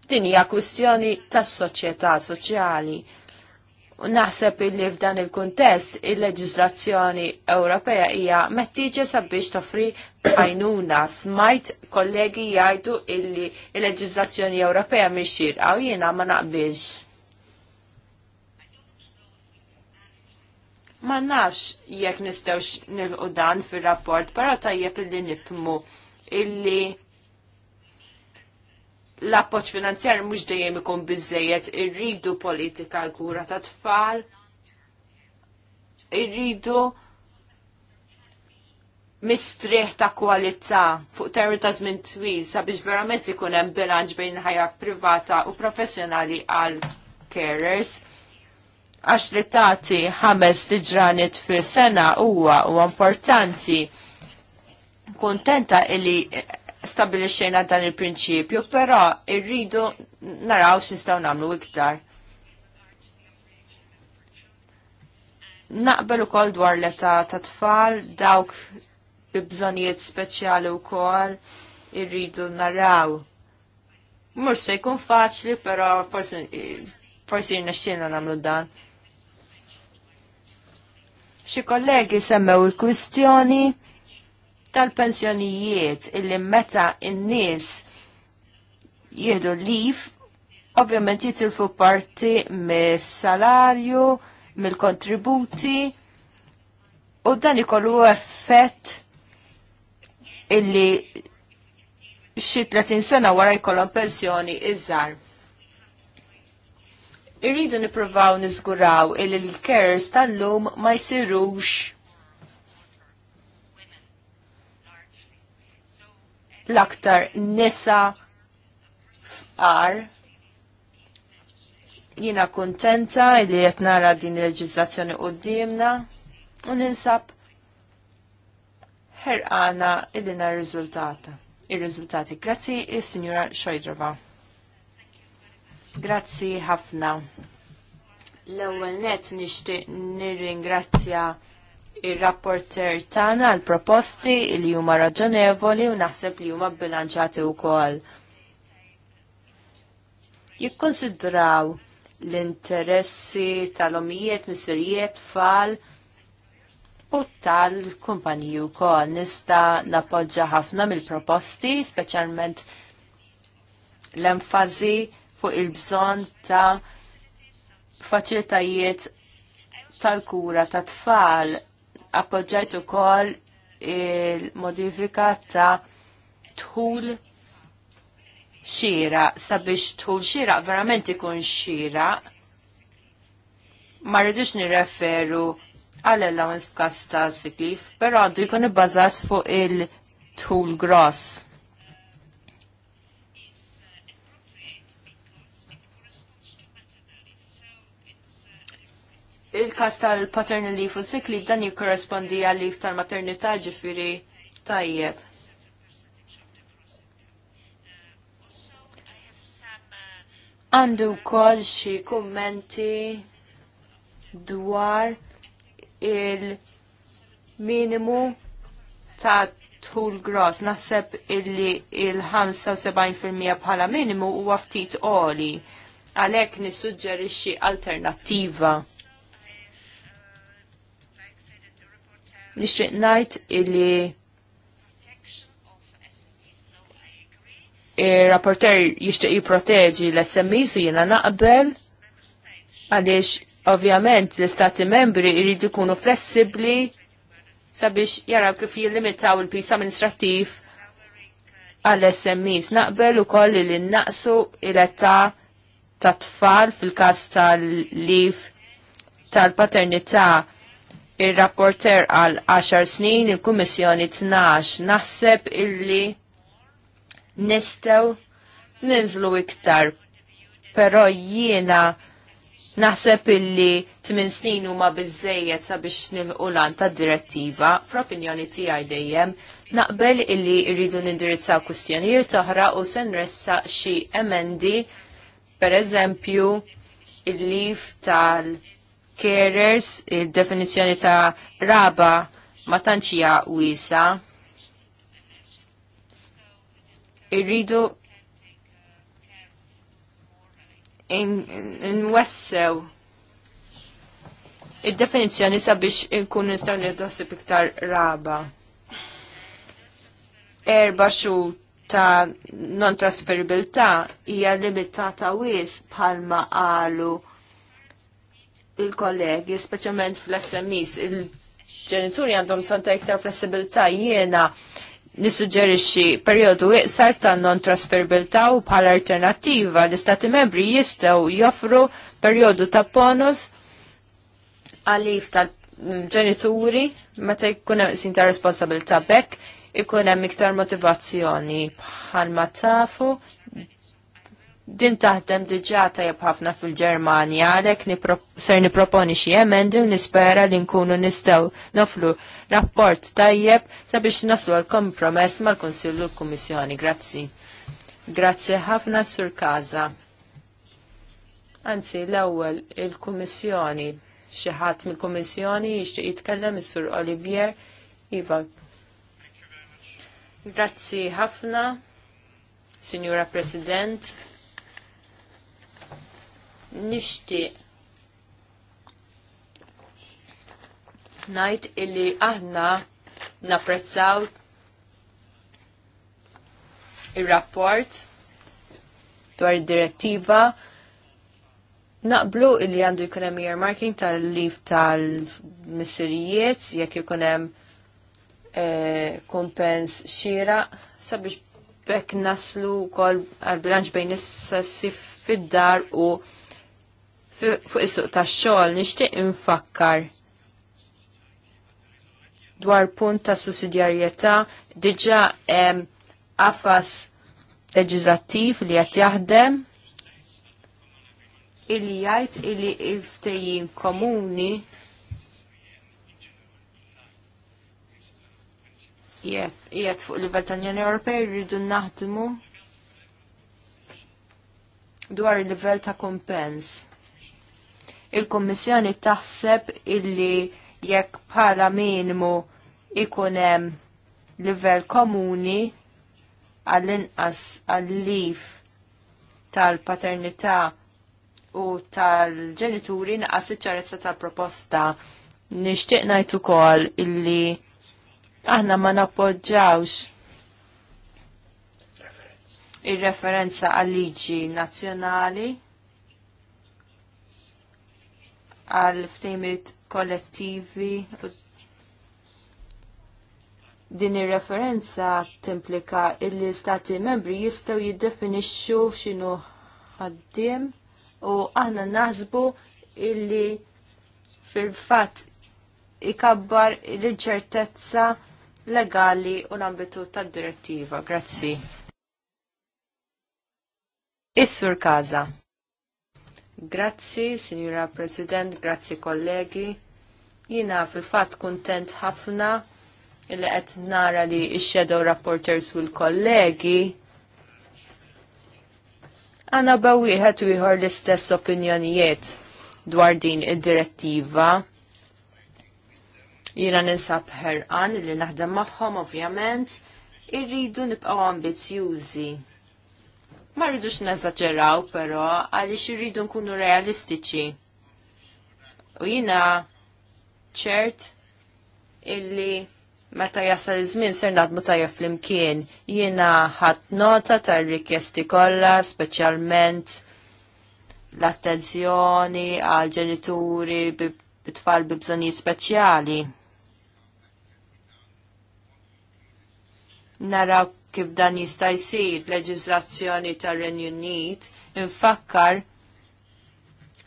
Speaker 1: Din hija kwistjoni tas-soċjetà soċjali. U naħseb illi f'dan il-kuntest il-leġislazzjoni Ewropea hija mettiġa sabiex toffri għajnuna smajt kollegi jgħidu illi il-leġislazzjoni Ewropea mhix xirqa jiena ma naqbilx Ma nafx jekk nistgħux nilqu dan fir-rapport, però tajjeb illi nifmu illi l-appoġġ finanzjar mhux dejjem ikun biżejjed irridu politika l-kura ta' tfal, irridu mistrieħ ta' kwalità fuq terri ta' żmien twil sabiex verament ikun hemm bilanċ bejn ħajja privata u professjonali għal carers għax li tagħti ħames tiġranet fil-sena huwa u importanti. Kuntenta illi stabilixxejna dan il-prinċipju, però irridu naraw x'nistgħu nagħmlu iktar. Naqbel ukoll dwar l-età ta' tfal dawk bibżonijiet speċjali speċjali wkoll irridu naraw. Mhux se jkun faċli, però forsi forsi nagħmlu dan. Xi kollegi semmew il-kwistjoni tal-pensjonijiet illi meta in-nies jieħdu l-lif, ovvjament jitilfu parti mis-salarju, mill-kontributi, u dan ikollu effett illi xi 30 sena wara jkollhom pensjoni iżgħar irridu niprovaw nizguraw il l-kers tal-lum ma jsirux l-aktar nisa f'ar jina kontenta li qed nara din il u d u ninsab ħerqana illi na r-riżultata. Ir-riżultati grazzi il signora Xojdrova. Grazzi ħafna. L-ewwel net nixtieq nirringrazzja ir-rapporter tagħna għal proposti li huma raġonevoli u naħseb li huma bilanċati wkoll. konsidraw l-interessi tal-omijiet, nisirijiet, fal, u tal-kumpaniji wkoll nista napoġġa ħafna mill-proposti, speċjalment l-enfazi fuq il-bżonn ta' faċilitajiet tal-kura ta' tfal appoġġajt ukoll il-modifika ta' tħul xira sabiex tħul xira verament ikun xira ma rridux nirreferu għal allowance f'kas ta' siklif, però għandu jkun ibbażat fuq il-tħul gross. il-kas tal paterni leaf u sick leave dan jikorrespondi għal leave tal-maternità ġifiri tajjeb. Għandu kol xi kummenti dwar il-minimu ta' tul gross. Naħseb illi il-75% bħala minimu u għaftit oli. Għalek nissuġġerixxi alternattiva. alternativa xtriq ngħid illi il-rapporter jixtieq jipproteġi l smi u jiena naqbel għaliex ovvjament l-istati membri jridu kunu flessibbli sabiex jaraw kif jillimitaw il-pis amministrattiv għal smis Naqbel u koll li naqsu il-età ta' tfal fil-kas tal-lif tal-paternità Il-rapporter għal 10 snin, il-Kummissjoni 12, naħseb illi nistew ninżlu iktar, pero jiena naħseb illi 8 snin huma biżejjed sabiex nilqu lan ta' direttiva, fl-opinjoni tiegħi dejjem, naqbel illi rridu nindirizzaw kwistjonijiet oħra u se nressa xi emendi, per eżempju, il-lif tal- carers, il-definizjoni eh, ta' raba ma tantxija wisa. Irridu wessew id-definizjoni sabiex nkun nistaw nidossi iktar raba. Erba xhur ta' non-trasferibilità hija limitata wis bħalma qalu il-kollegi, speċjalment fl-SMIs, il-ġenituri għandhom santa iktar flessibilità jiena nissuġġerixxi perjodu iqsar ta' non trasferibilità u bħala alternattiva l-Istati membri jistgħu joffru perjodu ta' bonus għalif ta' ġenituri meta jkun hemm ta' responsabilità bekk ikun hemm iktar motivazzjoni bħalma tafu Din taħdem diġà tajjeb ħafna fil-Ġermanja, għalhekk ser niproponi xi emendi nispera li nkunu nistgħu noflu rapport tajjeb sabiex naslu għal-kompromess mal konsillu l-Kummissjoni. Grazzi. Grazzi ħafna sur Kaza. Anzi, l-ewwel il-Kummissjoni xi ħadd mill-Kummissjoni jitkellem is-Sur Olivier Iva. Grazzi ħafna, Signora President nixtieq najt illi aħna napprezzaw il-rapport dwar direttiva naqblu illi għandu jkun hemm earmarking tal-lif tal-missirijiet jekk ikun hemm eh, xira sabiex bekk naslu wkoll għall bilanċ bejn is-sassi fid-dar u fuq is-suq tax-xogħol nixtieq infakkar dwar punt ta' sussidjarjetà diġà qafas leġislattiv li qed jaħdem illi jgħid illi il-ftejjin komuni jgħid fuq livell tal-Unjoni Ewropej rridu naħdmu dwar il-livell ta' kompens il-Kommissjoni taħseb illi jekk bħala minimu ikunem hemm livell komuni għall-inqas għall-lif tal-paternità u tal-ġenituri naqas iċ-ċarezza tal-proposta. Nixtieq ngħid ukoll illi aħna ma nappoġġawx il referenza għal liġi nazzjonali għal ftejmit kollettivi. Din ir-referenza timplika illi stati membri jistgħu jiddefinixxu x'inhu ħaddiem u aħna naħsbu illi fil-fatt ikabbar l-ċertezza legali u l-ambitu tad-direttiva. Grazzi. Is-sur Kaza. Grazzi, Signora President, grazzi kollegi. Jina fil-fat kontent ħafna illi qed nara li x-shadow rapporters u l-kollegi għana bawiħet u jħor l-istess opinjonijiet dwar din id-direttiva jina ninsab ħerqan li naħdem magħhom ovvjament, irridu nibqgħu ambizjużi. Ma rridux neżaġeraw, però, għaliex rridu nkunu realistiċi. U jina ċert illi meta jasal iż-żmien ser nadmu tajja flimkien. Jiena ħadd nota tar-rikjesti kollha, speċjalment l-attenzjoni għal ġenituri bit-tfal bi bżonijiet speċjali. naraw kif dan jista' jsir leġiżlazzjoni tar-Renju Unit infakkar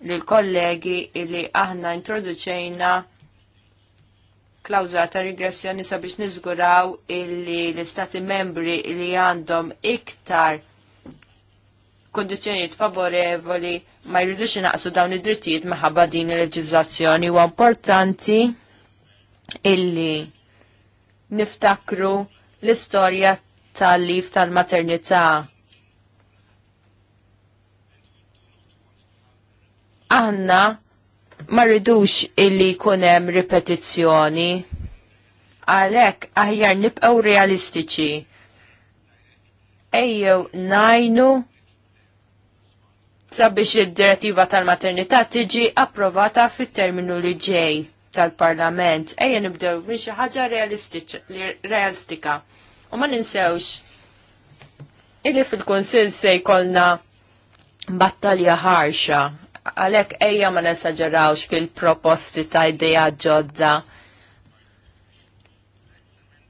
Speaker 1: lil kollegi li aħna introduċejna klawża ta' regressjoni sabiex niżguraw illi l-istati membri li għandhom iktar kondizjonijiet favorevoli ma jridux naqsu dawn id-drittijiet minħabba din il-leġiżlazzjoni huwa importanti illi niftakru l-istorja tal-lif tal-maternità. Aħna ma rridux illi kunem ripetizzjoni. Għalek aħjar nibqaw realistiċi. Ejjew najnu sabiex id-direttiva tal-maternità tiġi approvata fit-terminu li ġej tal-Parlament. Ejja nibdew minn xi ħaġa realistika. U ma ninsewx illi fil-Kunsill se jkollna battalja ħarxa għalhekk ejja ma nesaġġarawx fil-proposti ta' idea ġodda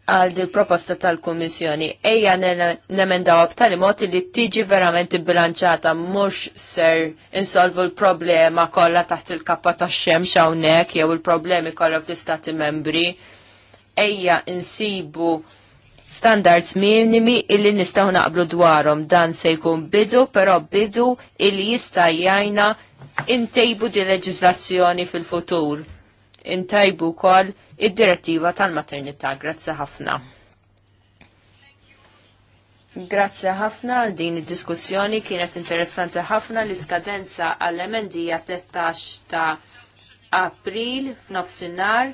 Speaker 1: għal di proposta tal-Kummissjoni ejja nemendaw b'tali mod li tiġi verament bilanċata mhux ser insolvu l-problema kollha taħt il-kappa tax-xemx hawnhekk jew il-problemi kollha fl-istati membri. Ejja insibu standards minimi illi nistgħu naqblu dwarhom dan se jkun bidu, però bidu illi jista' jajna intejbu di leġiżlazzjoni fil-futur. Intajbu wkoll id-direttiva tal-maternità. Grazzi ħafna. Grazzi ħafna għal din id-diskussjoni kienet interessanti ħafna l-iskadenza għall-emendija 13 ta' april f'nofsinhar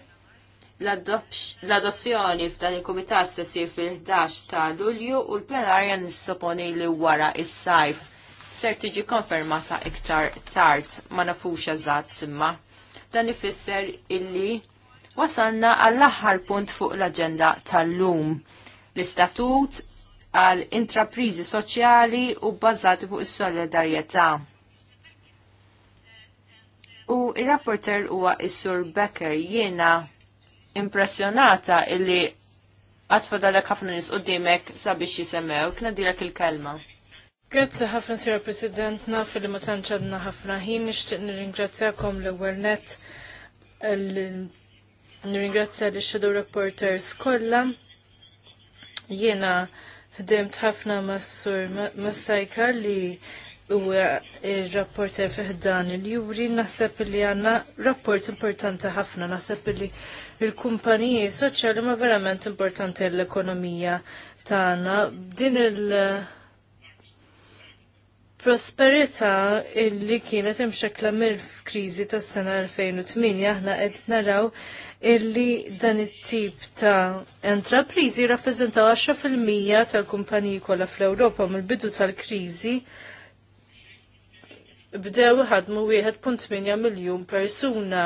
Speaker 1: l-adozzjoni f'dan il-Kumitat se sir fil-11 ta' Lulju u l-plenarja nissoponi li wara is-sajf ser tiġi konfermata iktar tard ma nafux eżatt imma. Dan ifisser illi Wasalna għall-aħħar punt fuq l-agenda tal-lum. L-istatut għal intraprizi soċjali u bbażat fuq is-solidarjetà. U il rapporter huwa is-Sur Becker jiena impressjonata illi għatfa dalek ħafna nis dimek sabiex jisemmew, kna dilek il-kelma.
Speaker 3: Grazzi ħafna, Sir President, naf li ma tanċadna ħafna ħin, nishtiq nirringrazzjakom l ewwel net Nringrazzja li Shadow Reporters kollha. Jiena ħdimt ħafna mas-sur Mastajka li huwa il rapporter fiħdan il-juri naħseb li għandna rapport importanti ħafna naħseb li il-kumpaniji soċjali ma verament importanti l-ekonomija tagħna. Din il- Prosperità illi kienet imxekla mill-kriżi tas-sena 2008 aħna qed naraw illi dan it-tip ta' entreprizi rappreżentaw 10% tal-kumpaniji kollha fl-Ewropa mill-bidu tal-kriżi bdew ħadmu 1.8 miljun persuna.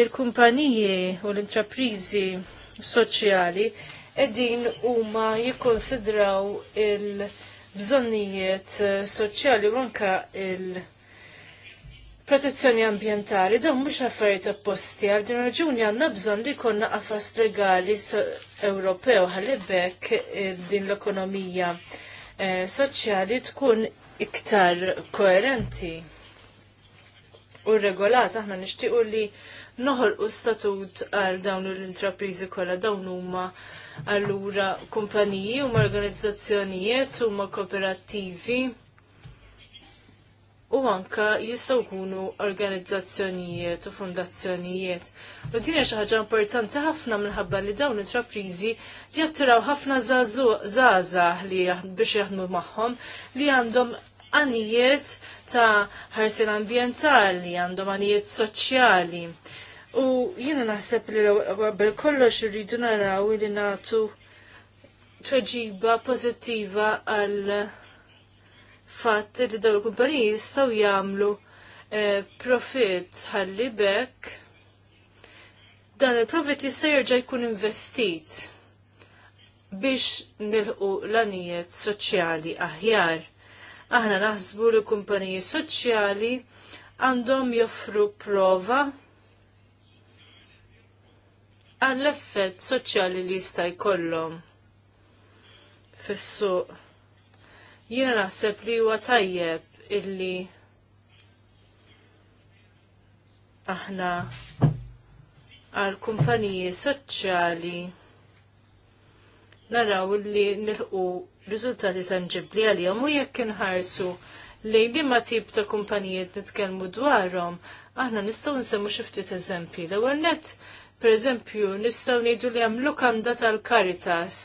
Speaker 3: Il-kumpaniji u l-intraprizi soċjali edin huma jikkonsidraw il- bżonnijiet eh, soċjali u anka il- Protezzjoni ambientali dawn mhux affarijiet opposti għal din raġuni għandna bżonn li jkollna qafas legali Ewropew ħalibek eh, din l-ekonomija eh, soċjali tkun iktar koerenti u regolata aħna nixtiequ li noħolqu statut għal dawn l-intrapriżi kollha dawn huma allura kumpaniji u organizzazzjonijiet u ma kooperativi u anka jistaw kunu organizzazzjonijiet u fundazzjonijiet. U din hija xi ħaġa importanti ħafna minħabba li dawn intrapriżi jattiraw ħafna zazah li biex jaħdmu magħhom li għandhom għanijiet ta' ħarsin ambientali, għandhom għanijiet soċjali. U jiena naħseb li qabel kollox irridu naraw li nagħtu tweġiba pożittiva għal fatt li dawn il-kumpaniji jistgħu jagħmlu eh, profit ħalli bekk dan il-profit jista' jerġa' jkun investit biex nilħu l-anijiet soċjali aħjar. Aħna naħsbu li kumpaniji soċjali għandhom joffru prova l effett soċjali li jista' jkollhom fis-suq. Jiena naħseb li huwa tajjeb illi aħna għal kumpaniji soċjali naraw li nilqu riżultati tangibli għalihom u jekk inħarsu lejn liema tip ta' kumpanijiet nitkellmu dwarhom, aħna nistgħu nsemmu xi ftit eżempji. L-ewwel nett Pereżempju, nistgħu ngħidu li hemm lukanda tal karitas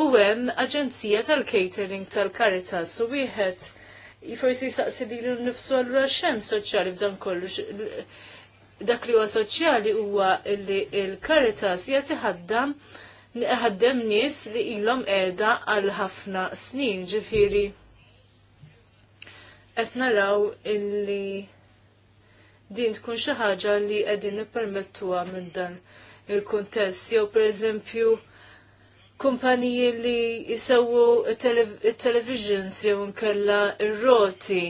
Speaker 3: u hemm aġenzija tal-catering tal karitas u wieħed forsi jistaqsi li nnifsu allura xemm soċjali f'dan kollu. Dak li huwa soċjali huwa li l karitas jagħti ħaddam ħaddem nies li ilhom qiegħda għal ħafna snin, ġifieri qed naraw illi din tkun xi ħaġa li qegħdin nippermettuha minn dan il-kuntest jew pereżempju kumpaniji li jisewwu il-televisions jew nkella ir-roti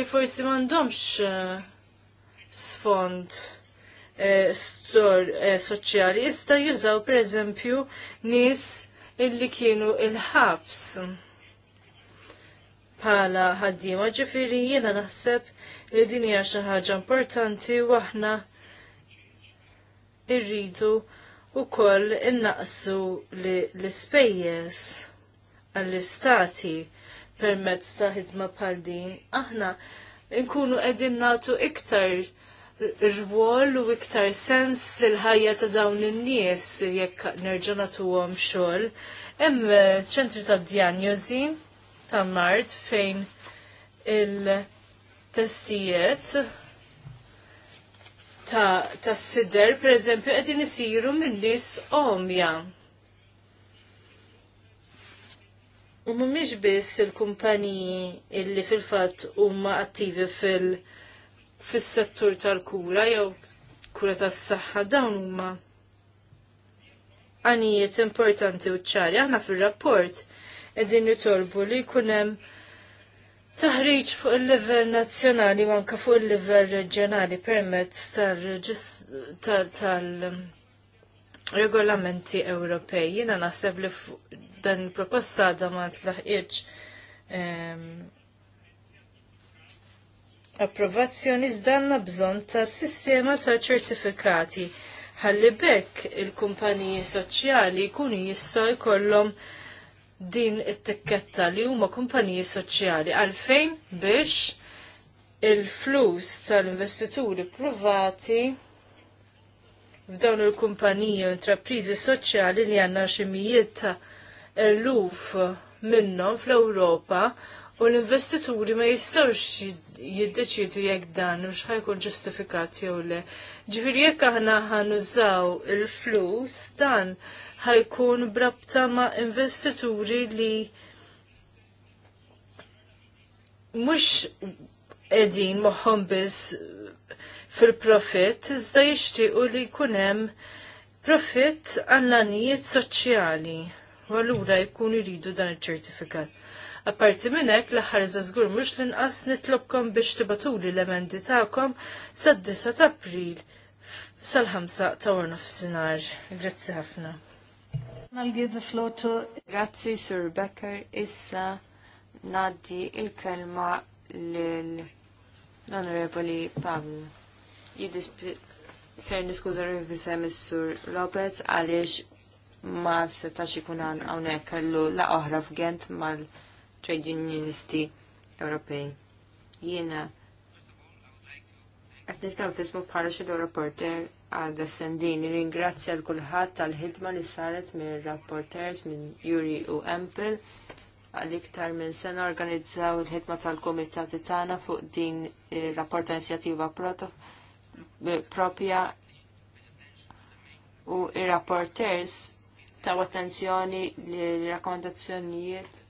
Speaker 3: li forsi m'għandhomx eh, sfond eh, stor eh, soċjali iżda jużaw pereżempju nies illi kienu il-ħabs bħala ħaddiema ġifiri jiena naħseb li din hija xi ħaġa importanti u aħna irridu wkoll innaqsu l-ispejjeż għall-istati permezz ta' ħidma bħal din. Aħna nkunu qegħdin nagħtu iktar rwol u iktar sens lil ħajja ta' dawn in-nies jekk nerġa' nagħtuhom xogħol. Hemm ċentru ta' djanjosi ta' Mart fejn il- testijiet ta' tas-sider pereżempju qegħdin isiru mill nies omja. U mhumiex biss il-kumpaniji illi fil-fatt huma attivi fil- fis-settur tal-kura jew kura tas-saħħa dawn huma għanijiet importanti u ċari aħna fir-rapport qegħdin nitolbu li jkun hemm Taħriġ fuq il-level nazzjonali u anke fuq il-level reġjonali permezz tal-regolamenti tal, tal Ewropej. Jiena naħseb li dan il-proposta għadha ma tlaħqitx um, approvazzjoni zdanna bżonn ta' sistema ta' ċertifikati ħalli bekk il-kumpaniji soċjali jkunu jistgħu jkollhom din it-tikketta li huma kumpaniji soċjali għalfejn biex il-flus tal-investituri privati f'dawn il-kumpaniji u intrapriżi soċjali li għandna ximijiet ta' eluf minnhom fl-Ewropa u l-investituri ma jistawx jiddeċidu jekk dan u xħajkun ġustifikat jew le. Ġifieri jekk aħna ħanużaw il-flus dan ħajkun brabta ma' investituri li mux edin moħħom biss fil-profit, iżda jixtiequ li kunem profit għall-anijiet soċjali. U allura jkunu jridu dan iċ-ċertifikat. Apparti minnek, l-ħar zazgur mux l-inqas nitlobkom biex tibaturi l-emendi ta'kom sad 10 ta' april sal-5 ta' f sinar. Grazzi ħafna. I'll give the floor to... Grazzi,
Speaker 1: Sir Becker. Issa naddi il-kelma l honorable Pavel Ser niskuza rivizem sur Lopez għaliex ma setax ikun hawnhekk kellu la oħra f'Gent mal-Trade Unionisti Ewropej. Jiena Qed nitkellem fismu bħala xedu reporter għal Sendini. Ringrazzja l kulħadd tal-ħidma li saret minn rapporters minn Juri u Empel għal iktar minn sena organizzaw il-ħidma tal-komitati Tana fuq din ir-rapport ta' inizjattiva eh, propja u il rapporters taw attenzjoni li rakkomandazzjonijiet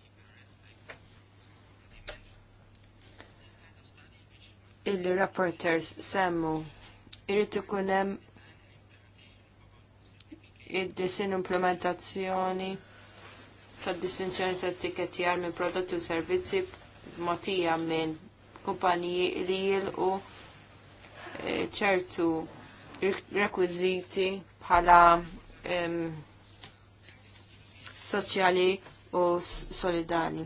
Speaker 1: il-reporters semmu Irritu ikun hemm id-disin implementazzjoni ta' distinzjoni ta' tikketjar minn prodotti u servizzi motija minn kumpaniji li jilqu eh, ċertu rekwiziti bħala soċjali u solidali.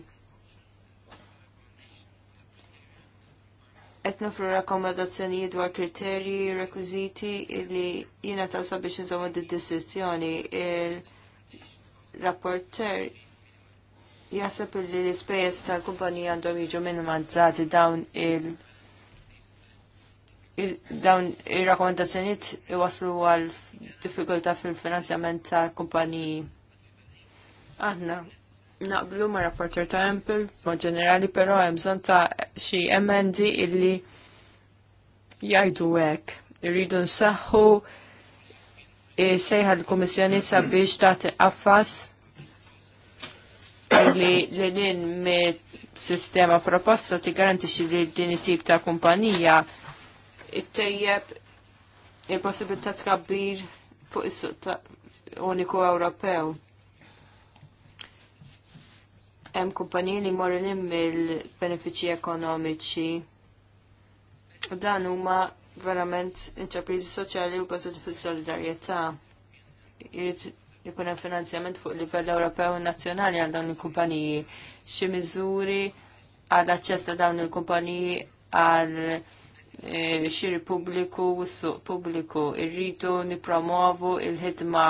Speaker 1: qed nofru rakkomandazzjonijiet dwar kriterji, rekwiżiti li jiena tasba biex inżommu di distinzjoni il-rapporter jasab li l-ispejjeż tal-kumpanija għandhom jiġu minimizzati dawn il- dawn ir-rakkomandazzjonijiet iwaslu għal diffikulta fil-finanzjament tal-kumpaniji. Aħna naqblu ma' rapporter ta' Empel, ma' ġenerali, pero hemm bżonn ta' xi emendi illi jgħidu hekk. Irridu nsaħħu sejħa l-Kummissjoni sabiex tagħti qafas li l-lin sistema proposta ti garantixi li din tip ta' kumpanija it-tejjeb il-possibilità tkabbir fuq is-suq uniku Ewropew hemm kumpaniji li morru lin mill-benefiċċji ekonomiċi. U dan huma verament intrapriżi soċjali u bażati fis-solidarjetà. Jrid ikun hemm finanzjament fuq livell Ewropew u nazzjonali għal dawn il-kumpaniji. Xi miżuri għal aċċess ta' dawn il-kumpaniji għal e, xiri pubbliku u suq pubbliku. Irridu nipromovu il-ħidma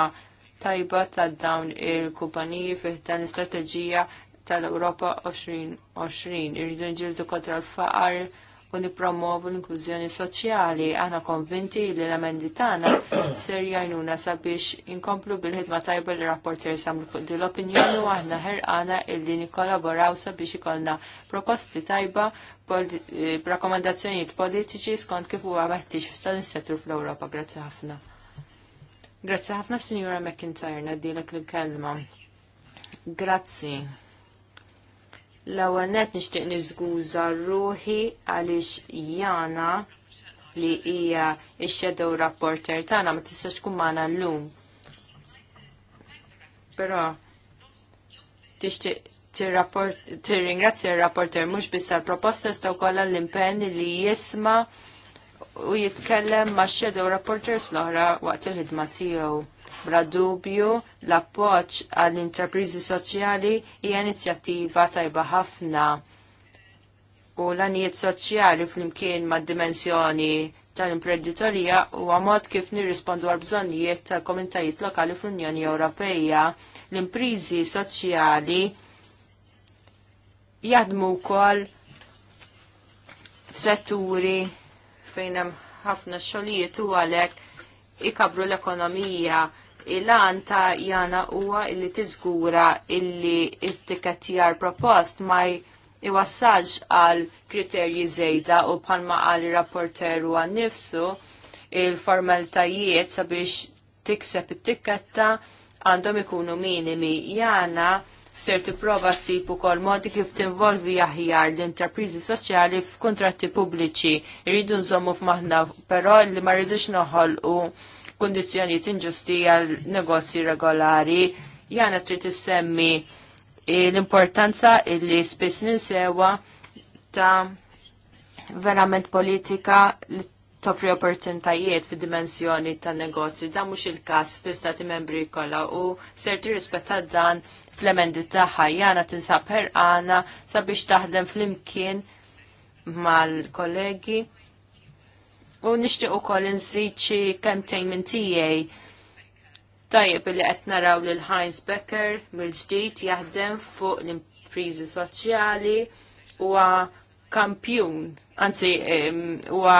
Speaker 1: tajba ta' dawn il-kumpaniji fih dan l-istrateġija tal-Europa 2020. Irridu nġildu kontra l-faqar u nipromovu l-inklużjoni soċjali. Aħna konvinti li l-amendi tagħna ser jajnuna sabiex inkomplu bil-ħidma tajba l rapporter samlu fuq din l-opinjoni u aħna ħerqana illi nikkollaboraw sabiex ikollna proposti tajba b'rakkomandazzjonijiet eh, politiċi skont kif huwa meħtieġ f'dan is-settur fl-Ewropa. Grazzi ħafna. Grazzi ħafna, Sinjura McIntyre, nadilek l-kelma. Grazzi. L-ewwel net nixtieq niżguża ruħi għaliex jana li hija x-shadow rapporter tagħna ma tistax tkun magħna llum. Però tixtieq tirringrazzja r-rapporter mhux biss għall-proposta sta wkoll l-impenn li jisma' u jitkellem ma' shadow rapporters l-oħra waqt il-ħidma tiegħu. Bla dubju, l-appoġġ għall-intrapriżi soċjali hija inizjattiva tajba ħafna u l għanijiet soċjali fl-imkien ma' dimensjoni tal-imprenditorija u għamot kif nirrispondu għal bżonnijiet tal-komunitajiet lokali fl-Unjoni Ewropeja. L-imprizi soċjali jaħdmu wkoll f'setturi fejn hemm ħafna xogħlijiet u għalhekk ikabru l-ekonomija il-għan ta' jana huwa illi tiżgura illi it-tikkatjar propost ma iwassalx għal kriterji zejda u bħalma għal rapporteru għan nifsu il-formaltajiet sabiex tikseb it-tikketta għandhom ikunu minimi jana ser tipprova ssib ukoll modi kif tinvolvi aħjar l-intrapriżi soċjali f'kuntratti pubbliċi. Irridu nżommu f'maħna però li ma rridux noħolqu kundizzjonijiet inġusti għal negozji regolari. Jana trid issemmi eh, l-importanza li spiss ninsewa ta' verament politika li toffri opportunitajiet fi dimensjoni ta' negozji. Da' mhux il-każ fi stati membri kollha u serti rispetta dan fl-emendi tagħha jana tinsab ħerqana sabiex taħdem fl-imkien mal-kollegi. U nixtieq ukoll inżid xi kemtejn minn tijaj tajib li qed naraw lil Heinz Becker mill-ġdid jaħdem fuq l-imprizi soċjali huwa kampjun, anzi huwa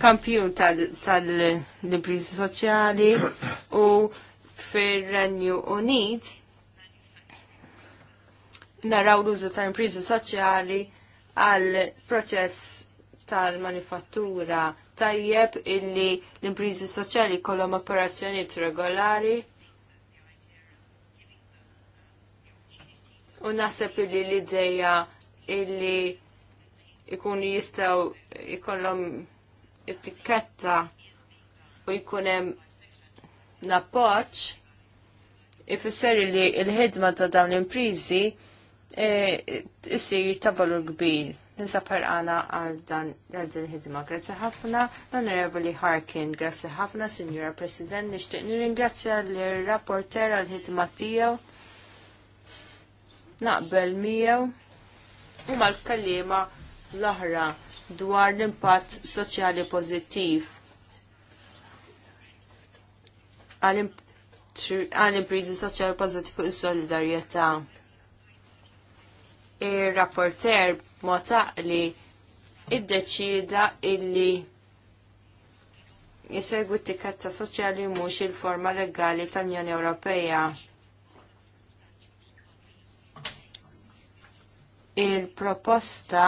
Speaker 1: kampjun tal-imprizi soċjali u fir-Renju Unit naraw l-użu tal-imprizi soċjali għal proċess tal-manifattura tajjeb illi l-imprizi soċjali kolom operazzjonijiet regolari u naħseb illi l-ideja illi ikunu jistaw ikollhom etiketta u jkunem l-appoċ ifisser li l-ħidma ta' dawn l-imprizi jisir e, ta' valur kbir. Nisa parqana għal dan il-ħidma. Grazzi ħafna, l-Onorevoli Harkin, grazzi ħafna, Signora President, nishtiq nirringrazzja l-rapporter għal-ħidma tijaw. Naqbel mijaw. U mal-kallima l-oħra dwar l-impatt soċjali pożittiv għal-imprizi soċjali pożittiv fuq is-solidarjetà. Ir-rapporter motaqli iddeċida illi jisegwu t-tiketta soċjali mhux il-forma legali tal-Unjoni Ewropea. Il-proposta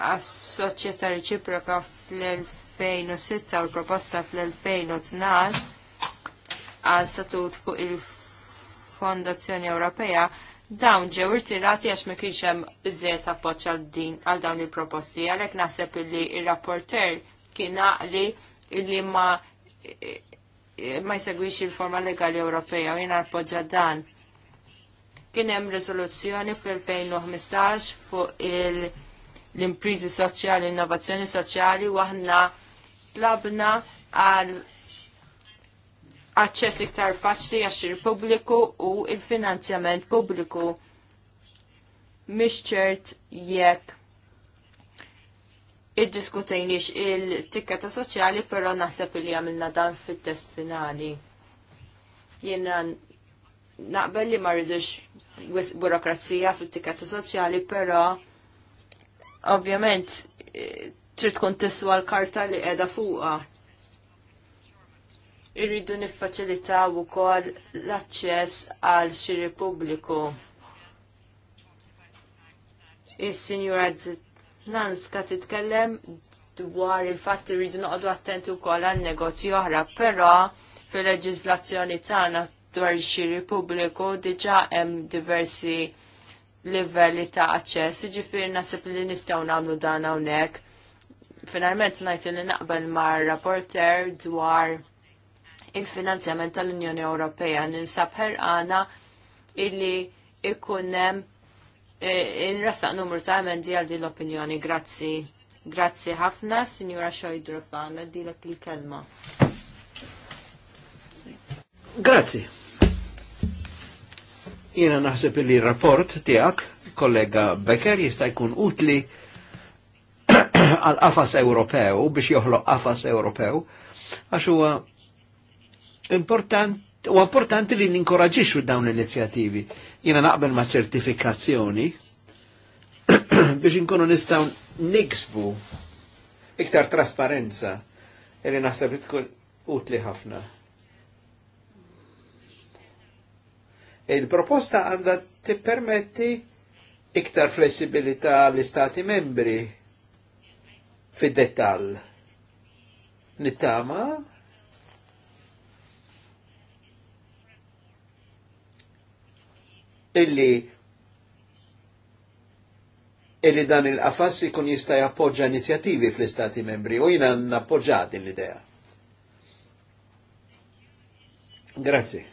Speaker 1: għas-soċjetà reċiproka fl-2006 u l-proposta fl-2012 għal statut fuq il-Fondazzjoni Ewropea dawn ġew irtirati għax ma kienx hemm biżejjed appoġġ għal din għal dawn il-proposti. Għalhekk naħseb li ir-rapporter kien għaqli li ma ma jsegwix il-forma legali Ewropea u jiena appoġġa dan. Kien hemm riżoluzzjoni fl-2015 fuq il- l-imprizi soċjali, l-innovazzjoni soċjali u aħna tlabna għal aċċess iktar faċli għax il-pubbliku u il-finanzjament pubbliku mhix jekk jekk iddiskutejniex il-tikketa soċjali però naħseb li għamilna dan fit-test finali. Jena naqbel li ma rridux burokrazija fit-tikketa soċjali, però ovvjament eh, trid tkun tiswa l-karta li qiegħda fuqha. Irridu niffaċilitaw ukoll l-aċċess għal xi Repubbliku. Is-Sinjura Lanska titkellem dwar il-fatt irridu noqogħdu attenti wkoll għal negozji oħra, però fil-leġiżlazzjoni tagħna dwar xi Repubbliku diġà hemm diversi livelli ta' aċċess, ġifir nasib li nistaw namlu dan hawnhekk. Finalment najt li naqbel mar rapporter dwar il-finanzjament tal-Unjoni Ewropea ninsab ħerqana illi ikunem e, il rasaq numru ta' emendi għal din l-opinjoni. Grazzi. Grazzi ħafna, Signora Xojdrofan, għaddilek il-kelma.
Speaker 4: Grazzi. Jena naħseb li rapport tijak, kollega Becker, jista' jkun utli [clears throat] għal qafas Ewropew biex joħloq qafas Ewropew għax huwa importanti, u importanti li ninkoraġixxu dawn l-inizjattivi. Jiena naqbel ma' ċertifikazzjoni [clears throat] biex inkunu nistgħu niksbu iktar trasparenza li naħseb tkun utli ħafna. Il-proposta għandha permetti iktar flessibilità l-istati membri fid-dettall. Nittama illi illi dan il qafassi kun jista' jappoġġa inizjativi fl-istati membri u jina nappoġġat l-idea. Grazie.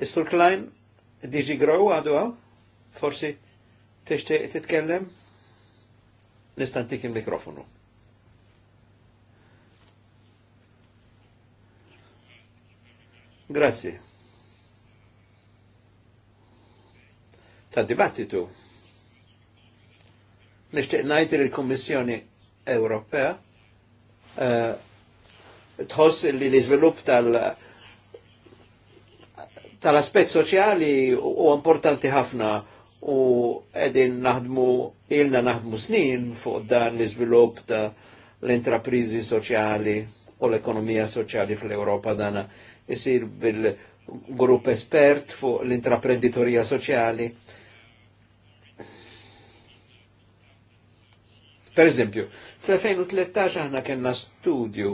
Speaker 4: Istur sur Klein, Digi Grow għadu għaw, forsi tixtieq titkellem, nistantik il-mikrofonu. Grazie. Ta' dibattitu. Nishtiq najt il-Kommissjoni Ewropea uh, tħoss li l-izvilup tal- uh, tal-aspet soċjali u importanti ħafna u edin naħdmu ilna naħdmu snin fuq dan l-izvilup ta' l-intraprizi soċjali u l-ekonomija soċjali fl-Europa dana jisir bil-grupp espert fuq l-intraprenditorija soċjali. Per eżempju, fl-2013 aħna kena studju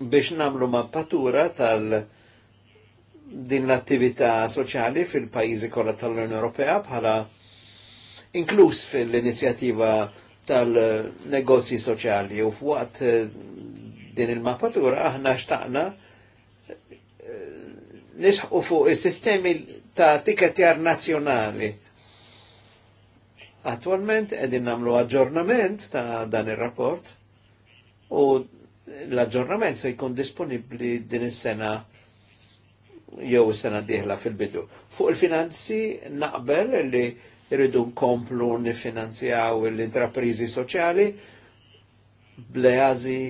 Speaker 4: biex namlu mappatura tal- din l-attività soċjali fil-pajjiżi kollha tal-Unjoni Ewropea bħala inkluż fil-inizjattiva tal-negozji soċjali u f'waqt eh, din il-mappatura aħna xtaqna eh, nisħu fuq is-sistemi ta' tiketjar nazzjonali. Attualment qegħdin nagħmlu aġġornament ta' dan ir-rapport u l-aġġornament se jkun disponibbli din is-sena jew sena diħla fil-bidu. Fuq il-finanzi naqbel li rridu nkomplu nifinanzjaw l-intraprizi soċjali bleazi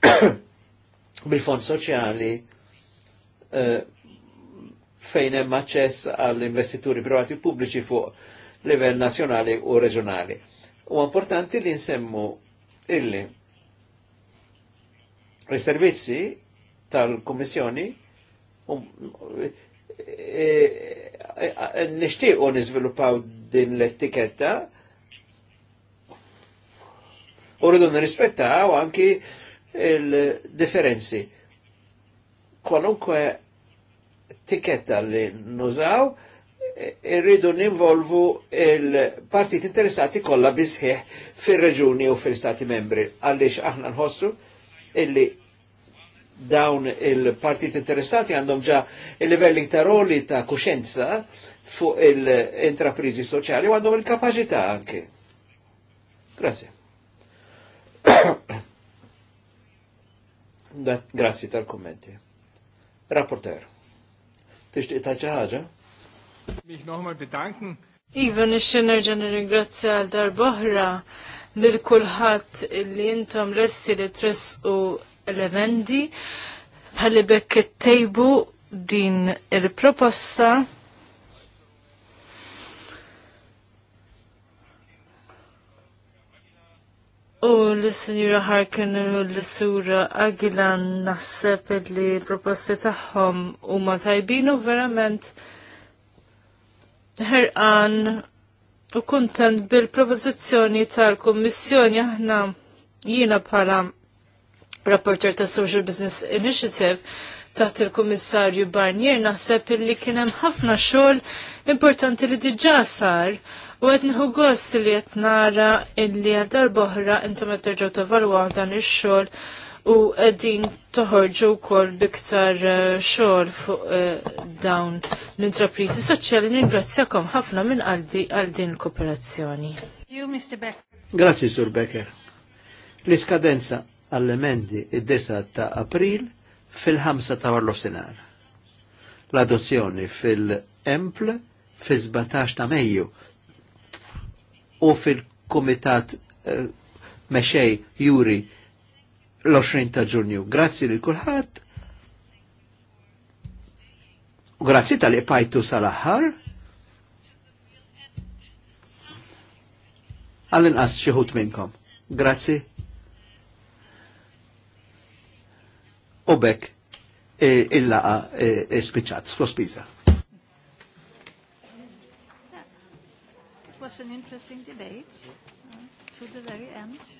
Speaker 4: [coughs] bil-fond soċjali eh, fejn hemm aċċess għall-investituri privati pubbliċi fuq livell nazzjonali u reġjonali. U importanti li nsemmu illi il-servizzi tal-Kummissjoni um, e, e, e, nishtiqu din l-etiketta u rridu nirrispettaw anki il-differenzi. Kwalunkwe etiketta li nużaw, irridu ninvolvu il-partit interessati kollha bisħieħ fir-reġuni u fil-stati membri għaliex aħna nħossu illi dawn il-partit interessati għandhom ġa il-livelli ta' roli ta' kuxenza fuq il-intraprizi soċjali u għandhom il-kapacità anke. Grazie. [coughs] Grazie tal-kommenti. Rapporter, tixtiq ta' ħaġa?
Speaker 3: Mich nochmal bedanken. Iva, nixxin nerġa nirringrazzja għal darbohra lil kulħadd li intom resti li tressu elementi bħalli bekk tejbu din il-proposta U l-Sinjura Harkin u l-Sura Agilan naħseb li proposti tagħhom huma tajbin u verament ħerqan u kuntent bil-propożizzjoni tal-Kummissjoni aħna jiena bħala rapporter ta' Social Business Initiative taħt il-Kummissarju Barnier naħseb illi kien hemm ħafna xogħol importanti li diġà sar u qed nħu gost li qed nara illi għal darba oħra intom qed terġgħu tevalwaw dan ix-xogħol u qegħdin toħorġu wkoll biktar eh, xogħol fuq eh, dawn l-intrapriżi soċjali ningrazzjakom ħafna minn qalbi għal din
Speaker 4: il-kooperazzjoni. Grazzi, Sur Becker. L-iskadenza għall-emendi id desa ta' april fil-5 ta' warlof sinar. L-adozzjoni fil-Empl fil-17 ta' Mejju u fil-Komitat uh, eh, Mexej Juri l-20 ta' Ġunju. Grazzi li kulħadd. grazzi tal pajtu sal-aħħar. Għallin għas xieħut minnkom. Grazzi. u bekk e, il-laqa e, e, spiċat, slospiza.
Speaker 2: It was an interesting debate uh, to the very end.